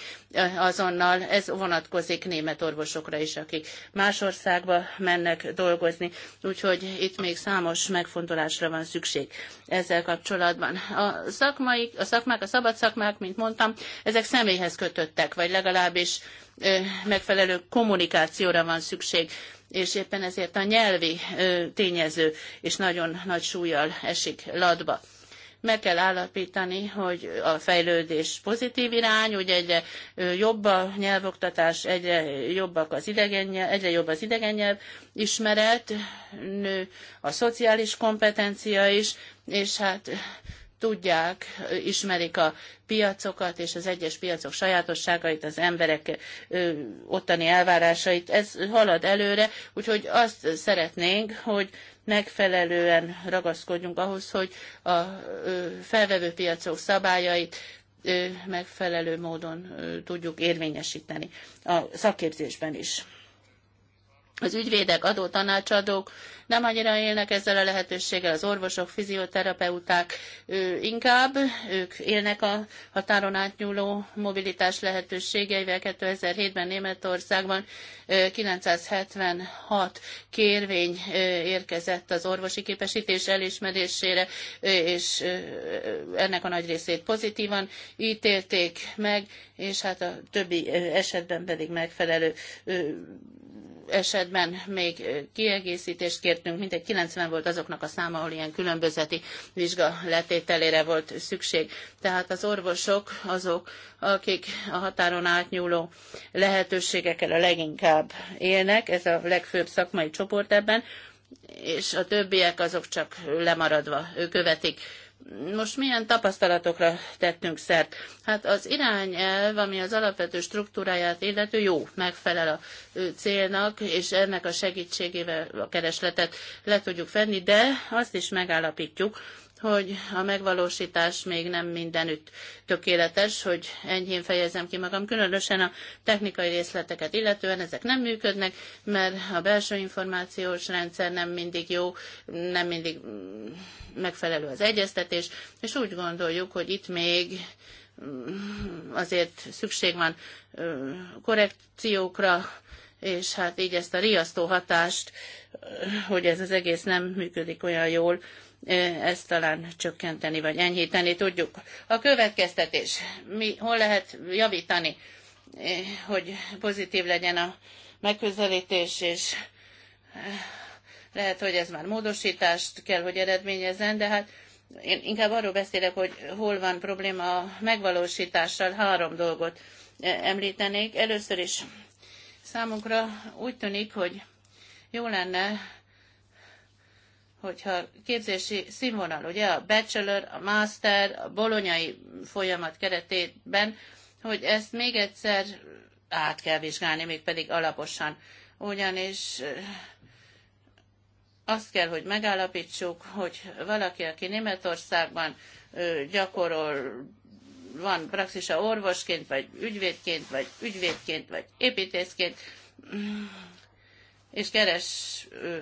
A: azonnal. Ez vonatkozik német orvosokra is, akik más országba mennek dolgozni. Úgyhogy itt még számos megfontolásra van szükség ezzel kapcsolatban. A, szakmai, a szakmák, a szabad szakmák, mint mondtam, ezek személyhez kötöttek, vagy legalábbis megfelelő kommunikációra van szükség és éppen ezért a nyelvi tényező is nagyon nagy súlyjal esik latba meg kell állapítani, hogy a fejlődés pozitív irány, hogy egyre jobb a nyelvoktatás, egyre, jobbak az idegen nyelv, egyre jobb az idegen nyelv ismeret, nő a szociális kompetencia is, és hát tudják, ismerik a piacokat és az egyes piacok sajátosságait, az emberek ottani elvárásait. Ez halad előre, úgyhogy azt szeretnénk, hogy megfelelően ragaszkodjunk ahhoz, hogy a felvevő piacok szabályait megfelelő módon tudjuk érvényesíteni a szakképzésben is az ügyvédek, adótanácsadók nem annyira élnek ezzel a lehetőséggel, az orvosok, fizioterapeuták ő, inkább, ők élnek a határon átnyúló mobilitás lehetőségeivel. 2007-ben Németországban 976 kérvény érkezett az orvosi képesítés elismerésére, és ennek a nagy részét pozitívan ítélték meg, és hát a többi esetben pedig megfelelő esetben még kiegészítést kértünk, mintegy 90 volt azoknak a száma, ahol ilyen különbözeti vizsga letételére volt szükség. Tehát az orvosok azok, akik a határon átnyúló lehetőségekkel a leginkább élnek, ez a legfőbb szakmai csoport ebben, és a többiek azok csak lemaradva követik most milyen tapasztalatokra tettünk szert? Hát az irányelv, ami az alapvető struktúráját illető, jó, megfelel a célnak, és ennek a segítségével a keresletet le tudjuk fenni, de azt is megállapítjuk, hogy a megvalósítás még nem mindenütt tökéletes, hogy enyhén fejezem ki magam, különösen a technikai részleteket illetően ezek nem működnek, mert a belső információs rendszer nem mindig jó, nem mindig megfelelő az egyeztetés, és úgy gondoljuk, hogy itt még mm, azért szükség van korrekciókra, és hát így ezt a riasztó hatást, hogy ez az egész nem működik olyan jól, ezt talán csökkenteni vagy enyhíteni tudjuk. A következtetés, mi hol lehet javítani, hogy pozitív legyen a megközelítés, és lehet, hogy ez már módosítást kell, hogy eredményezzen, de hát én inkább arról beszélek, hogy hol van probléma a megvalósítással, három dolgot említenék. Először is számunkra úgy tűnik, hogy jó lenne hogyha képzési színvonal, ugye a bachelor, a master, a bolonyai folyamat keretében, hogy ezt még egyszer át kell vizsgálni, mégpedig alaposan. Ugyanis eh, azt kell, hogy megállapítsuk, hogy valaki, aki Németországban gyakorol, van praxisa orvosként, vagy ügyvédként, vagy ügyvédként, vagy építészként, és keres ö,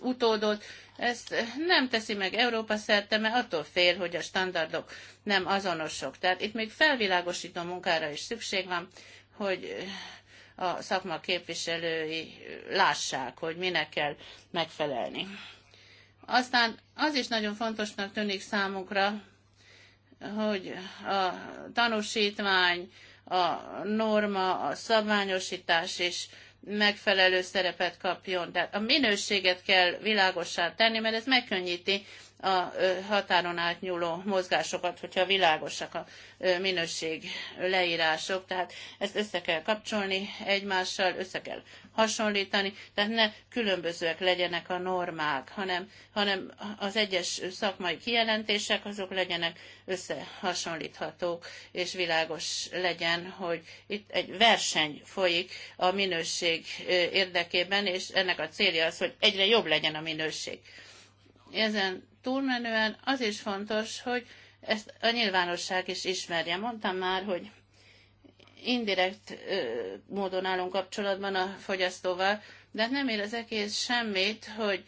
A: utódot, ezt nem teszi meg Európa szerte, mert attól fél, hogy a standardok nem azonosok. Tehát itt még felvilágosító munkára is szükség van, hogy a szakma képviselői lássák, hogy minek kell megfelelni. Aztán az is nagyon fontosnak tűnik számunkra, hogy a tanúsítvány, a norma, a szabványosítás és megfelelő szerepet kapjon. Tehát a minőséget kell világossá tenni, mert ez megkönnyíti a határon átnyúló mozgásokat, hogyha világosak a minőség leírások. Tehát ezt össze kell kapcsolni egymással, össze kell hasonlítani, tehát ne különbözőek legyenek a normák, hanem, hanem az egyes szakmai kijelentések azok legyenek összehasonlíthatók, és világos legyen, hogy itt egy verseny folyik a minőség érdekében, és ennek a célja az, hogy egyre jobb legyen a minőség. Ezen túlmenően az is fontos, hogy ezt a nyilvánosság is ismerje. Mondtam már, hogy indirekt módon állunk kapcsolatban a fogyasztóval, de hát nem ér az egész semmit, hogy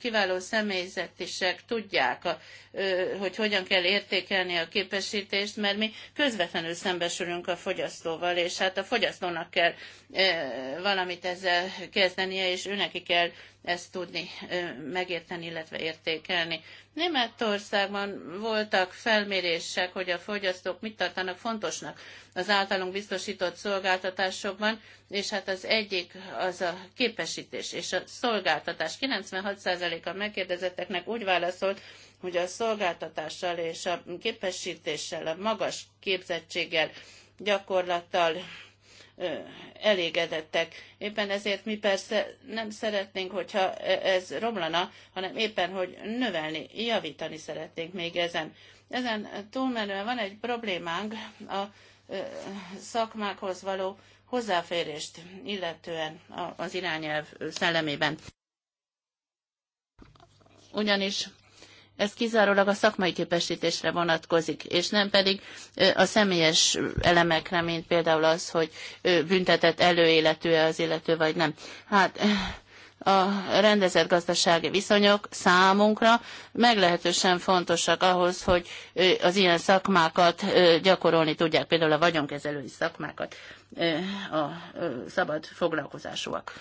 A: kiváló személyzetisek tudják, hogy hogyan kell értékelni a képesítést, mert mi közvetlenül szembesülünk a fogyasztóval, és hát a fogyasztónak kell valamit ezzel kezdenie, és őneki kell ezt tudni megérteni, illetve értékelni. Németországban voltak felmérések, hogy a fogyasztók mit tartanak fontosnak az általunk biztosított szolgáltatásokban, és hát az egyik az a képesítés és a szolgáltatás. 96%-a megkérdezetteknek úgy válaszolt, hogy a szolgáltatással és a képesítéssel, a magas képzettséggel, gyakorlattal elégedettek. Éppen ezért mi persze nem szeretnénk, hogyha e, ez romlana, hanem éppen, hogy növelni, javítani szeretnénk még ezen. Ezen túlmenően van egy problémánk a szakmákhoz való hozzáférést illetően az irányelv szellemében. Ugyanis ez kizárólag a szakmai képesítésre vonatkozik, és nem pedig a személyes elemekre, mint például az, hogy büntetett előéletű-e az illető, vagy nem. Hát a rendezett gazdasági viszonyok számunkra meglehetősen fontosak ahhoz, hogy az ilyen szakmákat gyakorolni tudják, például a vagyonkezelői szakmákat, a szabad foglalkozásúak.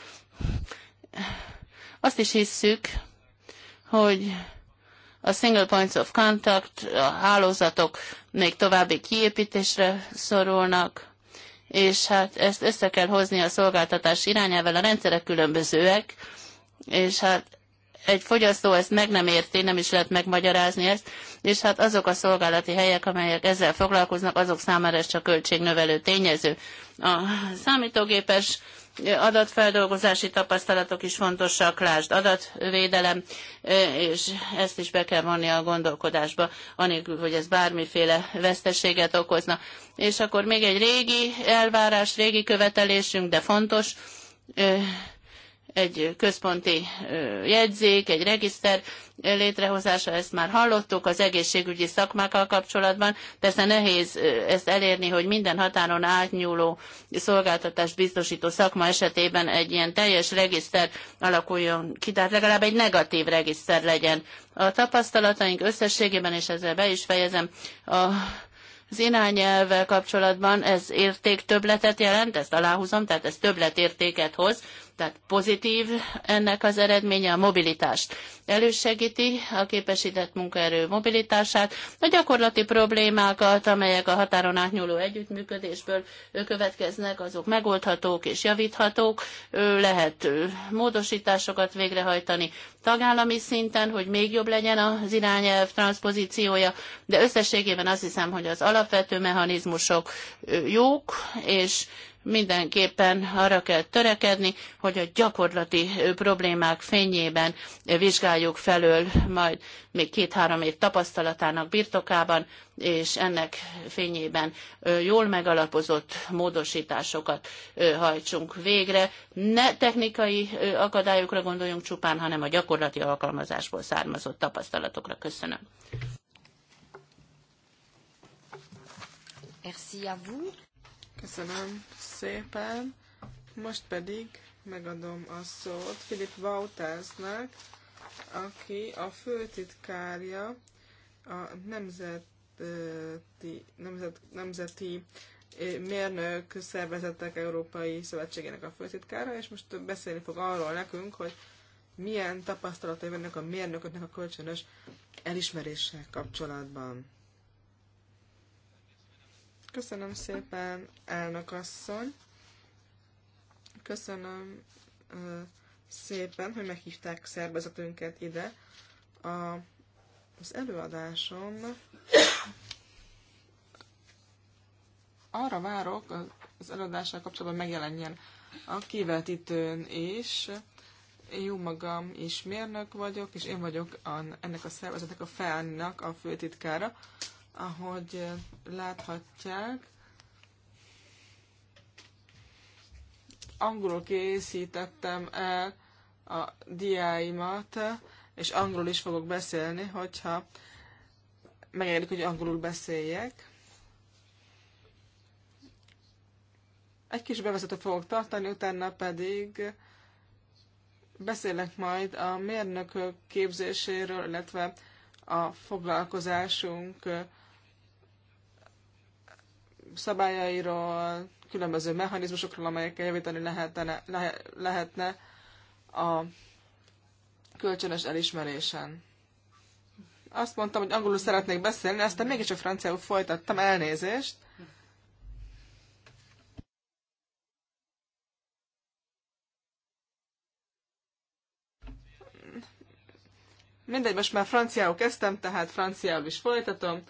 A: Azt is hisszük, hogy a single points of contact, a hálózatok még további kiépítésre szorulnak, és hát ezt össze kell hozni a szolgáltatás irányával, a rendszerek különbözőek, és hát egy fogyasztó ezt meg nem érti, nem is lehet megmagyarázni ezt, és hát azok a szolgálati helyek, amelyek ezzel foglalkoznak, azok számára ez csak költségnövelő tényező. A számítógépes adatfeldolgozási tapasztalatok is fontosak, lásd adatvédelem, és ezt is be kell vonni a gondolkodásba, anélkül, hogy ez bármiféle veszteséget okozna. És akkor még egy régi elvárás, régi követelésünk, de fontos, egy központi jegyzék, egy regiszter létrehozása, ezt már hallottuk az egészségügyi szakmákkal kapcsolatban. Persze nehéz ezt elérni, hogy minden határon átnyúló szolgáltatást biztosító szakma esetében egy ilyen teljes regiszter alakuljon ki, tehát legalább egy negatív regiszter legyen. A tapasztalataink összességében, és ezzel be is fejezem, a az irányelvvel kapcsolatban ez többletet jelent, ezt aláhúzom, tehát ez többletértéket hoz, tehát pozitív ennek az eredménye a mobilitást. Elősegíti a képesített munkaerő mobilitását, a gyakorlati problémákat, amelyek a határon átnyúló együttműködésből következnek, azok megoldhatók és javíthatók, lehet módosításokat végrehajtani tagállami szinten, hogy még jobb legyen az irányelv transpozíciója, de összességében azt hiszem, hogy az alapvető mechanizmusok jók, és mindenképpen arra kell törekedni, hogy a gyakorlati problémák fényében vizsgáljuk felől majd még két-három év tapasztalatának birtokában, és ennek fényében jól megalapozott módostásokat hajtsunk végre. Ne technikai akadályokra gondoljunk csupán, hanem a gyakorlati alkalmazásból származott tapasztalatokra. Köszönöm.
B: Merci à vous. Köszönöm szépen. Most pedig megadom a szót Filip Vautáznak, aki a főtitkárja a Nemzeti, nemzet, nemzeti eh, Mérnök Szervezetek Európai Szövetségének a főtitkára, és most beszélni fog arról nekünk, hogy milyen tapasztalatai vannak a mérnököknek a kölcsönös elismeréssel kapcsolatban. Köszönöm szépen, elnök asszony. Köszönöm szépen, hogy meghívták szervezetünket ide. A, az előadásom arra várok, az előadással kapcsolatban megjelenjen a kivetítőn is. Én jó magam is mérnök vagyok, és én vagyok a, ennek a szervezetnek a felnak a főtitkára ahogy láthatják, angolul készítettem el a diáimat, és angolul is fogok beszélni, hogyha megengedik, hogy angolul beszéljek. Egy kis bevezető fogok tartani, utána pedig beszélek majd a mérnökök képzéséről, illetve a foglalkozásunk szabályairól, különböző mechanizmusokról, amelyekkel javítani lehetne, le, lehetne a kölcsönös elismerésen. Azt mondtam, hogy angolul szeretnék beszélni, aztán mégiscsak franciául folytattam, elnézést. Mindegy, most már franciául kezdtem, tehát franciául is folytatom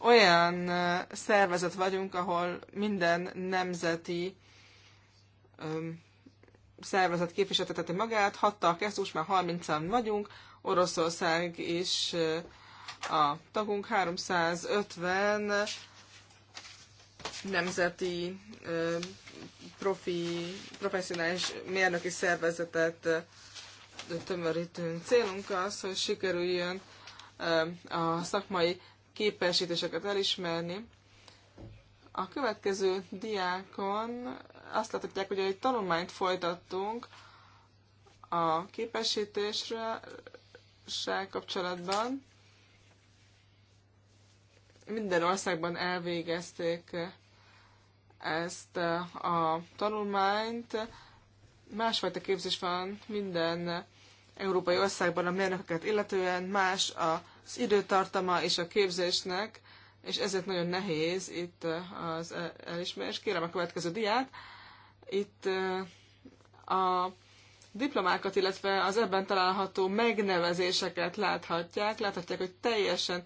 B: olyan szervezet vagyunk, ahol minden nemzeti öm, szervezet képviselteteti magát, hattal kezdve, most már 30-an vagyunk, Oroszország is a tagunk 350 nemzeti profi, professzionális mérnöki szervezetet tömörítünk. Célunk az, hogy sikerüljön a szakmai képesítéseket elismerni. A következő diákon azt láthatják, hogy egy tanulmányt folytattunk a képesítésre kapcsolatban. Minden országban elvégezték ezt a tanulmányt. Másfajta képzés van minden európai országban a mérnököket illetően, más a az időtartama és a képzésnek, és ezért nagyon nehéz itt eh, az e-, elismerés. Kérem a következő diát. Itt eh, a diplomákat, illetve az ebben található megnevezéseket láthatják. Láthatják, hogy teljesen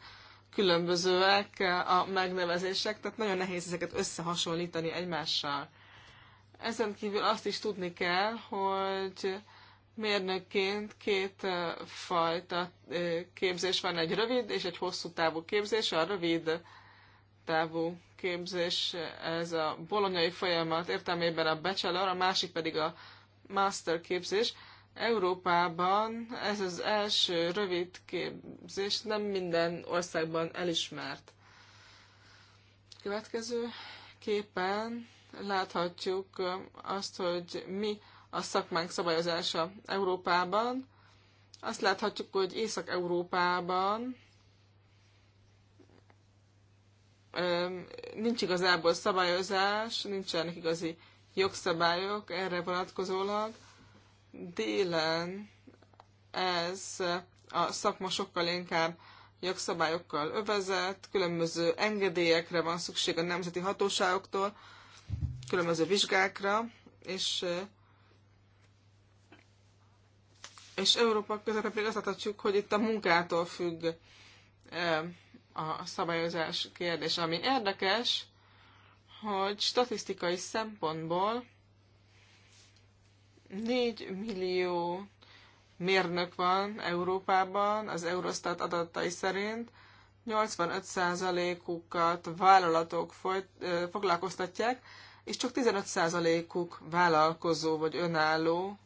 B: különbözőek a megnevezések, tehát nagyon nehéz ezeket összehasonlítani egymással. Ezen kívül azt is tudni kell, hogy mérnökként két fajta képzés van, egy rövid és egy hosszú távú képzés. A rövid távú képzés, ez a bolonyai folyamat értelmében a bachelor, a másik pedig a master képzés. Európában ez az első rövid képzés nem minden országban elismert. Következő képen láthatjuk azt, hogy mi a szakmánk szabályozása Európában. Azt láthatjuk, hogy Észak-Európában nincs igazából szabályozás, nincsenek igazi jogszabályok erre vonatkozólag. Délen ez a szakma sokkal inkább jogszabályokkal övezett, különböző engedélyekre van szükség a nemzeti hatóságoktól, különböző vizsgákra, és és Európa közepén pedig azt adhatjuk, hogy itt a munkától függ a szabályozás kérdés. Ami érdekes, hogy statisztikai szempontból 4 millió mérnök van Európában, az Eurostat adatai szerint 85%-ukat vállalatok folyt, foglalkoztatják, és csak 15%-uk vállalkozó vagy önálló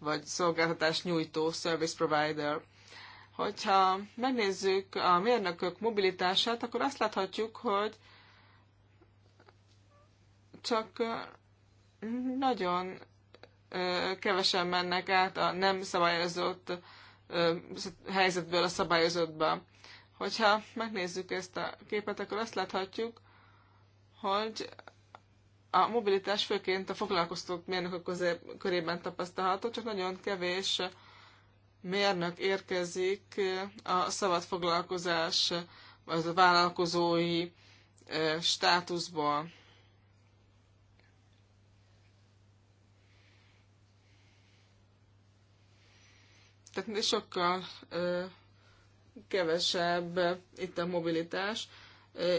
B: vagy szolgáltatás nyújtó, service provider. Hogyha megnézzük a mérnökök mobilitását, akkor azt láthatjuk, hogy csak nagyon kevesen mennek át a nem szabályozott helyzetből a szabályozottba. Hogyha megnézzük ezt a képet, akkor azt láthatjuk, hogy a mobilitás főként a foglalkoztók mérnökök közé, körében tapasztalható, csak nagyon kevés mérnök érkezik a szabad foglalkozás, vagy a vállalkozói státuszból. Tehát sokkal kevesebb itt a mobilitás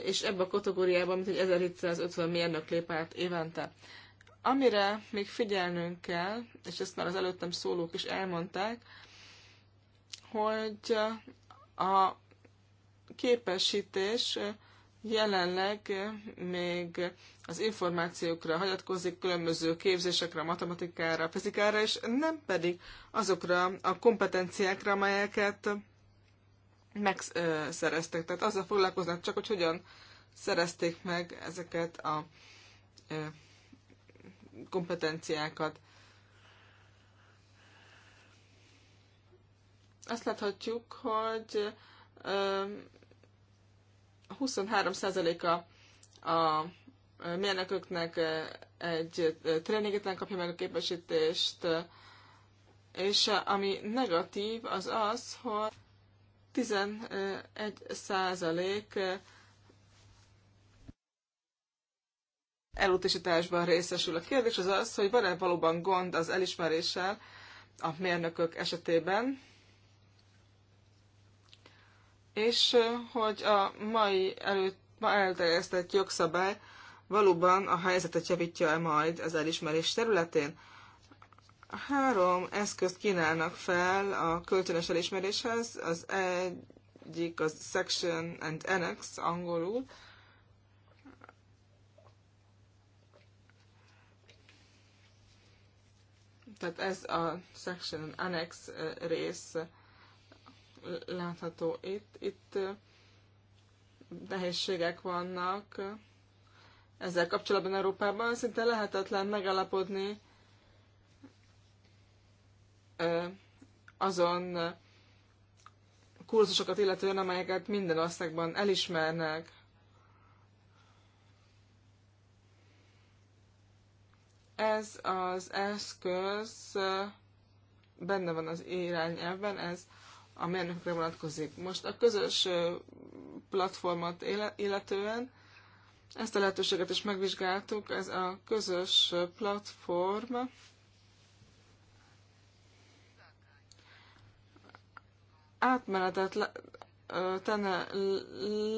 B: és ebbe a kategóriában mint egy 1750 mérnök lép át évente. Amire még figyelnünk kell, és ezt már az előttem szólók is elmondták, hogy a képesítés jelenleg még az információkra hagyatkozik, különböző képzésekre, matematikára, fizikára, és nem pedig azokra a kompetenciákra, amelyeket megszereztek. Tehát azzal foglalkoznak csak, hogy hogyan szerezték meg ezeket a kompetenciákat. Azt láthatjuk, hogy 23%-a a mérnököknek egy tréningetlen kapja meg a képesítést, és ami negatív, az az, hogy 11 százalék eh, elutasításban részesül. A kérdés az az, hogy van-e valóban gond az elismeréssel a mérnökök esetében, és eh, hogy a mai előtt, ma elterjesztett jogszabály valóban a helyzetet javítja-e majd az elismerés területén. Három eszközt kínálnak fel a kölcsönös elismeréshez. Az egyik az Section and Annex angolul. Tehát ez a Section and Annex eh, rész eh, látható itt. Itt eh, nehézségek vannak ezzel kapcsolatban Európában. Szinte lehetetlen megalapodni azon kurzusokat illetően, amelyeket minden országban elismernek. Ez az eszköz benne van az irányelven, ez a mérnökre vonatkozik. Most a közös platformot illetően ezt a lehetőséget is megvizsgáltuk, ez a közös platform átmenetet le, tenne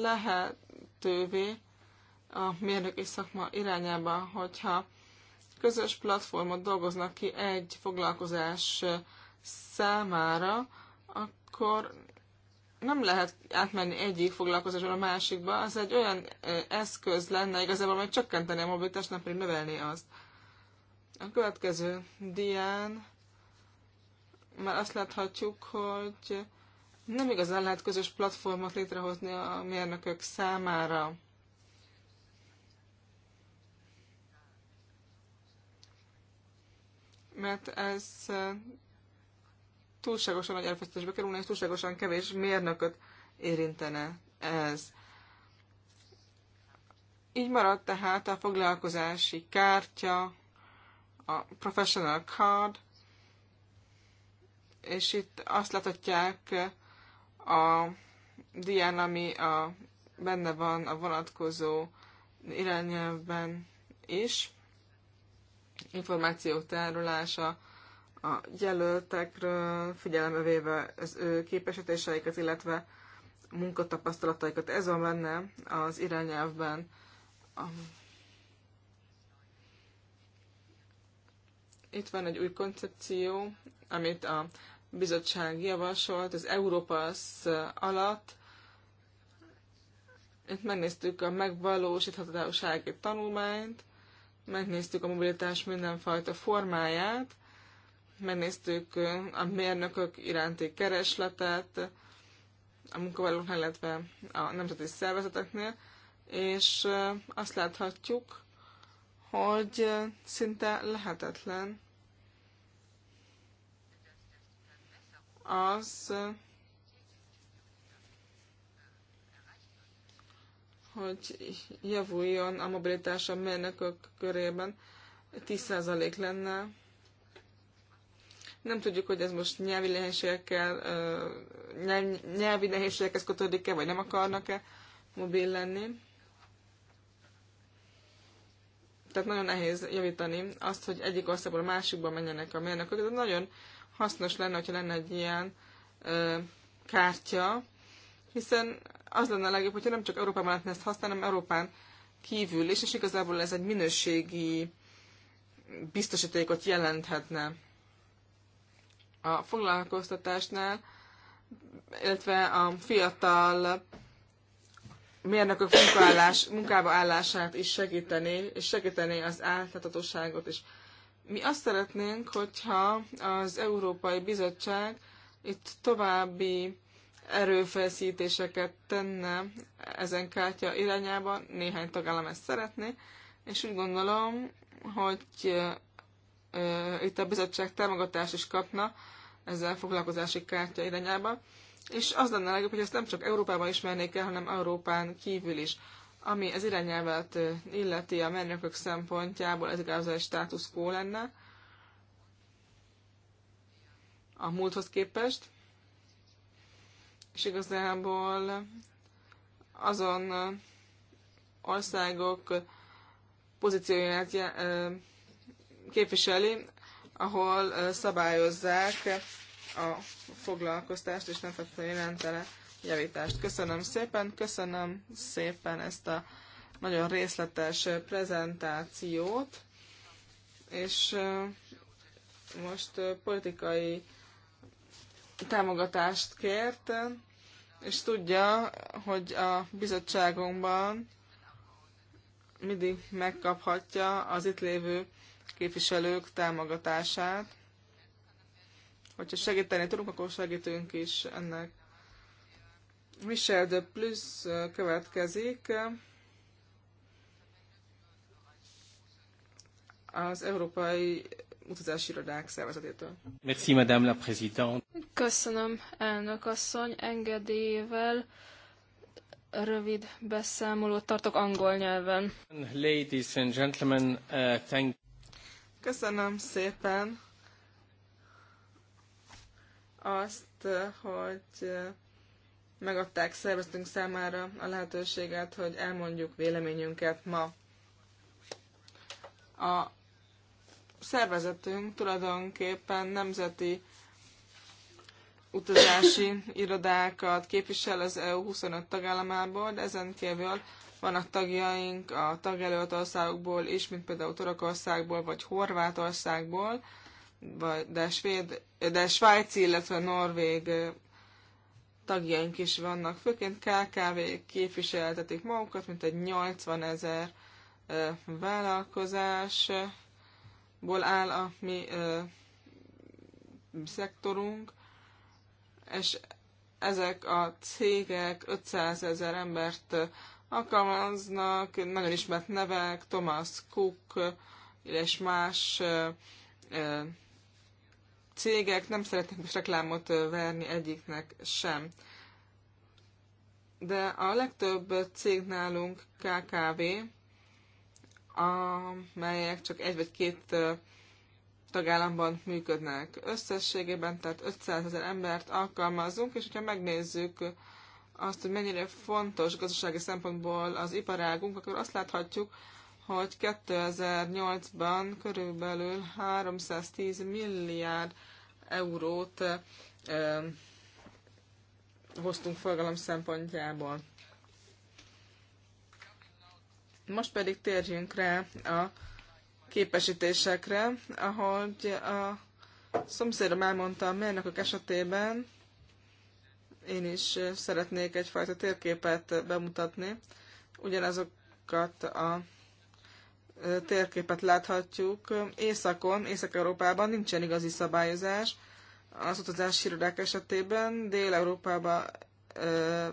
B: lehetővé a mérnöki szakma irányába, hogyha közös platformot dolgoznak ki egy foglalkozás számára, akkor nem lehet átmenni egyik foglalkozásról a másikba, az egy olyan eszköz lenne igazából, amely csökkenteni a mobilitást, nem pedig növelni azt. A következő dián már azt láthatjuk, hogy nem igazán lehet közös platformot létrehozni a mérnökök számára. Mert ez túlságosan nagy elfogyasztásba kerülne, és túlságosan kevés mérnököt érintene ez. Így maradt tehát a foglalkozási kártya, a professional card, és itt azt láthatják, a dián, ami a, benne van a vonatkozó irányelvben is, információ tárolása a jelöltekről, figyelembe véve az ő képesítéseiket, illetve munkatapasztalataikat. Ez van benne az irányelvben. Itt van egy új koncepció, amit a bizottság javasolt az Európasz alatt. Itt megnéztük a megvalósíthatósági tanulmányt, megnéztük a mobilitás mindenfajta formáját, megnéztük uh, a mérnökök iránti keresletet, a munkavállalók, illetve a nemzeti szervezeteknél, és uh, azt láthatjuk, hogy uh, szinte lehetetlen az, hogy javuljon a mobilitás a mérnökök körében, 10% lenne. Nem tudjuk, hogy ez most nyelvi nehézségekkel, nyelvi nehézségekhez kötődik-e, vagy nem akarnak-e mobil lenni. Tehát nagyon nehéz javítani azt, hogy egyik országból a másikba menjenek a mérnökök, de nagyon hasznos lenne, hogyha lenne egy ilyen ö, kártya, hiszen az lenne a legjobb, hogyha nem csak Európában lehetne ezt használni, hanem Európán kívül is, és igazából ez egy minőségi biztosítékot jelenthetne. A foglalkoztatásnál, illetve a fiatal mérnökök munkába állását is segíteni, és segíteni az átláthatóságot és mi azt szeretnénk, hogyha az Európai Bizottság itt további erőfeszítéseket tenne ezen kártya irányába, néhány tagállam ezt szeretné, és úgy gondolom, hogy itt a bizottság támogatást is kapna ezzel foglalkozási kártya irányába, és az lenne legjobb, hogy ezt nem csak Európában ismernék el, hanem Európán kívül is. Ami az irányelvet illeti a mennökök szempontjából, ez igaz, egy status quo lenne a múlthoz képest, és igazából azon országok pozícióját képviseli, ahol szabályozzák a foglalkoztást, és nem feltétlenül jelentene javítást. Köszönöm szépen, köszönöm szépen ezt a nagyon részletes prezentációt, és most politikai támogatást kért, és tudja, hogy a bizottságunkban mindig megkaphatja az itt lévő képviselők támogatását. Hogyha segíteni tudunk, akkor segítünk is ennek Michel de Plus következik. az Európai Utazási Irodák Szervezetétől. Merci, Madame la Présidente.
C: Köszönöm, elnök asszony, engedélyével rövid beszámolót tartok angol nyelven.
B: Ladies and gentlemen, uh, thank Köszönöm szépen azt, hogy megadták szervezetünk számára a lehetőséget, hogy elmondjuk véleményünket ma. A szervezetünk tulajdonképpen nemzeti utazási irodákat képvisel az EU 25 tagállamából, de ezen kívül vannak tagjaink a tagjelölt országokból is, mint például Törökországból vagy Horvátországból, de, svéd, de svájci, illetve norvég tagjaink is vannak, főként KKV képviseltetik magukat, mint egy 80 ezer vállalkozásból áll a mi szektorunk, és ezek a cégek 500 ezer embert alkalmaznak, nagyon ismert nevek, Thomas Cook és más cégek nem szeretnék most reklámot verni egyiknek sem. De a legtöbb cég nálunk KKV, amelyek csak egy vagy két tagállamban működnek. Összességében tehát 500 ezer embert alkalmazunk, és hogyha megnézzük azt, hogy mennyire fontos gazdasági szempontból az iparágunk, akkor azt láthatjuk, hogy 2008-ban körülbelül 310 milliárd eurót ö, hoztunk forgalom szempontjából. Most pedig térjünk rá a képesítésekre, ahogy a szomszédom elmondta a mérnökök esetében, én is szeretnék egyfajta térképet bemutatni, ugyanazokat a térképet láthatjuk. Északon, Észak-Európában nincsen igazi szabályozás az utazási irodák esetében, Dél-Európában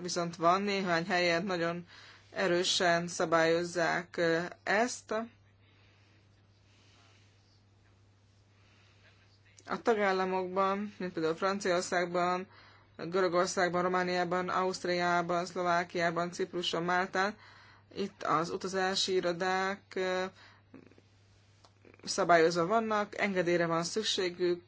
B: viszont van, néhány helyen nagyon erősen szabályozzák ezt. A tagállamokban, mint például Franciaországban, Görögországban, Romániában, Ausztriában, Szlovákiában, Cipruson, Máltán, itt az utazási irodák szabályozva vannak, engedélyre van szükségük,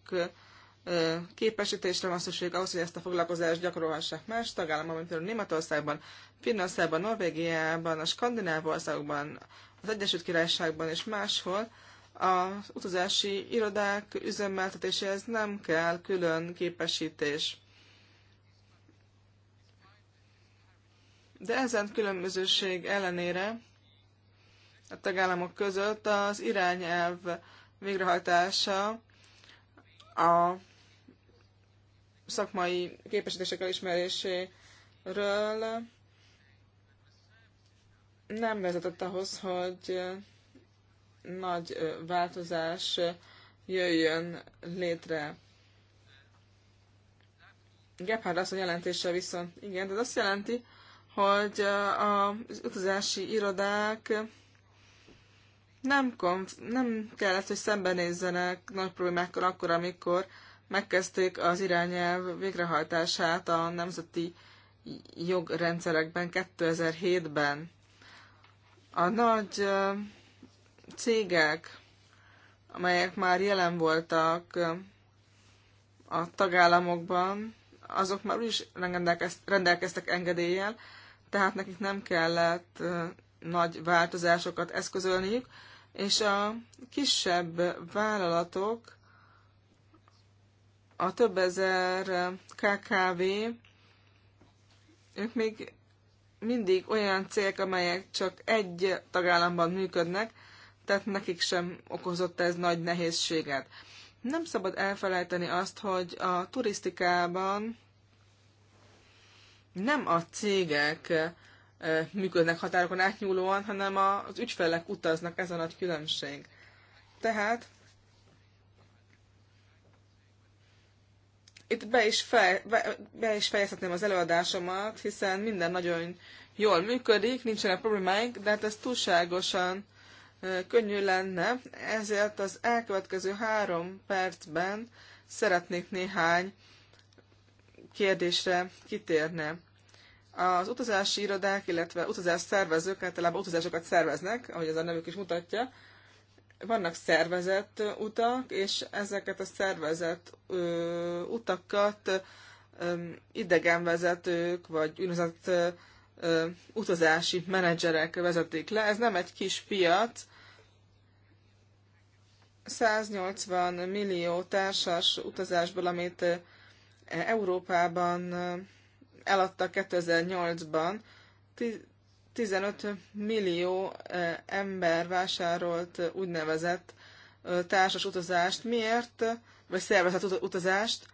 B: képesítésre van szükség ahhoz, hogy ezt a foglalkozást gyakorolhassák más tagállamban, mint például Németországban, Finnországban, Norvégiában, a Skandináv országokban, az Egyesült Királyságban és máshol. Az utazási irodák üzemeltetéséhez nem kell külön képesítés. De ezen különbözőség ellenére a tagállamok között az irányelv végrehajtása a szakmai képesítések elismeréséről nem vezetett ahhoz, hogy nagy változás jöjjön létre. Gebhard azt a jelentése viszont igen, ez azt jelenti, hogy eh, az utazási irodák nem, konf- nem kellett, hogy szembenézzenek nagy problémákkal akkor, amikor megkezdték az irányelv végrehajtását a nemzeti jogrendszerekben 2007-ben. A nagy eh, cégek, amelyek már jelen voltak eh, a tagállamokban, azok már úgyis rendelkeztek engedéllyel, tehát nekik nem kellett nagy változásokat eszközölniük, és a kisebb vállalatok, a több ezer KKV, ők még mindig olyan cégek, amelyek csak egy tagállamban működnek, tehát nekik sem okozott ez nagy nehézséget. Nem szabad elfelejteni azt, hogy a turisztikában nem a cégek működnek határokon átnyúlóan, hanem az ügyfelek utaznak, ez a nagy különbség. Tehát itt be is, fej, be, be is fejezhetném az előadásomat, hiszen minden nagyon jól működik, nincsenek problémáink, de hát ez túlságosan könnyű lenne, ezért az elkövetkező három percben szeretnék néhány kérdésre kitérne. Az utazási irodák, illetve utazás szervezők általában utazásokat szerveznek, ahogy ez a nevük is mutatja. Vannak szervezett utak, és ezeket a szervezett ö, utakat ö, idegenvezetők vagy úgynevezett utazási menedzserek vezetik le. Ez nem egy kis piac, 180 millió társas utazásból, amit Európában eladta 2008-ban 15 millió ember vásárolt úgynevezett társas utazást. Miért? Vagy szervezett utazást?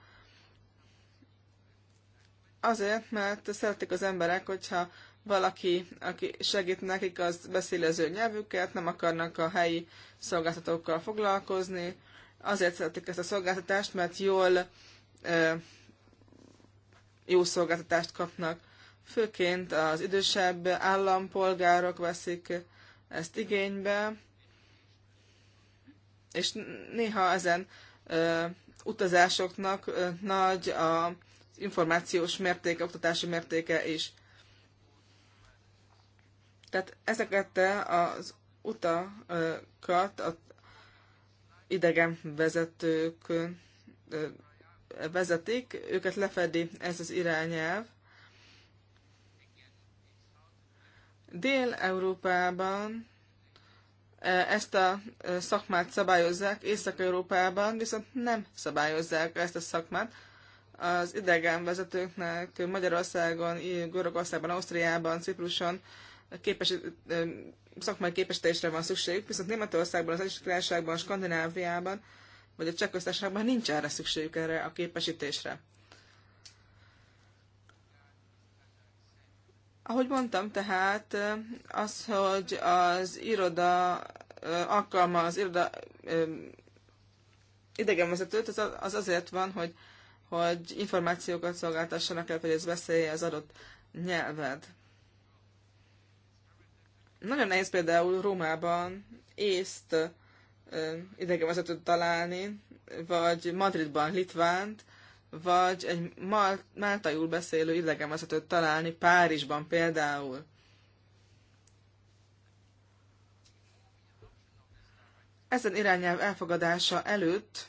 B: Azért, mert szeretik az emberek, hogyha valaki, aki segít nekik, az beszél az ő nyelvüket, nem akarnak a helyi szolgáltatókkal foglalkozni. Azért szeretik ezt a szolgáltatást, mert jól jó szolgáltatást kapnak. Főként az idősebb állampolgárok veszik ezt igénybe, és néha ezen ö, utazásoknak ö, nagy az információs mértéke, oktatási mértéke is. Tehát ezeket az utakat idegen vezetők vezetik, őket lefedi ez az irányelv. Dél-Európában e, ezt a e, szakmát szabályozzák, Észak-Európában viszont nem szabályozzák ezt a szakmát. Az idegenvezetőknek Magyarországon, Görögországban, Ausztriában, Cipruson képes, e, szakmai képesítésre van szükségük, viszont Németországban, az Egyesült Királyságban, Skandináviában vagy a cseh köztársaságban nincs erre szükségük erre a képesítésre. Ahogy mondtam, tehát eh, az, hogy az iroda eh, alkalma, az iroda eh, idegenvezetőt, az, az azért van, hogy, hogy információkat szolgáltassanak el, hogy ez veszélye az adott nyelved. Nagyon nehéz például Rómában észt idegenvezetőt találni, vagy Madridban Litvánt, vagy egy máltaiul beszélő idegenvezetőt találni Párizsban például. Ezen irányelv elfogadása előtt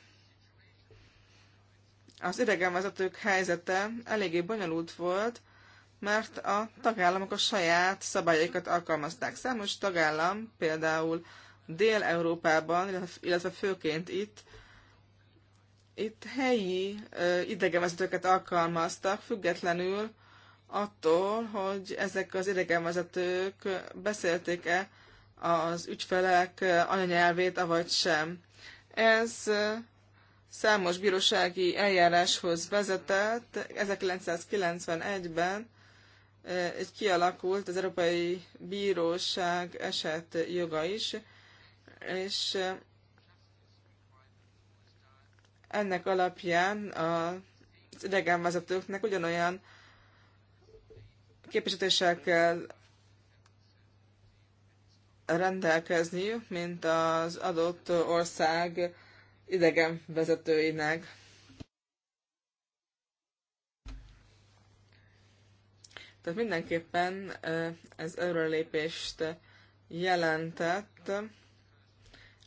B: az idegenvezetők helyzete eléggé bonyolult volt, mert a tagállamok a saját szabályaikat alkalmazták. Számos tagállam, például Dél-Európában, illetve főként itt, itt helyi idegenvezetőket alkalmaztak, függetlenül attól, hogy ezek az idegenvezetők beszélték-e az ügyfelek anyanyelvét, avagy sem. Ez számos bírósági eljáráshoz vezetett 1991-ben, egy kialakult az Európai Bíróság eset joga is, és ennek alapján az idegenvezetőknek ugyanolyan képesítéssel kell rendelkezniük, mint az adott ország idegenvezetőinek. Tehát mindenképpen ez előrelépést jelentett.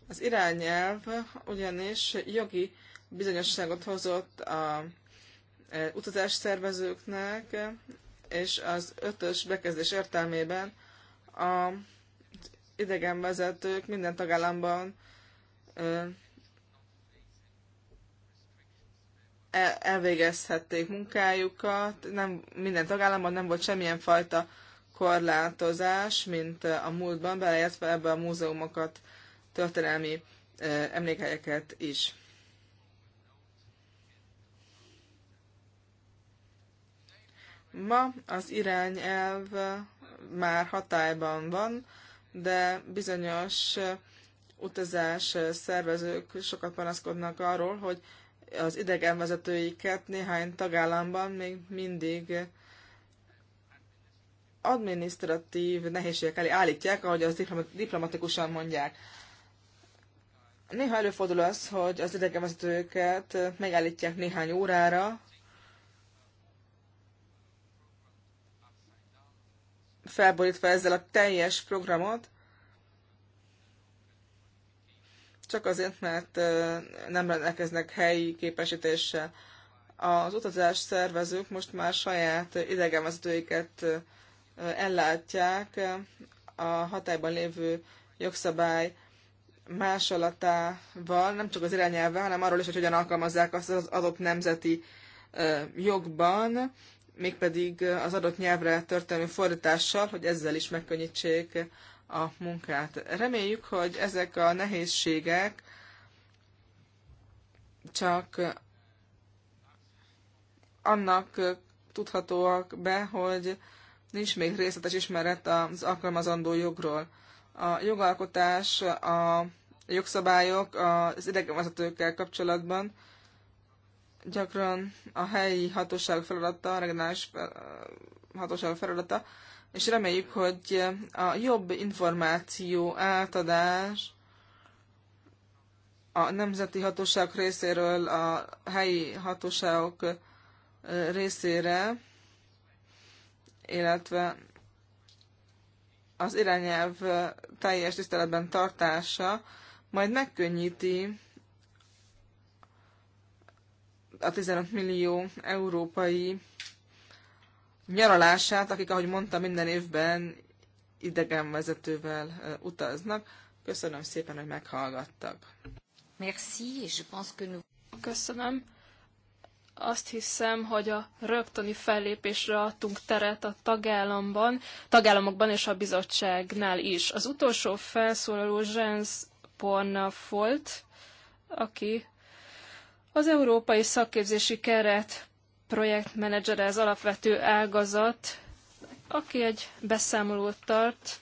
B: Az irányelv ugyanis jogi bizonyosságot hozott a e, utazás szervezőknek, és az ötös bekezdés értelmében a idegenvezetők minden tagállamban e, elvégezhették munkájukat, nem, minden tagállamban nem volt semmilyen fajta korlátozás, mint a múltban, beleértve ebbe a múzeumokat történelmi emlékhelyeket is. Ma az irányelv már hatályban van, de bizonyos utazás szervezők sokat panaszkodnak arról, hogy az idegenvezetőiket néhány tagállamban még mindig adminisztratív nehézségek elé állítják, ahogy az diplomatikusan mondják. Néha előfordul az, hogy az idegenvezetőket megállítják néhány órára, felborítva ezzel a teljes programot, csak azért, mert nem rendelkeznek helyi képesítéssel. Az utazás szervezők most már saját idegenvezetőiket ellátják a hatályban lévő jogszabály másolatával, nem csak az irányelve, hanem arról is, hogy hogyan alkalmazzák azt az adott nemzeti jogban, mégpedig az adott nyelvre történő fordítással, hogy ezzel is megkönnyítsék a munkát. Reméljük, hogy ezek a nehézségek csak annak tudhatóak be, hogy nincs még részletes ismeret az alkalmazandó jogról a jogalkotás, a jogszabályok az idegenvezetőkkel kapcsolatban gyakran a helyi hatóság feladata, a regionális hatóság feladata, és reméljük, hogy a jobb információ átadás a nemzeti hatóság részéről a helyi hatóságok részére, illetve az irányelv teljes tiszteletben tartása majd megkönnyíti a 15 millió európai nyaralását, akik, ahogy mondtam, minden évben idegenvezetővel utaznak. Köszönöm szépen, hogy meghallgattak.
C: Merci, je pense que nous... Köszönöm azt hiszem, hogy a rögtoni fellépésre adtunk teret a tagállamban, tagállamokban és a bizottságnál is. Az utolsó felszólaló Jens Porna volt, aki az Európai Szakképzési Keret projektmenedzsere az alapvető ágazat, aki egy beszámolót tart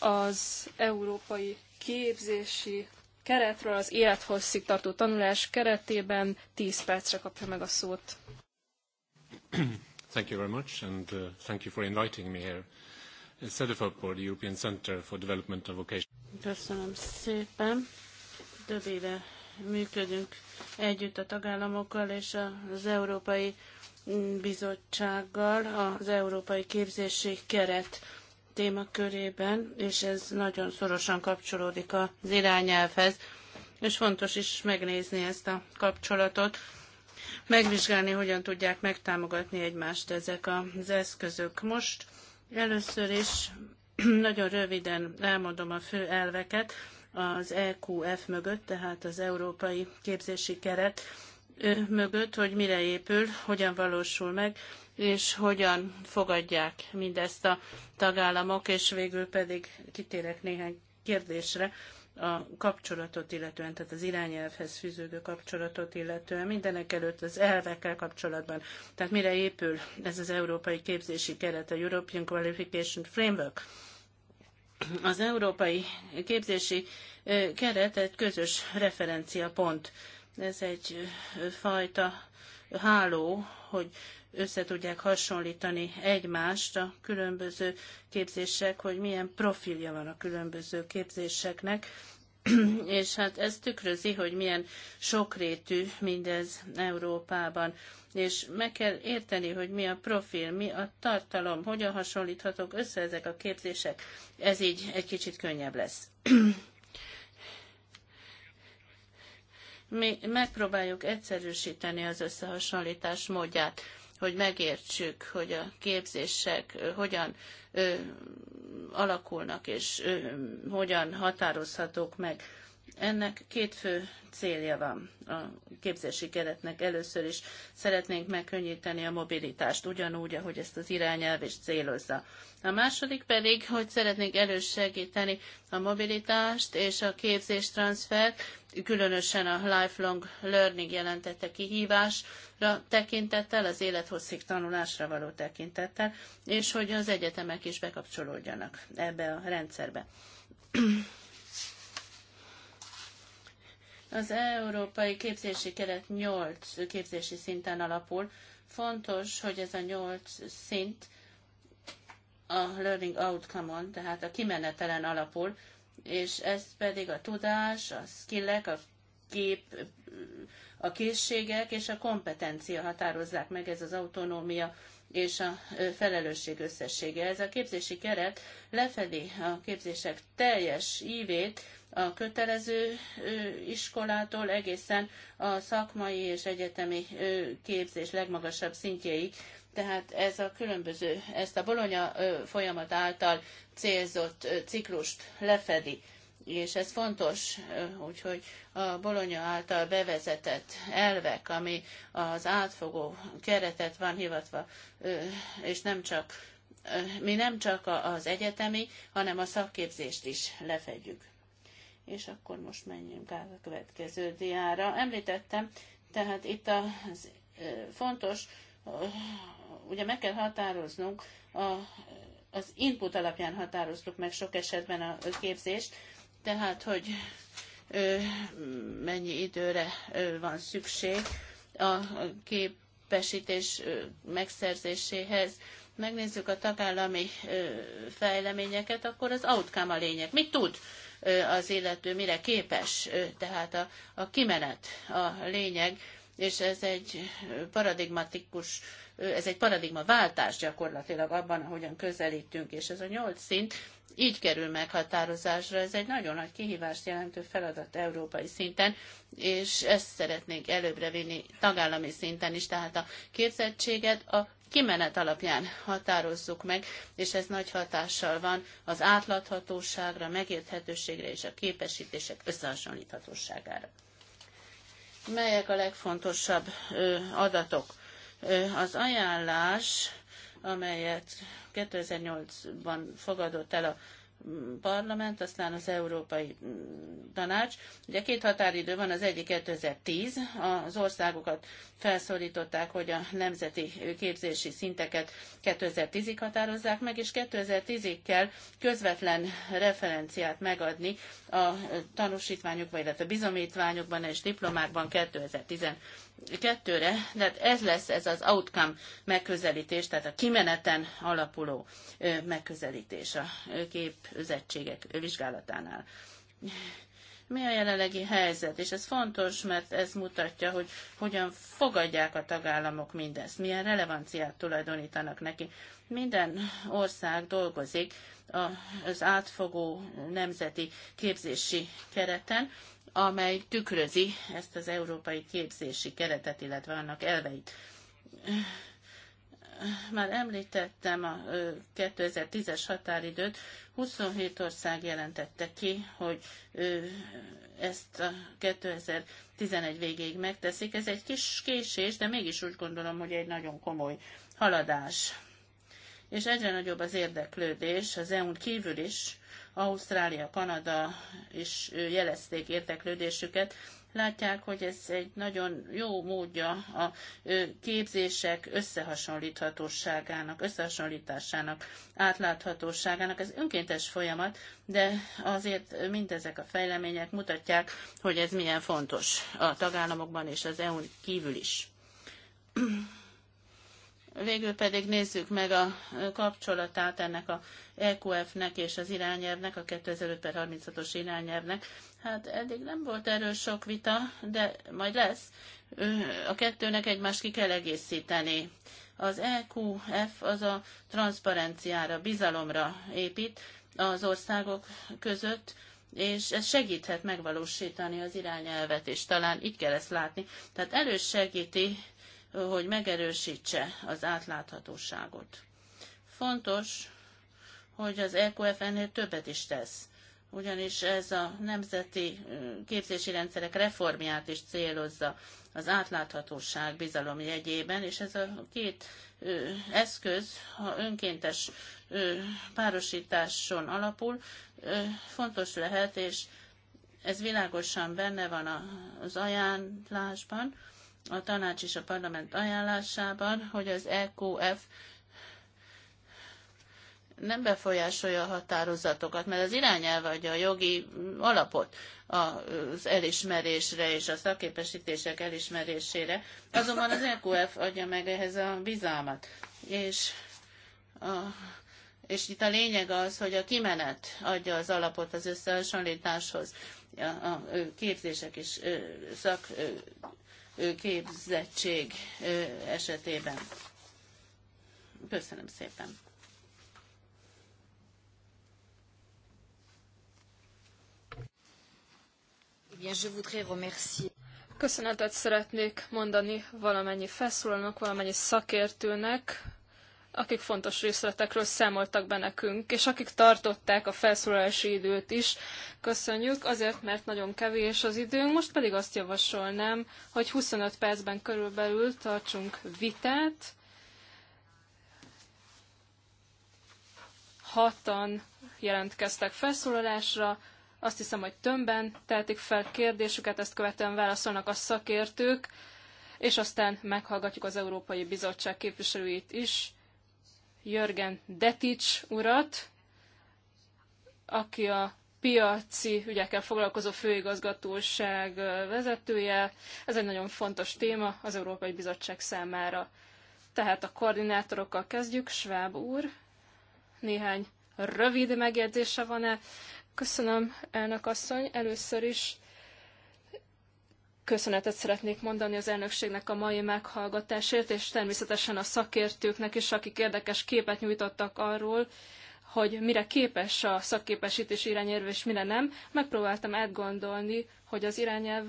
C: az Európai Képzési keretről, az élethosszig tartó tanulás keretében 10 percre kapja meg a szót.
A: Thank you very much, and uh, thank you for inviting me here. Cedefopor, the European Center for Development of Vocation. Köszönöm szépen. Több éve működünk együtt a tagállamokkal és az Európai Bizottsággal az Európai Képzési Keret témakörében, és ez nagyon szorosan kapcsolódik az irányelvhez, és fontos is megnézni ezt a kapcsolatot, megvizsgálni, hogyan tudják megtámogatni egymást ezek az eszközök. Most először is nagyon röviden elmondom a fő elveket az EQF mögött, tehát az Európai Képzési Keret mögött, hogy mire épül, hogyan valósul meg, és hogyan fogadják mindezt a tagállamok, és végül pedig kitérek néhány kérdésre a kapcsolatot illetően, tehát az irányelvhez fűződő kapcsolatot illetően, mindenek előtt az elvekkel kapcsolatban. Tehát mire épül ez az európai képzési keret, a European Qualification Framework? Az európai képzési keret egy közös referenciapont ez egy fajta háló, hogy össze tudják hasonlítani egymást a különböző képzések, hogy milyen profilja van a különböző képzéseknek, és hát ez tükrözi, hogy milyen sokrétű mindez Európában. És meg kell érteni, hogy mi a profil, mi a tartalom, hogyan hasonlíthatok össze ezek a képzések. Ez így egy kicsit könnyebb lesz. Mi megpróbáljuk egyszerűsíteni az összehasonlítás módját, hogy megértsük, hogy a képzések hogyan ö, alakulnak és ö, hogyan határozhatók meg ennek két fő célja van a képzési keretnek. Először is szeretnénk megkönnyíteni a mobilitást, ugyanúgy, ahogy ezt az irányelv is célozza. A második pedig, hogy szeretnénk elősegíteni a mobilitást és a képzés transfert, különösen a lifelong learning jelentette kihívásra tekintettel, az élethosszig tanulásra való tekintettel, és hogy az egyetemek is bekapcsolódjanak ebbe a rendszerbe. Az európai képzési keret 8 képzési szinten alapul. Fontos, hogy ez a 8 szint a learning outcome-on, tehát a kimenetelen alapul, és ez pedig a tudás, a skillek, a kép, a készségek és a kompetencia határozzák meg ez az autonómia és a felelősség összessége. Ez a képzési keret lefedi a képzések teljes ívét, a kötelező iskolától egészen a szakmai és egyetemi képzés legmagasabb szintjéig. Tehát ez a különböző, ezt a Bolonya folyamat által célzott ciklust lefedi és ez fontos, úgyhogy a Bolonya által bevezetett elvek, ami az átfogó keretet van hivatva, és nem csak mi nem csak az egyetemi, hanem a szakképzést is lefedjük. És akkor most menjünk át a következő diára. Említettem, tehát itt az fontos, ugye meg kell határoznunk, a, az input alapján határoztuk meg sok esetben a képzést, tehát hogy mennyi időre van szükség a képesítés megszerzéséhez. Megnézzük a tagállami fejleményeket, akkor az outcome a lényeg. Mit tud az illető, mire képes, tehát a, a kimenet a lényeg, és ez egy paradigmatikus, ez egy paradigmaváltás gyakorlatilag abban, ahogyan közelítünk, és ez a nyolc szint, így kerül meghatározásra. Ez egy nagyon nagy kihívást jelentő feladat európai szinten, és ezt szeretnénk előbbre vinni tagállami szinten is, tehát a képzettséget a kimenet alapján határozzuk meg, és ez nagy hatással van az átláthatóságra, megérthetőségre és a képesítések összehasonlíthatóságára. Melyek a legfontosabb adatok? az ajánlás amelyet 2008-ban fogadott el a parlament, aztán az Európai Tanács. Ugye két határidő van, az egyik 2010, az országokat felszólították, hogy a nemzeti képzési szinteket 2010-ig határozzák meg, és 2010-ig kell közvetlen referenciát megadni a tanúsítványokban, illetve bizomítványokban és diplomákban 2010 kettőre, de hát ez lesz ez az outcome megközelítés, tehát a kimeneten alapuló megközelítés a képzettségek vizsgálatánál. Mi a jelenlegi helyzet? És ez fontos, mert ez mutatja, hogy hogyan fogadják a tagállamok mindezt, milyen relevanciát tulajdonítanak neki. Minden ország dolgozik az átfogó nemzeti képzési kereten, amely tükrözi ezt az európai képzési keretet, illetve annak elveit. Már említettem a 2010-es határidőt, 27 ország jelentette ki, hogy ezt a 2011 végéig megteszik. Ez egy kis késés, de mégis úgy gondolom, hogy egy nagyon komoly haladás. És egyre nagyobb az érdeklődés az EU-n kívül is, Ausztrália, Kanada is jelezték érteklődésüket. Látják, hogy ez egy nagyon jó módja a képzések összehasonlíthatóságának, összehasonlításának, átláthatóságának. Ez önkéntes folyamat, de azért mindezek a fejlemények mutatják, hogy ez milyen fontos a tagállamokban és az EU-n kívül is. Végül pedig nézzük meg a kapcsolatát ennek a EQF-nek és az irányelvnek, a 2005-36-os irányelvnek. Hát eddig nem volt erről sok vita, de majd lesz. A kettőnek egymást ki kell egészíteni. Az EQF az a transzparenciára, bizalomra épít az országok között, és ez segíthet megvalósítani az irányelvet, és talán így kell ezt látni. Tehát elősegíti hogy megerősítse az átláthatóságot. Fontos, hogy az EQF ennél többet is tesz, ugyanis ez a nemzeti képzési rendszerek reformját is célozza az átláthatóság bizalom jegyében, és ez a két eszköz, ha önkéntes párosításon alapul, fontos lehet, és ez világosan benne van az ajánlásban, a tanács és a parlament ajánlásában, hogy az EQF nem befolyásolja a határozatokat, mert az irányelv adja a jogi alapot az elismerésre és a szakképesítések elismerésére, azonban az EQF adja meg ehhez a bizalmat. És, a, és itt a lényeg az, hogy a kimenet adja az alapot az összehasonlításhoz, a, a képzések és szak képzettség esetében. Köszönöm szépen.
C: Eh Köszönetet szeretnék mondani valamennyi felszólalónak, valamennyi szakértőnek, akik fontos részletekről számoltak be nekünk, és akik tartották a felszólalási időt is. Köszönjük, azért, mert nagyon kevés az időnk, most pedig azt javasolnám, hogy 25 percben körülbelül tartsunk vitát. Hatan jelentkeztek felszólalásra, azt hiszem, hogy tömben tehetik fel kérdésüket, ezt követően válaszolnak a szakértők, és aztán meghallgatjuk az Európai Bizottság képviselőit is Jörgen Detics urat, aki a piaci ügyekkel foglalkozó főigazgatóság vezetője. Ez egy nagyon fontos téma az Európai Bizottság számára. Tehát a koordinátorokkal kezdjük. Schwab úr, néhány rövid megjegyzése van-e? Köszönöm, elnök asszony. Először is köszönetet szeretnék mondani az elnökségnek a mai meghallgatásért, és természetesen a szakértőknek is, akik érdekes képet nyújtottak arról, hogy mire képes a szakképesítés irányelv, és mire nem. Megpróbáltam átgondolni, hogy az irányelv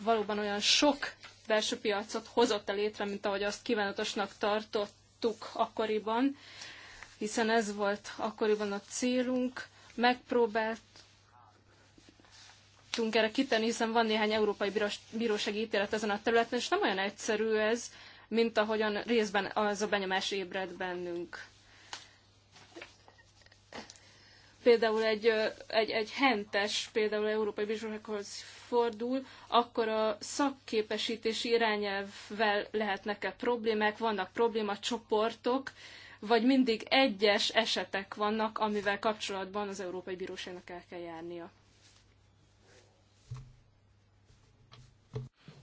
C: valóban olyan sok belső piacot hozott-e létre, mint ahogy azt kívánatosnak tartottuk akkoriban, hiszen ez volt akkoriban a célunk. Megpróbált tudtunk erre kitenni, hiszen van néhány európai bíróság bírósági ítélet ezen a területen, és nem olyan egyszerű ez, mint ahogyan részben az a benyomás ébred bennünk. Például egy, egy, egy hentes, például európai bírósághoz fordul, akkor a szakképesítési irányelvvel lehetnek-e problémák, vannak problémacsoportok, vagy mindig egyes esetek vannak, amivel kapcsolatban az Európai Bíróságnak el kell járnia.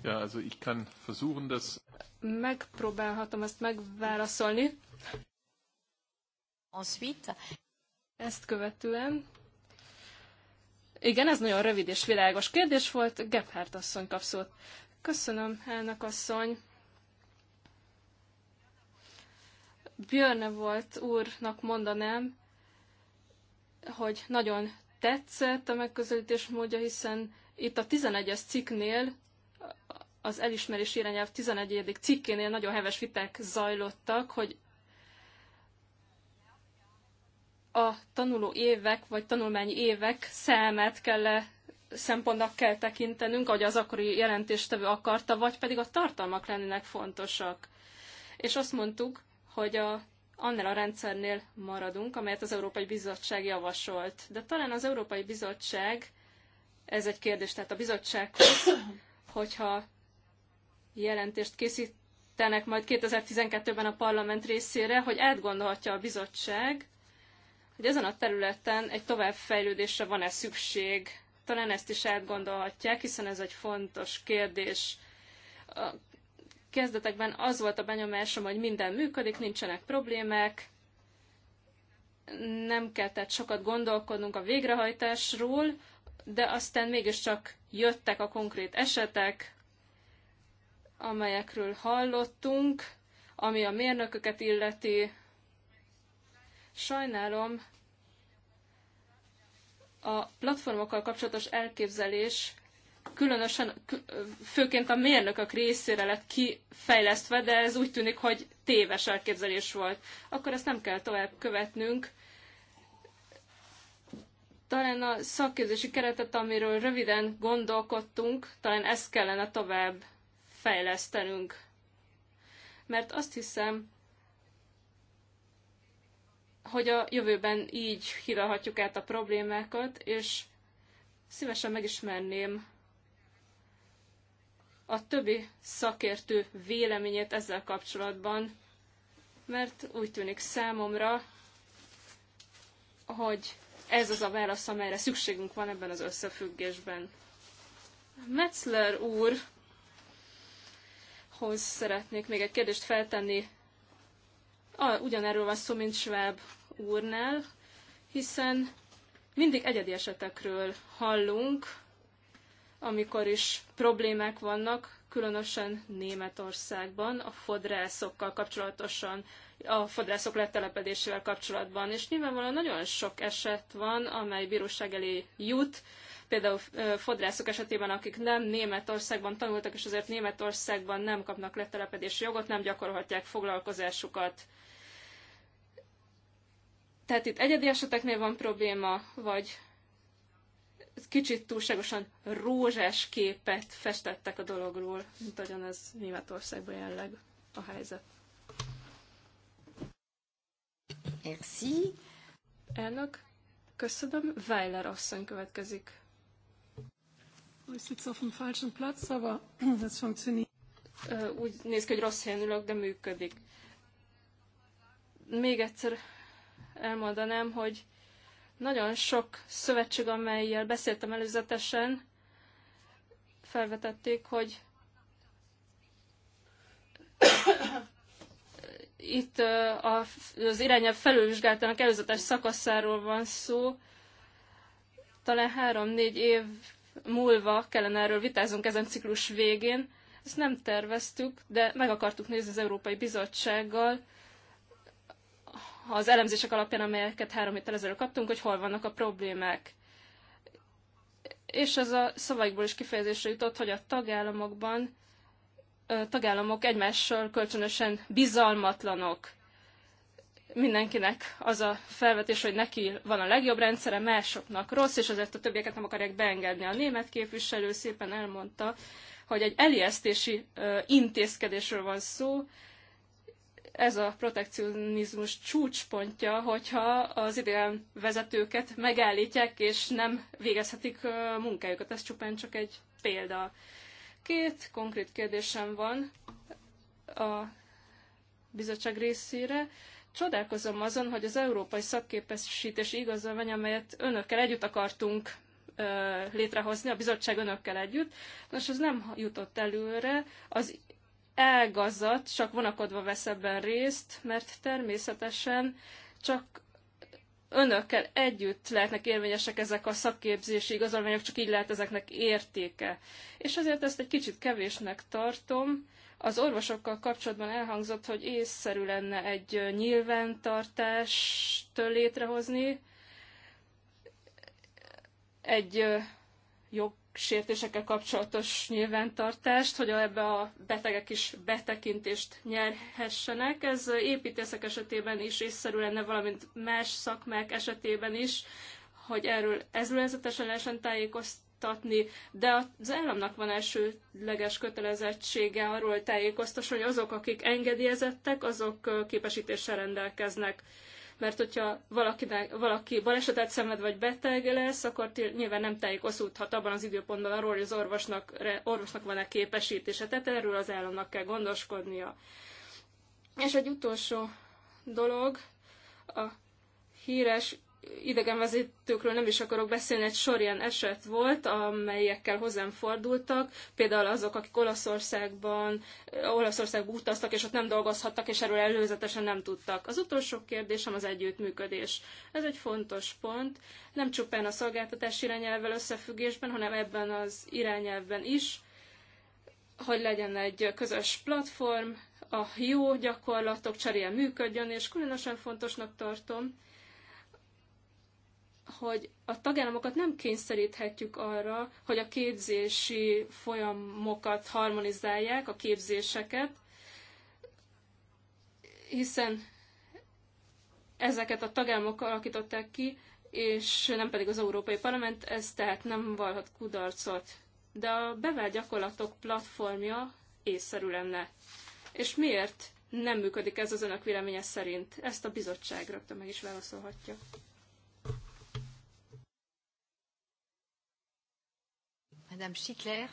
B: Ja, also ich kann versuchen, das...
C: Megpróbálhatom ezt megválaszolni. Ensuite. Ezt követően. Igen, ez nagyon rövid és világos kérdés volt. Gebhardt asszony kap szót. Köszönöm, elnök asszony. Björne volt úrnak mondanám, hogy nagyon tetszett a megközelítés módja, hiszen itt a 11-es cikknél az elismerés irányelv 11. cikkénél nagyon heves viták zajlottak, hogy a tanuló évek vagy tanulmányi évek számát kell -e, szempontnak kell tekintenünk, ahogy az akkori jelentéstevő akarta, vagy pedig a tartalmak lennének fontosak. És azt mondtuk, hogy a, annál a rendszernél maradunk, amelyet az Európai Bizottság javasolt. De talán az Európai Bizottság, ez egy kérdés, tehát a bizottsághoz, hogyha jelentést készítenek majd 2012-ben a parlament részére, hogy átgondolhatja a bizottság, hogy ezen a területen egy továbbfejlődésre van-e szükség. Talán ezt is átgondolhatják, hiszen ez egy fontos kérdés. A kezdetekben az volt a benyomásom, hogy minden működik, nincsenek problémák, nem kell tehát sokat gondolkodnunk a végrehajtásról, de aztán mégiscsak jöttek a konkrét esetek, amelyekről hallottunk, ami a mérnököket illeti. Sajnálom, a platformokkal kapcsolatos elképzelés különösen, főként a mérnökök részére lett kifejlesztve, de ez úgy tűnik, hogy téves elképzelés volt. Akkor ezt nem kell tovább követnünk. Talán a szakképzési keretet, amiről röviden gondolkodtunk, talán ezt kellene tovább fejlesztenünk. Mert azt hiszem, hogy a jövőben így hírhatjuk át a problémákat, és szívesen megismerném a többi szakértő véleményét ezzel kapcsolatban, mert úgy tűnik számomra, hogy ez az a válasz, amelyre szükségünk van ebben az összefüggésben. Metzler úr Hoz szeretnék még egy kérdést feltenni. A, ugyanerről van szó, mint Schwab úrnál, hiszen mindig egyedi esetekről hallunk, amikor is problémák vannak, különösen Németországban, a fodrászokkal kapcsolatosan, a fodrászok letelepedésével kapcsolatban. És nyilvánvalóan nagyon sok eset van, amely bíróság elé jut, például fodrászok esetében, akik nem Németországban tanultak, és azért Németországban nem kapnak letelepedési jogot, nem gyakorolhatják foglalkozásukat. Tehát itt egyedi eseteknél van probléma, vagy kicsit túlságosan rózsás képet festettek a dologról, mint ahogyan ez Németországban jelleg a helyzet. Merci. Elnök, köszönöm. Weiler asszony következik. Úgy néz ki, hogy rossz helyen ülök, de működik. Még egyszer elmondanám, hogy nagyon sok szövetség, amelyel beszéltem előzetesen, felvetették, hogy itt az irányelv felülvizsgáltának előzetes szakaszáról van szó, talán három-négy év múlva kellene erről vitázunk ezen ciklus végén. Ezt nem terveztük, de meg akartuk nézni az Európai Bizottsággal, az elemzések alapján, amelyeket három héttel ezelőtt kaptunk, hogy hol vannak a problémák. És ez a szavaikból is kifejezésre jutott, hogy a tagállamokban tagállamok egymással kölcsönösen bizalmatlanok mindenkinek az a felvetés, hogy neki van a legjobb rendszere, másoknak rossz, és ezért a többieket nem akarják beengedni. A német képviselő szépen elmondta, hogy egy eliesztési intézkedésről van szó, ez a protekcionizmus csúcspontja, hogyha az idegen vezetőket megállítják, és nem végezhetik munkájukat. Ez csupán csak egy példa. Két konkrét kérdésem van a bizottság részére Csodálkozom azon, hogy az európai szakképesítési igazolvány, amelyet önökkel együtt akartunk létrehozni, a bizottság önökkel együtt. Nos, az nem jutott előre. Az elgazat csak vonakodva vesz ebben részt, mert természetesen csak önökkel együtt lehetnek érvényesek ezek a szakképzési igazolványok, csak így lehet ezeknek értéke. És azért ezt egy kicsit kevésnek tartom, az orvosokkal kapcsolatban elhangzott, hogy észszerű lenne egy nyilvántartást létrehozni, egy jogsértésekkel kapcsolatos nyilvántartást, hogy ebbe a betegek is betekintést nyerhessenek. Ez építészek esetében is észszerű lenne, valamint más szakmák esetében is, hogy erről ezrőlezetesen lehessen tájékoztatni tájékoztatni, de az államnak van elsőleges kötelezettsége arról tájékoztatni, hogy azok, akik engedélyezettek, azok képesítéssel rendelkeznek mert hogyha valaki valaki balesetet szenved vagy beteg lesz, akkor nyilván nem tájékozódhat abban az időpontban arról, hogy az orvosnak, orvosnak van-e képesítése. Tehát erről az államnak kell gondoskodnia. És egy utolsó dolog, a híres idegenvezetőkről nem is akarok beszélni, egy sor ilyen eset volt, amelyekkel hozzám fordultak, például azok, akik Olaszországban, Olaszországba utaztak, és ott nem dolgozhattak, és erről előzetesen nem tudtak. Az utolsó kérdésem az együttműködés. Ez egy fontos pont, nem csupán a szolgáltatás irányelvvel összefüggésben, hanem ebben az irányelvben is, hogy legyen egy közös platform, a jó gyakorlatok cseréje működjön, és különösen fontosnak tartom, hogy a tagállamokat nem kényszeríthetjük arra, hogy a képzési folyamokat harmonizálják, a képzéseket, hiszen ezeket a tagállamok alakították ki, és nem pedig az Európai Parlament, ez tehát nem valhat kudarcot. De a bevált gyakorlatok platformja észszerű lenne. És miért nem működik ez az önök véleménye szerint? Ezt a bizottság rögtön meg is válaszolhatja. Madame Schickler.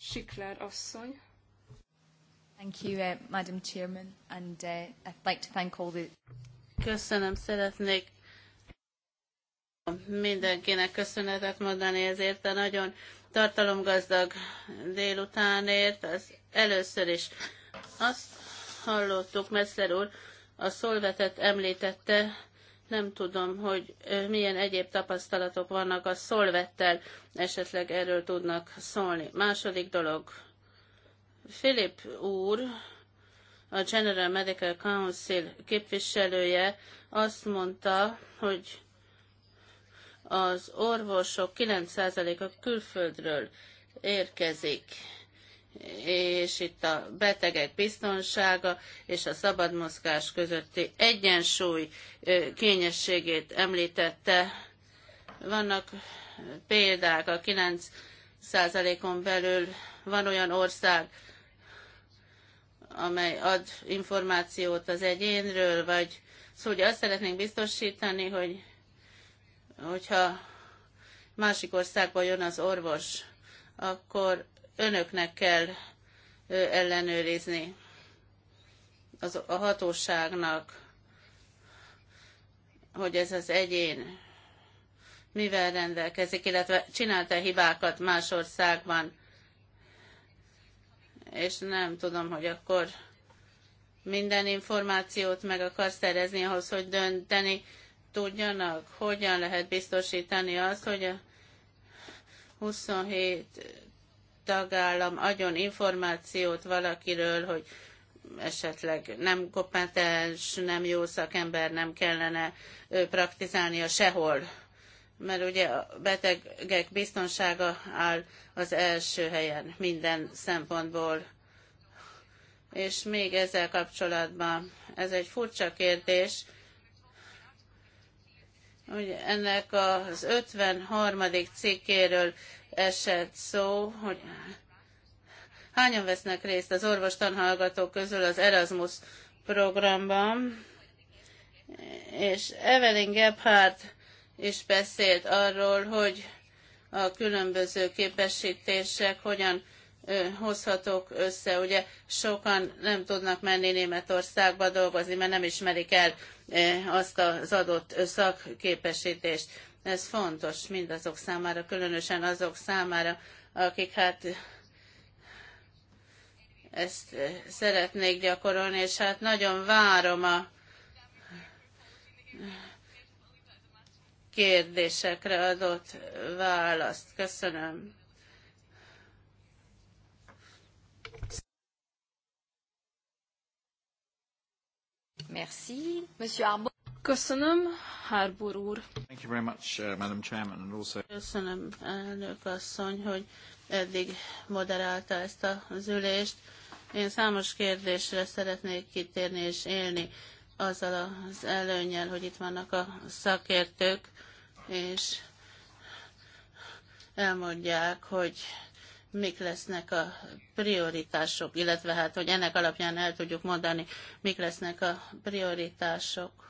C: Schickler
A: asszony. Thank you, uh, Madam Chairman, and uh, I'd like to thank all the... Köszönöm, szeretnék mindenkinek köszönetet mondani ezért a nagyon tartalomgazdag délutánért. Az először is azt hallottuk, Messzer úr, a szolvetet említette, nem tudom, hogy milyen egyéb tapasztalatok vannak a szolvettel, esetleg erről tudnak szólni. Második dolog, Philip úr, a General Medical Council képviselője azt mondta, hogy az orvosok 9%-a külföldről érkezik és itt a betegek biztonsága és a szabad mozgás közötti egyensúly kényességét említette. Vannak példák a 9 on belül van olyan ország, amely ad információt az egyénről, vagy szóval ugye azt szeretnénk biztosítani, hogy hogyha másik országból jön az orvos, akkor önöknek kell ellenőrizni az, a hatóságnak, hogy ez az egyén mivel rendelkezik, illetve csinálta hibákat más országban, és nem tudom, hogy akkor minden információt meg akar szerezni ahhoz, hogy dönteni tudjanak, hogyan lehet biztosítani azt, hogy a 27 tagállam adjon információt valakiről, hogy esetleg nem kompetens, nem jó szakember, nem kellene praktizálnia sehol. Mert ugye a betegek biztonsága áll az első helyen minden szempontból. És még ezzel kapcsolatban, ez egy furcsa kérdés, hogy ennek az 53. cikkéről esett szó, hogy hányan vesznek részt az orvostanhallgatók közül az Erasmus programban, és Evelyn Gebhardt is beszélt arról, hogy a különböző képesítések hogyan hozhatók össze. Ugye sokan nem tudnak menni Németországba dolgozni, mert nem ismerik el azt az adott szakképesítést. Ez fontos mindazok számára, különösen azok számára, akik hát ezt eh, szeretnék gyakorolni, és hát nagyon várom a kérdésekre adott választ. Köszönöm. Merci. Monsieur Arbon. Köszönöm, Harbour úr. Thank you very much, uh, Madam Chairman, and also... Köszönöm, elnök asszony, hogy eddig moderálta ezt az ülést. Én számos kérdésre szeretnék kitérni és élni azzal az előnyel, hogy itt vannak a szakértők, és elmondják, hogy mik lesznek a prioritások, illetve hát, hogy ennek alapján el tudjuk mondani, mik lesznek a prioritások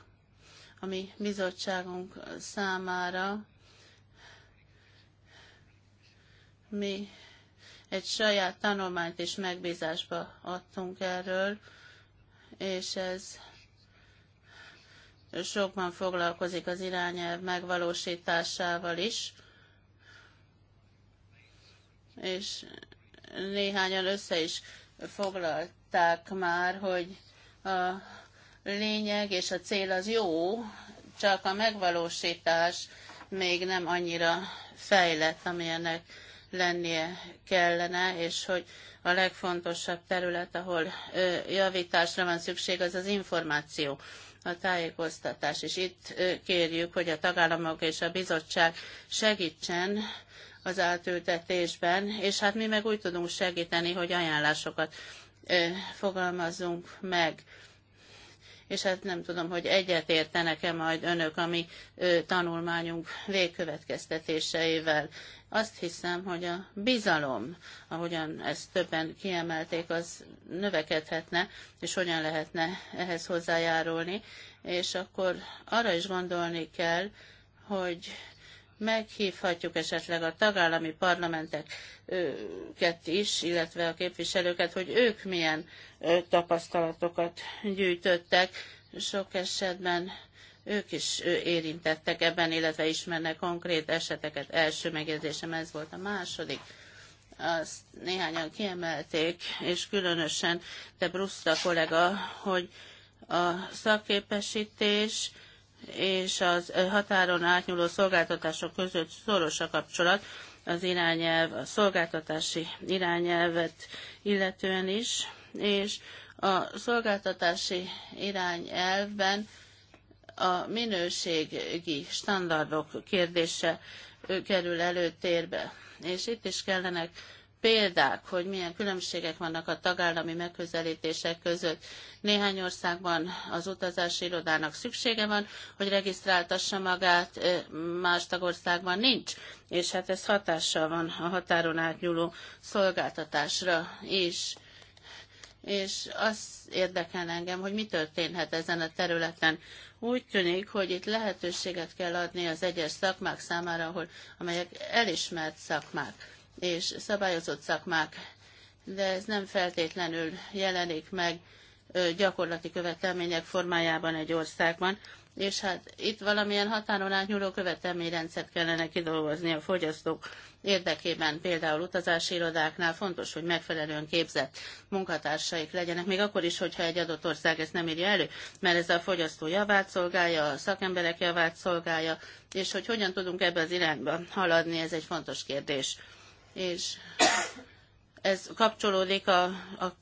A: ami bizottságunk számára mi egy saját tanulmányt is megbízásba adtunk erről, és ez sokban foglalkozik az irányelv megvalósításával is, és néhányan össze is foglalták már, hogy a lényeg és a cél az jó, csak a megvalósítás még nem annyira fejlett, amilyennek lennie kellene, és hogy a legfontosabb terület, ahol javításra van szükség, az az információ, a tájékoztatás. És itt kérjük, hogy a tagállamok és a bizottság segítsen az átültetésben, és hát mi meg úgy tudunk segíteni, hogy ajánlásokat fogalmazzunk meg és hát nem tudom, hogy egyetértenek-e majd önök a mi tanulmányunk végkövetkeztetéseivel. Azt hiszem, hogy a bizalom, ahogyan ezt többen kiemelték, az növekedhetne, és hogyan lehetne ehhez hozzájárulni, és akkor arra is gondolni kell, hogy meghívhatjuk esetleg a tagállami parlamenteket is, illetve a képviselőket, hogy ők milyen tapasztalatokat gyűjtöttek. Sok esetben ők is érintettek ebben, illetve ismernek konkrét eseteket. Első megjegyzésem ez volt a második. Azt néhányan kiemelték, és különösen de Bruszta kollega, hogy a szakképesítés, és az határon átnyúló szolgáltatások között szoros a kapcsolat az irányelv, a szolgáltatási irányelvet illetően is, és a szolgáltatási irányelvben a minőségi standardok kérdése kerül előtérbe. És itt is kellenek példák, hogy milyen különbségek vannak a tagállami megközelítések között. Néhány országban az utazási irodának szüksége van, hogy regisztráltassa magát, más tagországban nincs, és hát ez hatással van a határon átnyúló szolgáltatásra is és az érdekel engem, hogy mi történhet ezen a területen. Úgy tűnik, hogy itt lehetőséget kell adni az egyes szakmák számára, ahol, amelyek elismert szakmák és szabályozott szakmák, de ez nem feltétlenül jelenik meg gyakorlati követelmények formájában egy országban, és hát itt valamilyen határon átnyúló követelményrendszert kellene kidolgozni a fogyasztók érdekében, például utazási irodáknál fontos, hogy megfelelően képzett munkatársaik legyenek, még akkor is, hogyha egy adott ország ezt nem írja elő, mert ez a fogyasztó javát szolgálja, a szakemberek javát szolgálja, és hogy hogyan tudunk ebbe az irányba haladni, ez egy fontos kérdés és ez kapcsolódik a, a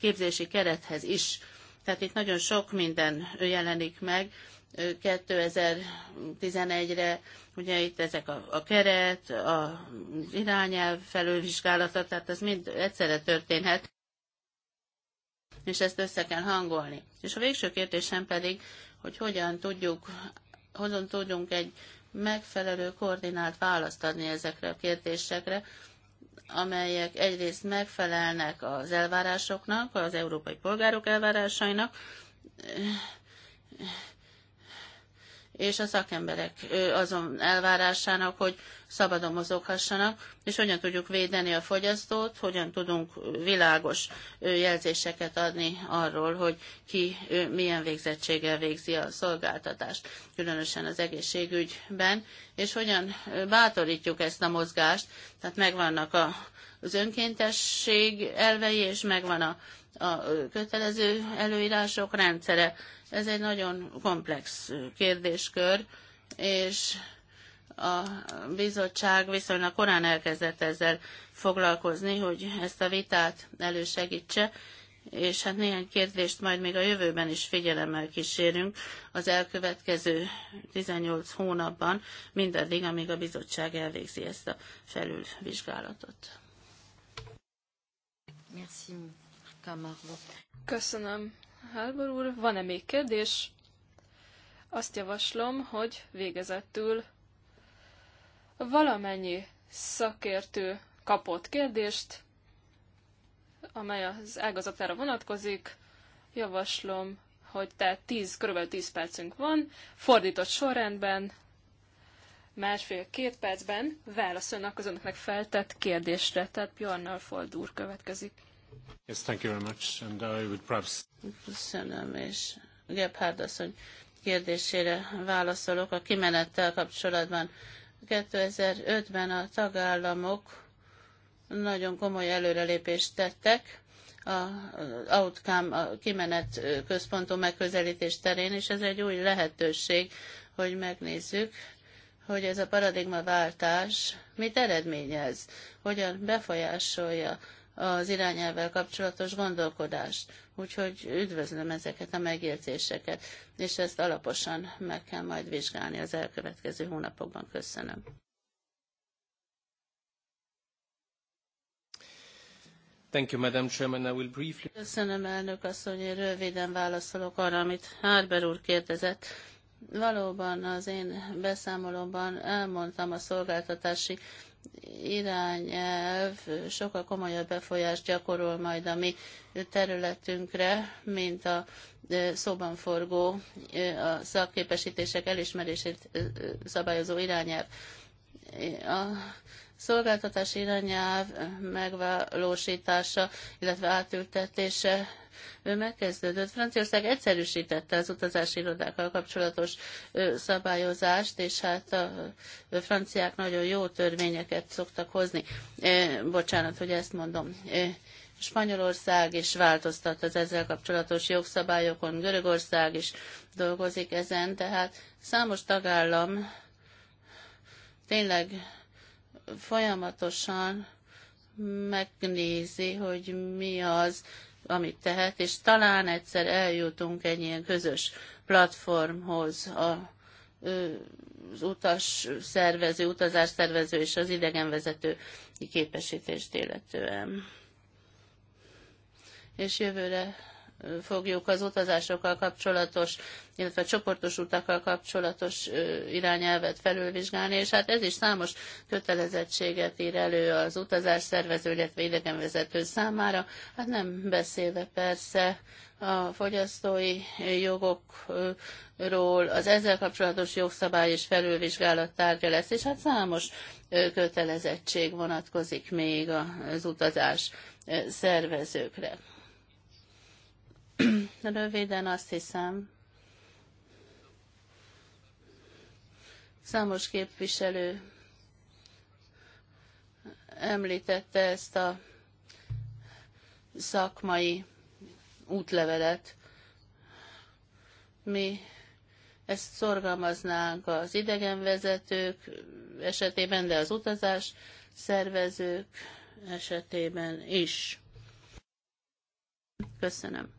A: képzési kerethez is. Tehát itt nagyon sok minden jelenik meg. 2011-re, ugye itt ezek a, a keret, a irányelv felülvizsgálata, tehát ez mind egyszerre történhet, és ezt össze kell hangolni. És a végső kérdésem pedig, hogy hogyan tudjuk, hogyan tudjunk egy megfelelő koordinált választ adni ezekre a kérdésekre, amelyek egyrészt megfelelnek az elvárásoknak, az európai polgárok elvárásainak, és a szakemberek azon elvárásának, hogy szabadon mozoghassanak, és hogyan tudjuk védeni a fogyasztót, hogyan tudunk világos jelzéseket adni arról, hogy ki milyen végzettséggel végzi a szolgáltatást, különösen az egészségügyben, és hogyan bátorítjuk ezt a mozgást, tehát megvannak a az önkéntesség elvei, és megvan a, a kötelező előírások rendszere. Ez egy nagyon komplex kérdéskör, és a bizottság viszonylag korán elkezdett ezzel foglalkozni, hogy ezt a vitát elősegítse, és hát néhány kérdést majd még a jövőben is figyelemmel kísérünk az elkövetkező 18 hónapban, mindaddig, amíg a bizottság elvégzi ezt a felülvizsgálatot.
C: Merci, Camargo. Köszönöm, Hálbor úr. Van-e még kérdés? Azt javaslom, hogy végezettül valamennyi szakértő kapott kérdést, amely az ágazatára vonatkozik. Javaslom, hogy tehát 10, kb. 10 percünk van, fordított sorrendben, másfél-két percben válaszolnak az önöknek feltett kérdésre. Tehát Björn Alfold úr következik.
A: Yes, thank you very much, and I would perhaps... Köszönöm, és Gebhard asszony kérdésére válaszolok a kimenettel kapcsolatban. 2005-ben a tagállamok nagyon komoly előrelépést tettek a outcome, a kimenet központú megközelítés terén, és ez egy új lehetőség, hogy megnézzük, hogy ez a paradigmaváltás mit eredményez, hogyan befolyásolja az irányelvvel kapcsolatos gondolkodást. Úgyhogy üdvözlöm ezeket a megértéseket, és ezt alaposan meg kell majd vizsgálni az elkövetkező hónapokban. Köszönöm.
C: Thank you, Madam
B: Chairman. I will briefly...
A: Köszönöm, elnök asszony, én röviden válaszolok arra, amit Harber úr kérdezett Valóban az én beszámolóban elmondtam a szolgáltatási irányelv sokkal komolyabb befolyást gyakorol majd a mi területünkre, mint a szóban forgó a szakképesítések elismerését szabályozó irányelv. A szolgáltatás irányelv megvalóstása, illetve átültetése ő megkezdődött. Franciaország egyszerűsítette az utazási irodákkal kapcsolatos szabályozást, és hát a franciák nagyon jó törvényeket szoktak hozni. Bocsánat, hogy ezt mondom. Spanyolország is változtat az ezzel kapcsolatos jogszabályokon, Görögország is dolgozik ezen, tehát számos tagállam tényleg folyamatosan megnézi, hogy mi az, amit tehet, és talán egyszer eljutunk egy ilyen közös platformhoz a, az utas szervező, utazás szervező és az idegenvezető képesítést illetően. És jövőre fogjuk az utazásokkal kapcsolatos, illetve a csoportos utakkal kapcsolatos irányelvet felülvizsgálni, és hát ez is számos kötelezettséget ír elő az utazás szervező, illetve idegenvezető számára, hát nem beszélve persze a fogyasztói jogokról, az ezzel kapcsolatos jogszabály és felülvizsgálat tárgya lesz, és hát számos kötelezettség vonatkozik még az utazás szervezőkre. Röviden azt hiszem, számos képviselő említette ezt a szakmai útlevelet. Mi ezt szorgalmaznánk az idegenvezetők esetében, de az utazás szervezők esetében is. Köszönöm.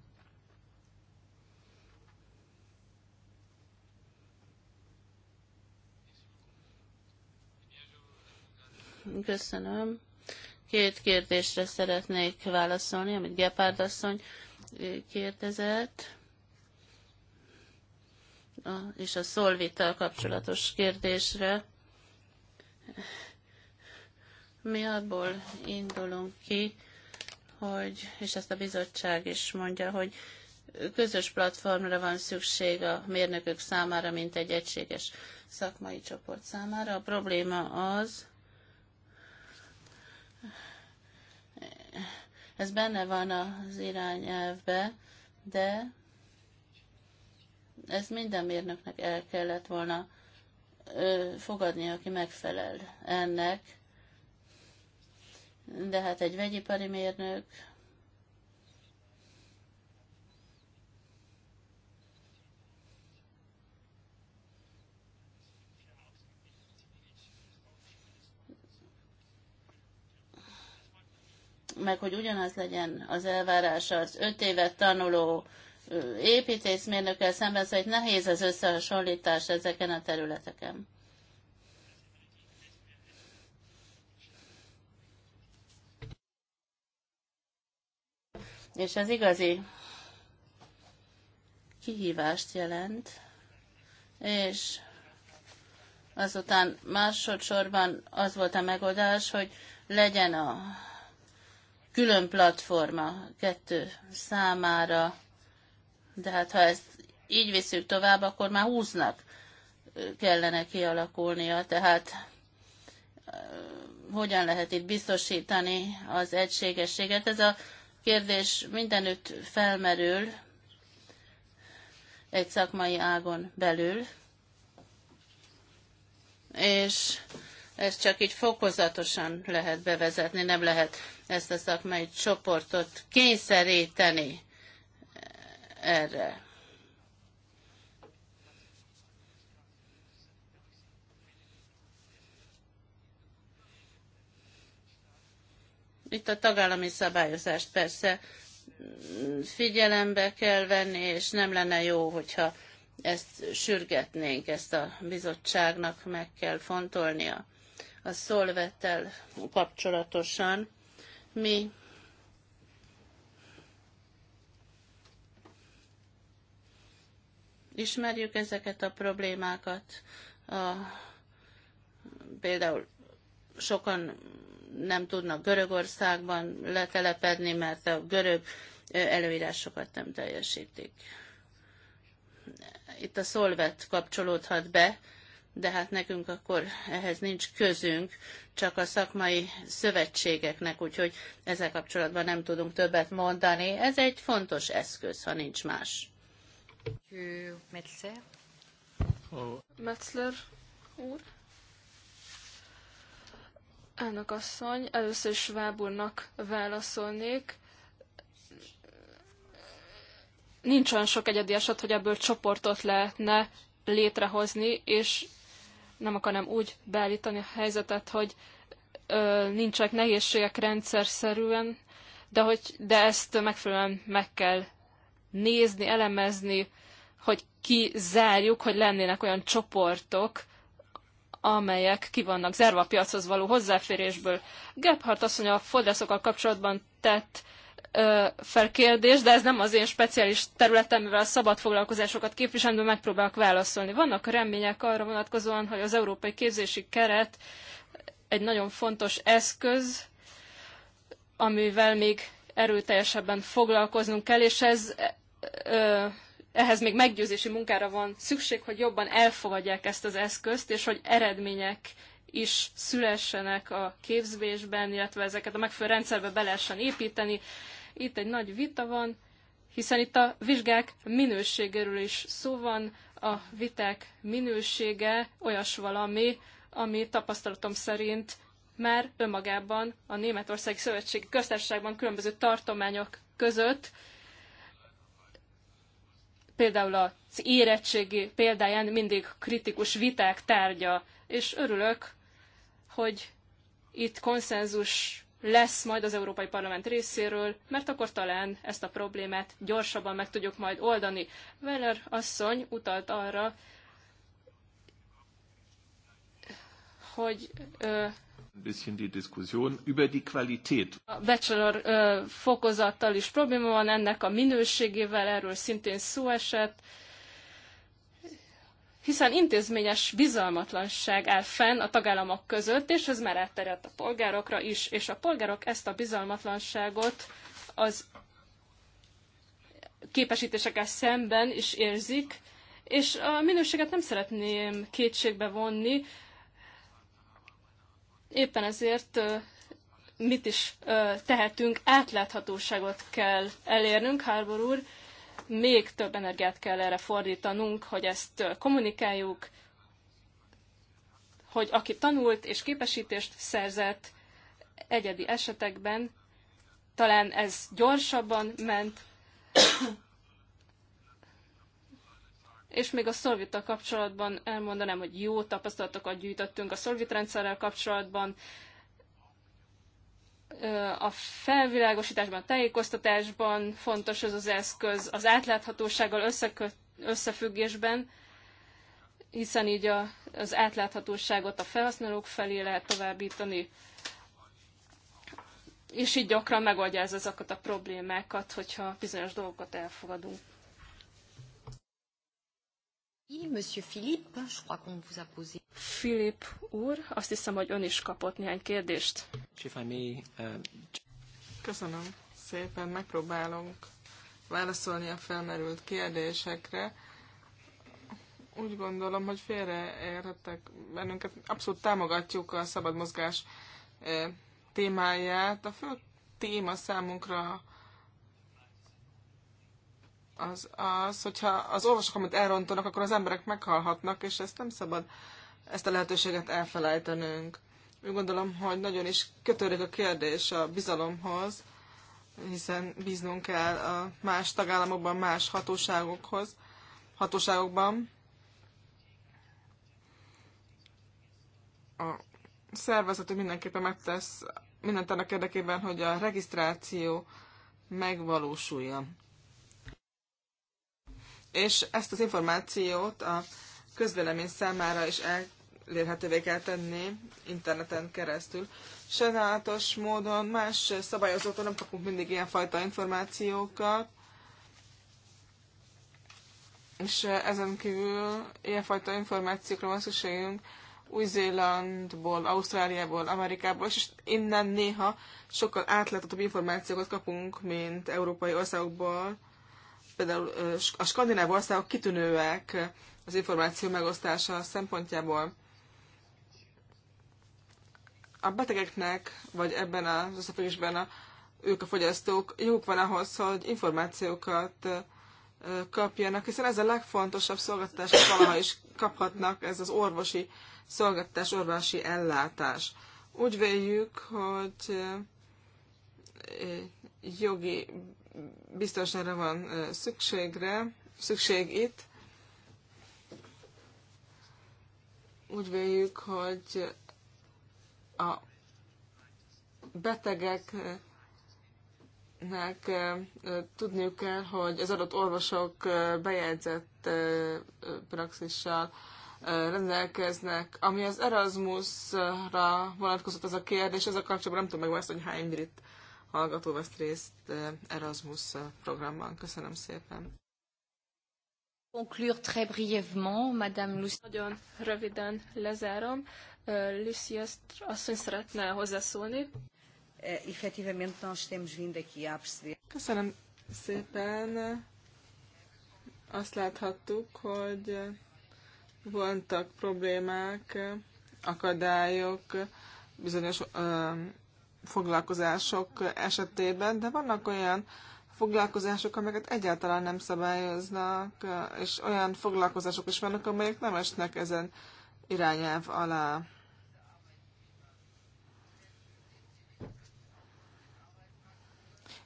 A: Köszönöm. Két kérdésre szeretnék válaszolni, amit Gepárd asszony kérdezett, és a szolvittal kapcsolatos kérdésre. Mi abból indulunk ki, hogy, és ezt a bizottság is mondja, hogy közös platformra van szükség a mérnökök számára, mint egy egységes szakmai csoport számára. A probléma az, Ez benne van az irányelvbe, de ez minden mérnöknek el kellett volna fogadni, aki megfelel ennek. De hát egy vegyipari mérnök, meg hogy ugyanaz legyen az elvárás az öt évet tanuló építészmérnökkel szemben, szóval nehéz az összehasonlítás ezeken a területeken. És ez igazi kihívást jelent, és azután másodszorban az volt a megoldás, hogy legyen a külön platforma kettő számára, de hát ha ezt így viszük tovább, akkor már húznak kellene kialakulnia, tehát hogyan lehet itt biztosítani az egységességet. Ez a kérdés mindenütt felmerül egy szakmai ágon belül, és ezt csak így fokozatosan lehet bevezetni, nem lehet ezt a szakmai csoportot kényszeríteni erre. Itt a tagállami szabályozást persze figyelembe kell venni, és nem lenne jó, hogyha ezt sürgetnénk, ezt a bizottságnak meg kell fontolnia a szolvettel kapcsolatosan. Mi ismerjük ezeket a problémákat. A, például sokan nem tudnak Görögországban letelepedni, mert a görög előírásokat nem teljesítik. Itt a szolvet kapcsolódhat be, de hát nekünk akkor ehhez nincs közünk, csak a szakmai szövetségeknek, úgyhogy ezzel kapcsolatban nem tudunk többet mondani. Ez egy fontos eszköz, ha nincs más.
C: Metzler. Metzler úr. Elnök asszony, először is Vábornak válaszolnék. Nincs olyan sok egyedi eset, hogy ebből csoportot lehetne létrehozni, és nem akarnám úgy beállítani a helyzetet, hogy ö, nincsenek nehézségek rendszer szerűen, de, hogy, de ezt megfelelően meg kell nézni, elemezni, hogy kizárjuk, hogy lennének olyan csoportok, amelyek ki vannak zárva a piachoz való hozzáférésből. Gebhardt mondja, a fodrászokkal kapcsolatban tett fel kérdés, de ez nem az én speciális területem, mivel a szabad foglalkozásokat képviselem, de megpróbálok válaszolni. Vannak remények arra vonatkozóan, hogy az európai képzési keret egy nagyon fontos eszköz, amivel még erőteljesebben foglalkoznunk kell, és ez ehhez még meggyőzési munkára van szükség, hogy jobban elfogadják ezt az eszközt, és hogy eredmények is szülessenek a képzésben, illetve ezeket a megfelelő rendszerbe be lehessen építeni, itt egy nagy vita van, hiszen itt a vizsgák minőségéről is szó van, a viták minősége olyas valami, ami tapasztalatom szerint már önmagában a Németországi Szövetségi Köztársaságban különböző tartományok között, például az érettségi példáján mindig kritikus viták tárgya, és örülök, hogy itt konszenzus lesz majd az Európai Parlament részéről, mert akkor talán ezt a problémát gyorsabban meg tudjuk majd oldani. Weller asszony utalt arra, hogy ö,
B: bisschen die Diskussion über die Qualität.
C: A bachelor ö, fokozattal is probléma van, ennek a minőségével erről szintén szó esett. Ö, hiszen intézményes bizalmatlanság áll fenn a tagállamok között, és ez már átterjedt a polgárokra is, és a polgárok ezt a bizalmatlanságot az képesítésekkel szemben is érzik, és a minőséget nem szeretném kétségbe vonni, éppen ezért mit is tehetünk, átláthatóságot kell elérnünk, Harbor úr, még több energiát kell erre fordítanunk, hogy ezt kommunikáljuk, hogy aki tanult és képesítést szerzett egyedi esetekben, talán ez gyorsabban ment, és még a szolvittal kapcsolatban elmondanám, hogy jó tapasztalatokat gyűjtöttünk a szolvit rendszerrel kapcsolatban, a felvilágosításban, a tájékoztatásban fontos ez az eszköz, az átláthatósággal összekö, összefüggésben, hiszen így a, az átláthatóságot a felhasználók felé lehet továbbítani, és így gyakran megoldja ez azokat a problémákat, hogyha bizonyos dolgokat elfogadunk. Monsieur Philippe, je crois qu'on vous a posé. Philip úr, azt hiszem, hogy ön is
B: kapott néhány kérdést. Uh, Köszönöm szépen, megpróbálunk válaszolni a felmerült kérdésekre. Úgy gondolom, hogy félreérhettek bennünket. Abszolút támogatjuk a szabad mozgás eh, témáját. A fő téma számunkra az az, hogyha az olvasók, amit elrontanak, akkor az emberek meghalhatnak, és ezt nem szabad ezt a lehetőséget elfelejtenünk. Úgy gondolom, hogy nagyon is kötődik a kérdés a bizalomhoz, hiszen bíznunk kell a más tagállamokban, más hatóságokhoz, hatóságokban. A szervezetünk mindenképpen megtesz mindent annak érdekében, hogy a regisztráció megvalósuljon és ezt az információt a közvélemény számára is elérhetővé kell tenni interneten keresztül. Sajnálatos módon más szabályozótól nem kapunk mindig ilyenfajta információkat, és ezen kívül ilyenfajta információkra van szükségünk Új-Zélandból, Ausztráliából, Amerikából, és innen néha sokkal átláthatóbb információkat kapunk, mint európai országokból például a skandináv országok kitűnőek az információ megosztása szempontjából. A betegeknek, vagy ebben az összefüggésben a, ők a fogyasztók, jók van ahhoz, hogy információkat kapjanak, hiszen ez a legfontosabb szolgáltatás, amit valaha is kaphatnak, ez az orvosi szolgáltatás, orvosi ellátás. Úgy véljük, hogy jogi erre van szükségre, szükség itt. Úgy véljük, hogy a betegeknek tudniuk kell, hogy az adott orvosok bejegyzett praxissal rendelkeznek. Ami az Erasmusra vonatkozott az a kérdés, ez a kapcsolatban nem tudom megválaszolni, hogy hány brit hallgató vesz részt Erasmus programban. Köszönöm szépen.
A: Conclure très brièvement, Madame Lucie.
C: Nagyon röviden lezárom. Lucie asszony
B: szeretne hozzászólni. Effectivamente, nós temos vindo aqui a perceber. Köszönöm szépen. Azt láthattuk, hogy voltak problémák, akadályok bizonyos foglalkozások esetében, de vannak olyan foglalkozások, amelyeket egyáltalán nem szabályoznak, és olyan foglalkozások is vannak, amelyek nem esnek ezen irányelv alá.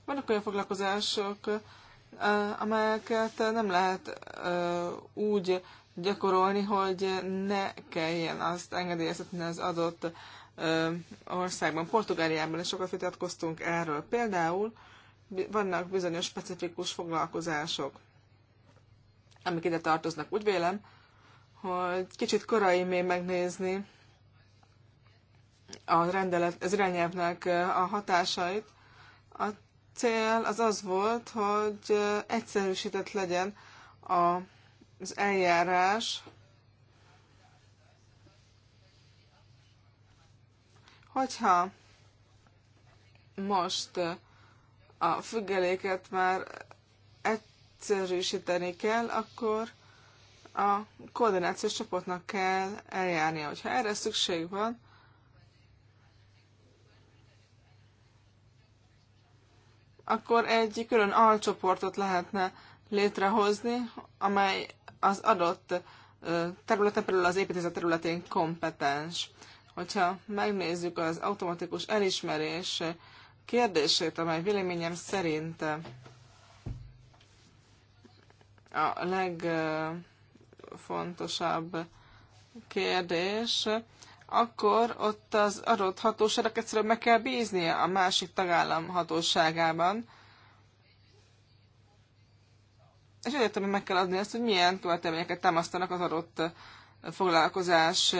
B: Vannak olyan foglalkozások, eh, amelyeket nem lehet eh, úgy gyakorolni, hogy ne kelljen azt engedélyeztetni az adott országban, Portugáliában is sokat vitatkoztunk erről. Például vannak bizonyos specifikus foglalkozások, amik ide tartoznak. Úgy vélem, hogy kicsit korai még megnézni a rendelet, az irányelvnek a hatásait. A cél az az volt, hogy egyszerűsített legyen a, az eljárás, Hogyha most a függeléket már egyszerűsíteni kell, akkor a koordinációs csoportnak kell eljárnia. Hogyha erre szükség van, akkor egy külön alcsoportot lehetne létrehozni, amely az adott területen, például az építészet területén kompetens. Hogyha megnézzük az automatikus elismerés kérdését, amely véleményem szerint a legfontosabb kérdés, akkor ott az adott hatóságnak egyszerűen meg kell bíznia a másik tagállam hatóságában, és hogy meg kell adni azt, hogy milyen követelményeket támasztanak az adott foglalkozás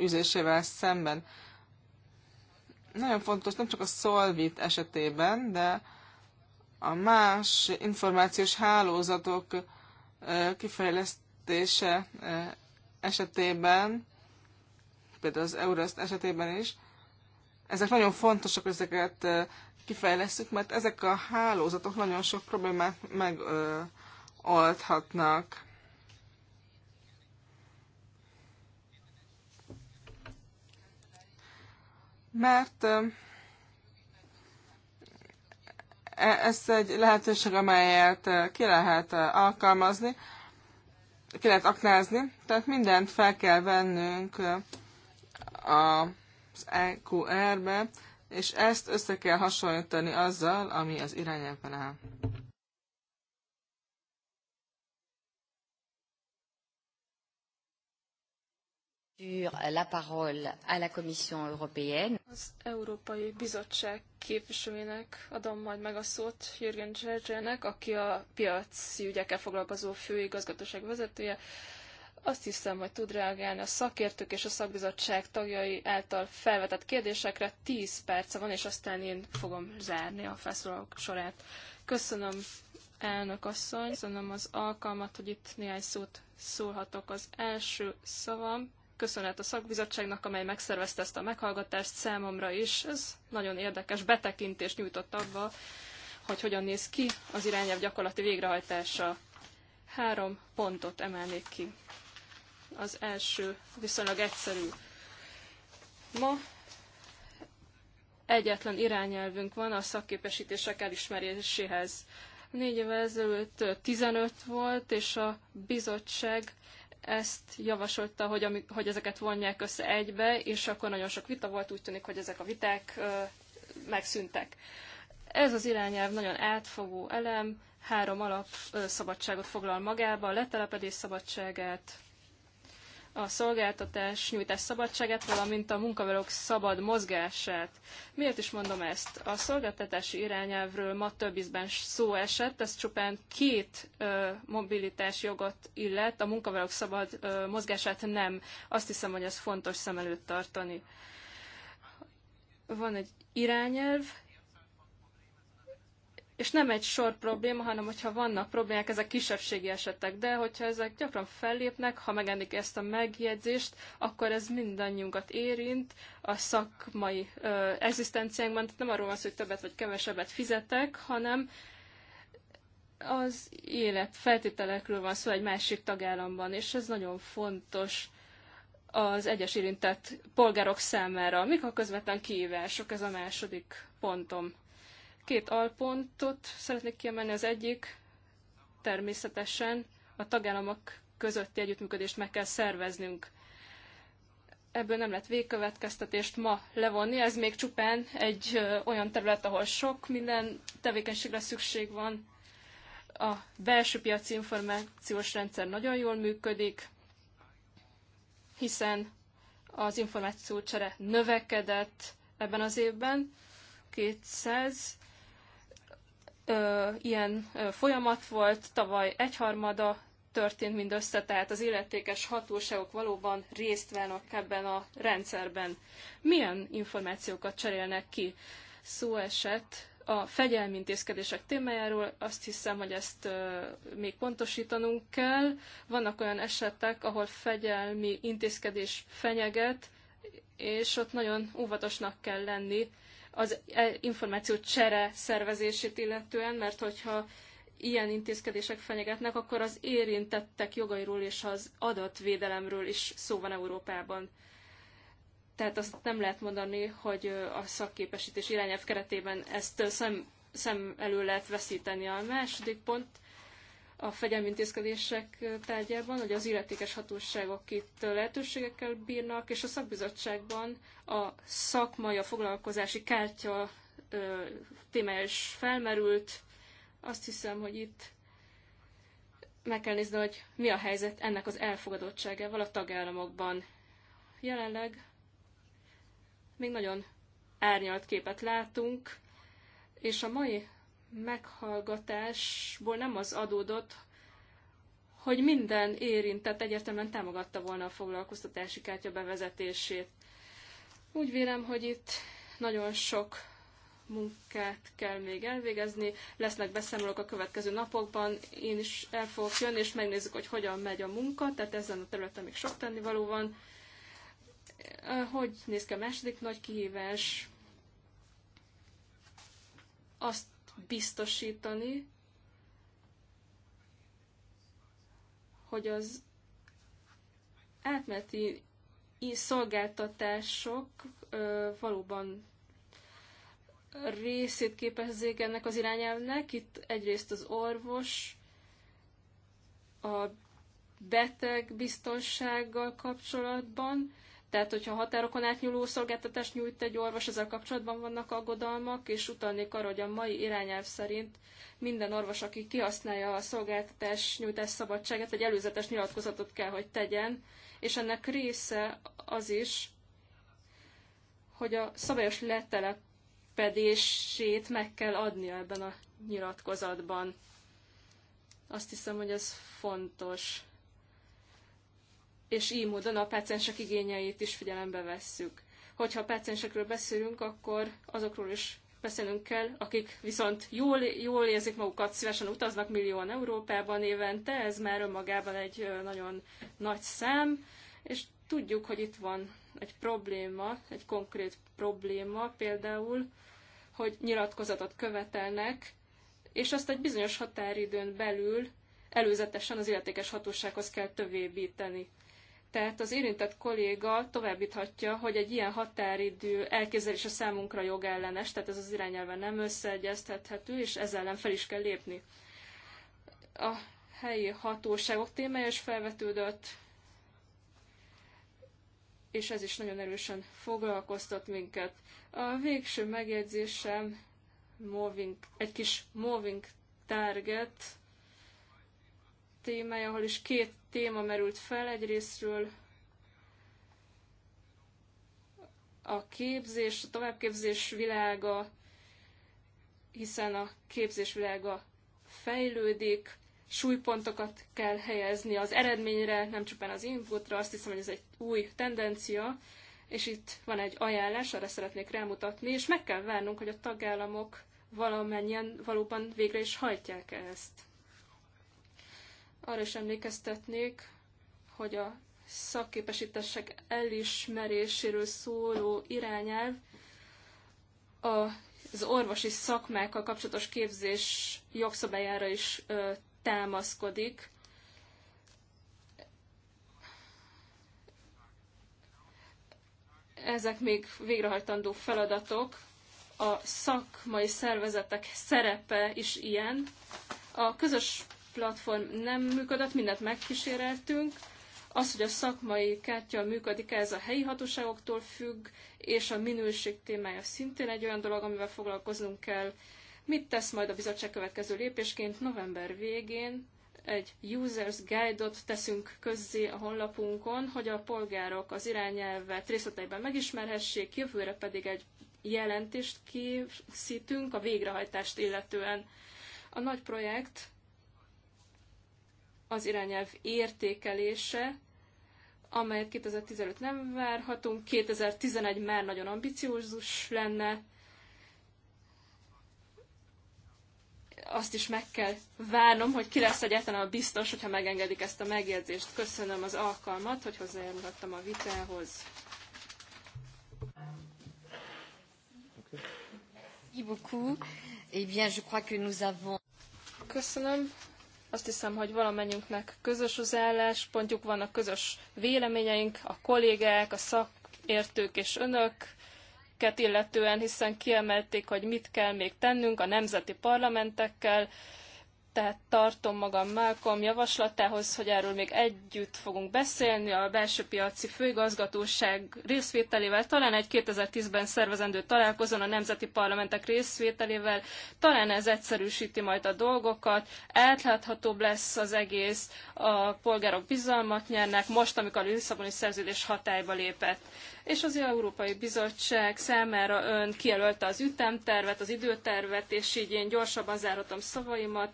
B: űzésével szemben. Nagyon fontos nem csak a Solvit esetében, de a más információs hálózatok kifejlesztése esetében, például az Euraszt esetében is, ezek nagyon fontosak, ezeket kifejlesztük, mert ezek a hálózatok nagyon sok problémát megoldhatnak. mert e, ez egy lehetőség, amelyet ki lehet alkalmazni, ki lehet aknázni, tehát mindent fel kell vennünk az EQR-be, és ezt össze kell hasonlítani azzal, ami az irányában
A: áll.
C: Az Európai Bizottság képviselőjének adom majd meg a szót Jürgen Zserzsének, aki a piaci ügyekkel foglalkozó főigazgatóság vezetője. Azt hiszem, hogy tud reagálni a szakértők és a szakbizottság tagjai által felvetett kérdésekre. tíz perce van, és aztán én fogom zárni a felszólalók sorát. Köszönöm, elnök asszony, köszönöm az alkalmat, hogy itt néhány szót szólhatok. Az első szavam köszönet a szakbizottságnak, amely megszervezte ezt a meghallgatást számomra is. Ez nagyon érdekes betekintést nyújtott abba, hogy hogyan néz ki az irányelv gyakorlati végrehajtása. Három pontot emelnék ki. Az első viszonylag egyszerű. Ma egyetlen irányelvünk van a szakképesítések elismeréséhez. Négy évvel ezelőtt 15 volt, és a bizottság ezt javasolta, hogy, ami, hogy ezeket vonják össze egybe, és akkor nagyon sok vita volt, úgy tűnik, hogy ezek a viták ö, megszűntek. Ez az irányelv nagyon átfogó elem, három alap ö, szabadságot foglal magába, a letelepedés szabadságát, a szolgáltatás nyújtás szabadságát, valamint a munkavállalók szabad mozgását. Miért is mondom ezt? A szolgáltatási irányelvről ma több ízben szó esett, ez csupán két ö, mobilitás jogot illet, a munkavállalók szabad ö, mozgását nem. Azt hiszem, hogy ez fontos szem előtt tartani. Van egy irányelv, és nem egy sor probléma, hanem hogyha vannak problémák, ezek kisebbségi esetek, de hogyha ezek gyakran fellépnek, ha megennik ezt a megjegyzést, akkor ez mindannyiunkat érint a szakmai ö, egzisztenciánkban. Tehát nem arról van szó, hogy többet vagy kevesebbet fizetek, hanem az élet feltételekről van szó egy másik tagállamban, és ez nagyon fontos az egyes érintett polgárok számára. Mik a közvetlen kihívások? Ez a második pontom. Két alpontot szeretnék kiemelni. Az egyik természetesen a tagállamok közötti együttműködést meg kell szerveznünk. Ebből nem lehet végkövetkeztetést ma levonni, ez még csupán egy olyan terület, ahol sok minden tevékenységre szükség van. A belső piaci információs rendszer nagyon jól működik, hiszen az információcsere növekedett ebben az évben, 200 ö, ilyen ö, folyamat volt, tavaly egyharmada történt mindössze, tehát az illetékes hatóságok valóban részt vennek ebben a rendszerben. Milyen információkat cserélnek ki? Szó esett a fegyelmi intézkedések témájáról, azt hiszem, hogy ezt még pontosítanunk kell. Vannak olyan esetek, ahol fegyelmi intézkedés fenyeget, és ott nagyon óvatosnak kell lenni, az e, információ csere szervezését illetően, mert hogyha ilyen intézkedések fenyegetnek, akkor az érintettek jogairól és az adatvédelemről is szó van Európában. Tehát azt nem lehet mondani, hogy a szakképesítés irányelv keretében ezt szem, szem elő lehet veszíteni. A második pont a fegyelmi intézkedések tárgyában, hogy az illetékes hatóságok itt lehetőségekkel bírnak, és a szakbizottságban a szakmai, a foglalkozási kártya témája is felmerült. Azt hiszem, hogy itt meg kell nézni, hogy mi a helyzet ennek az elfogadottságával a tagállamokban. Jelenleg még nagyon árnyalt képet látunk, és a mai meghallgatásból nem az adódott, hogy minden érintett egyértelműen támogatta volna a foglalkoztatási kártya bevezetését. Úgy vélem, hogy itt nagyon sok munkát kell még elvégezni. Lesznek beszámolók a következő napokban, én is el fogok jönni, és megnézzük, hogy hogyan megy a munka, tehát ezen a területen még sok tennivaló van. Hogy néz ki a második nagy kihívás? Azt biztosítani, hogy az átmeneti szolgáltatások valóban részét képezzék ennek az irányelvnek. Itt egyrészt az orvos, a beteg biztonsággal kapcsolatban, tehát, hogyha határokon átnyúló szolgáltatást nyújt egy orvos, ezzel kapcsolatban vannak aggodalmak, és utalnék arra, hogy a mai irányelv szerint minden orvos, aki kihasználja a szolgáltatás nyújtás szabadságát, egy előzetes nyilatkozatot kell, hogy tegyen, és ennek része az is, hogy a szabályos letelepedését meg kell adnia ebben a nyilatkozatban. Azt hiszem, hogy ez fontos és így módon a páciensek igényeit is figyelembe vesszük. Hogyha a páciensekről beszélünk, akkor azokról is beszélünk kell, akik viszont jól, jól érzik magukat, szívesen utaznak millióan Európában évente, ez már önmagában egy nagyon nagy szám, és tudjuk, hogy itt van egy probléma, egy konkrét probléma például, hogy nyilatkozatot követelnek, és azt egy bizonyos határidőn belül előzetesen az illetékes hatósághoz kell tövébíteni. Tehát az érintett kolléga továbbíthatja, hogy egy ilyen határidő elképzelése számunkra jogellenes, tehát ez az irányelven nem összeegyeztethető, és ezzel ellen fel is kell lépni. A helyi hatóságok témája is felvetődött, és ez is nagyon erősen foglalkoztat minket. A végső megjegyzésem moving, egy kis moving target, témája, ahol is két téma merült fel. Egyrésztről a képzés, a továbbképzés világa, hiszen a képzés világa fejlődik, súlypontokat kell helyezni az eredményre, nem csupán az inputra, azt hiszem, hogy ez egy új tendencia, és itt van egy ajánlás, arra szeretnék rámutatni, és meg kell várnunk, hogy a tagállamok valamennyien valóban végre is hajtják ezt. Arra is emlékeztetnék, hogy a szakképesítések elismeréséről szóló irányelv az orvosi szakmákkal kapcsolatos képzés jogszabályára is ö, támaszkodik. Ezek még végrehajtandó feladatok. A szakmai szervezetek szerepe is ilyen. A közös platform nem működött, mindent megkíséreltünk. Az, hogy a szakmai kártya működik, ez a helyi hatóságoktól függ, és a minőség témája szintén egy olyan dolog, amivel foglalkoznunk kell. Mit tesz majd a bizottság következő lépésként? November végén egy Users Guide-ot teszünk közzé a honlapunkon, hogy a polgárok az irányelvet részleteiben megismerhessék, jövőre pedig egy jelentést készítünk a végrehajtást illetően. A nagy projekt az irányelv értékelése, amelyet 2015 nem várhatunk, 2011 már nagyon ambiciózus lenne, azt is meg kell várnom, hogy ki lesz egyáltalán a biztos, hogyha megengedik ezt a megjegyzést. Köszönöm az alkalmat, hogy hozzájárulhattam a vitához. Eh Köszönöm. Azt hiszem, hogy valamennyünknek közös az álláspontjuk, vannak közös véleményeink, a kollégák, a szakértők és önök, illetően, hiszen kiemelték, hogy mit kell még tennünk a nemzeti parlamentekkel, tehát tartom magam Malcolm javaslatához, hogy erről még együtt fogunk beszélni a belső piaci főigazgatóság részvételével, talán egy 2010-ben szervezendő találkozón a nemzeti parlamentek részvételével, talán ez egyszerűsíti majd a dolgokat, átláthatóbb lesz az egész, a polgárok bizalmat nyernek most, amikor a Lisszaboni szerződés hatályba lépett és az Európai Bizottság számára ön kijelölte az ütemtervet, az időtervet, és így én gyorsabban zárhatom szavaimat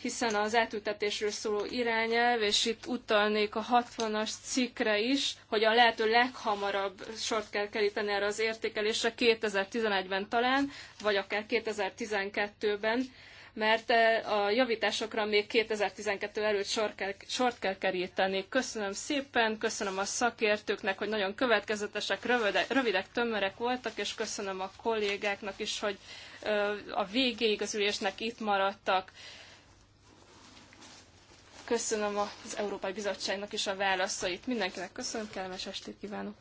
C: hiszen az átültetésről szóló irányelv, és itt utalnék a 60-as cikkre is, hogy a lehető leghamarabb sort kell keríteni erre az értékelésre 2011-ben talán, vagy akár 2012-ben, mert eh, a javításokra még 2012 előtt sor kell, sort kell keríteni. Köszönöm szépen, köszönöm a szakértőknek, hogy nagyon következetesek, rövidek, rövidek tömörek voltak, és köszönöm a kollégáknak is, hogy eh, a végéig az ülésnek itt maradtak. Köszönöm az Európai Bizottságnak is a válaszait. Mindenkinek köszönöm, kellemes estét kívánok!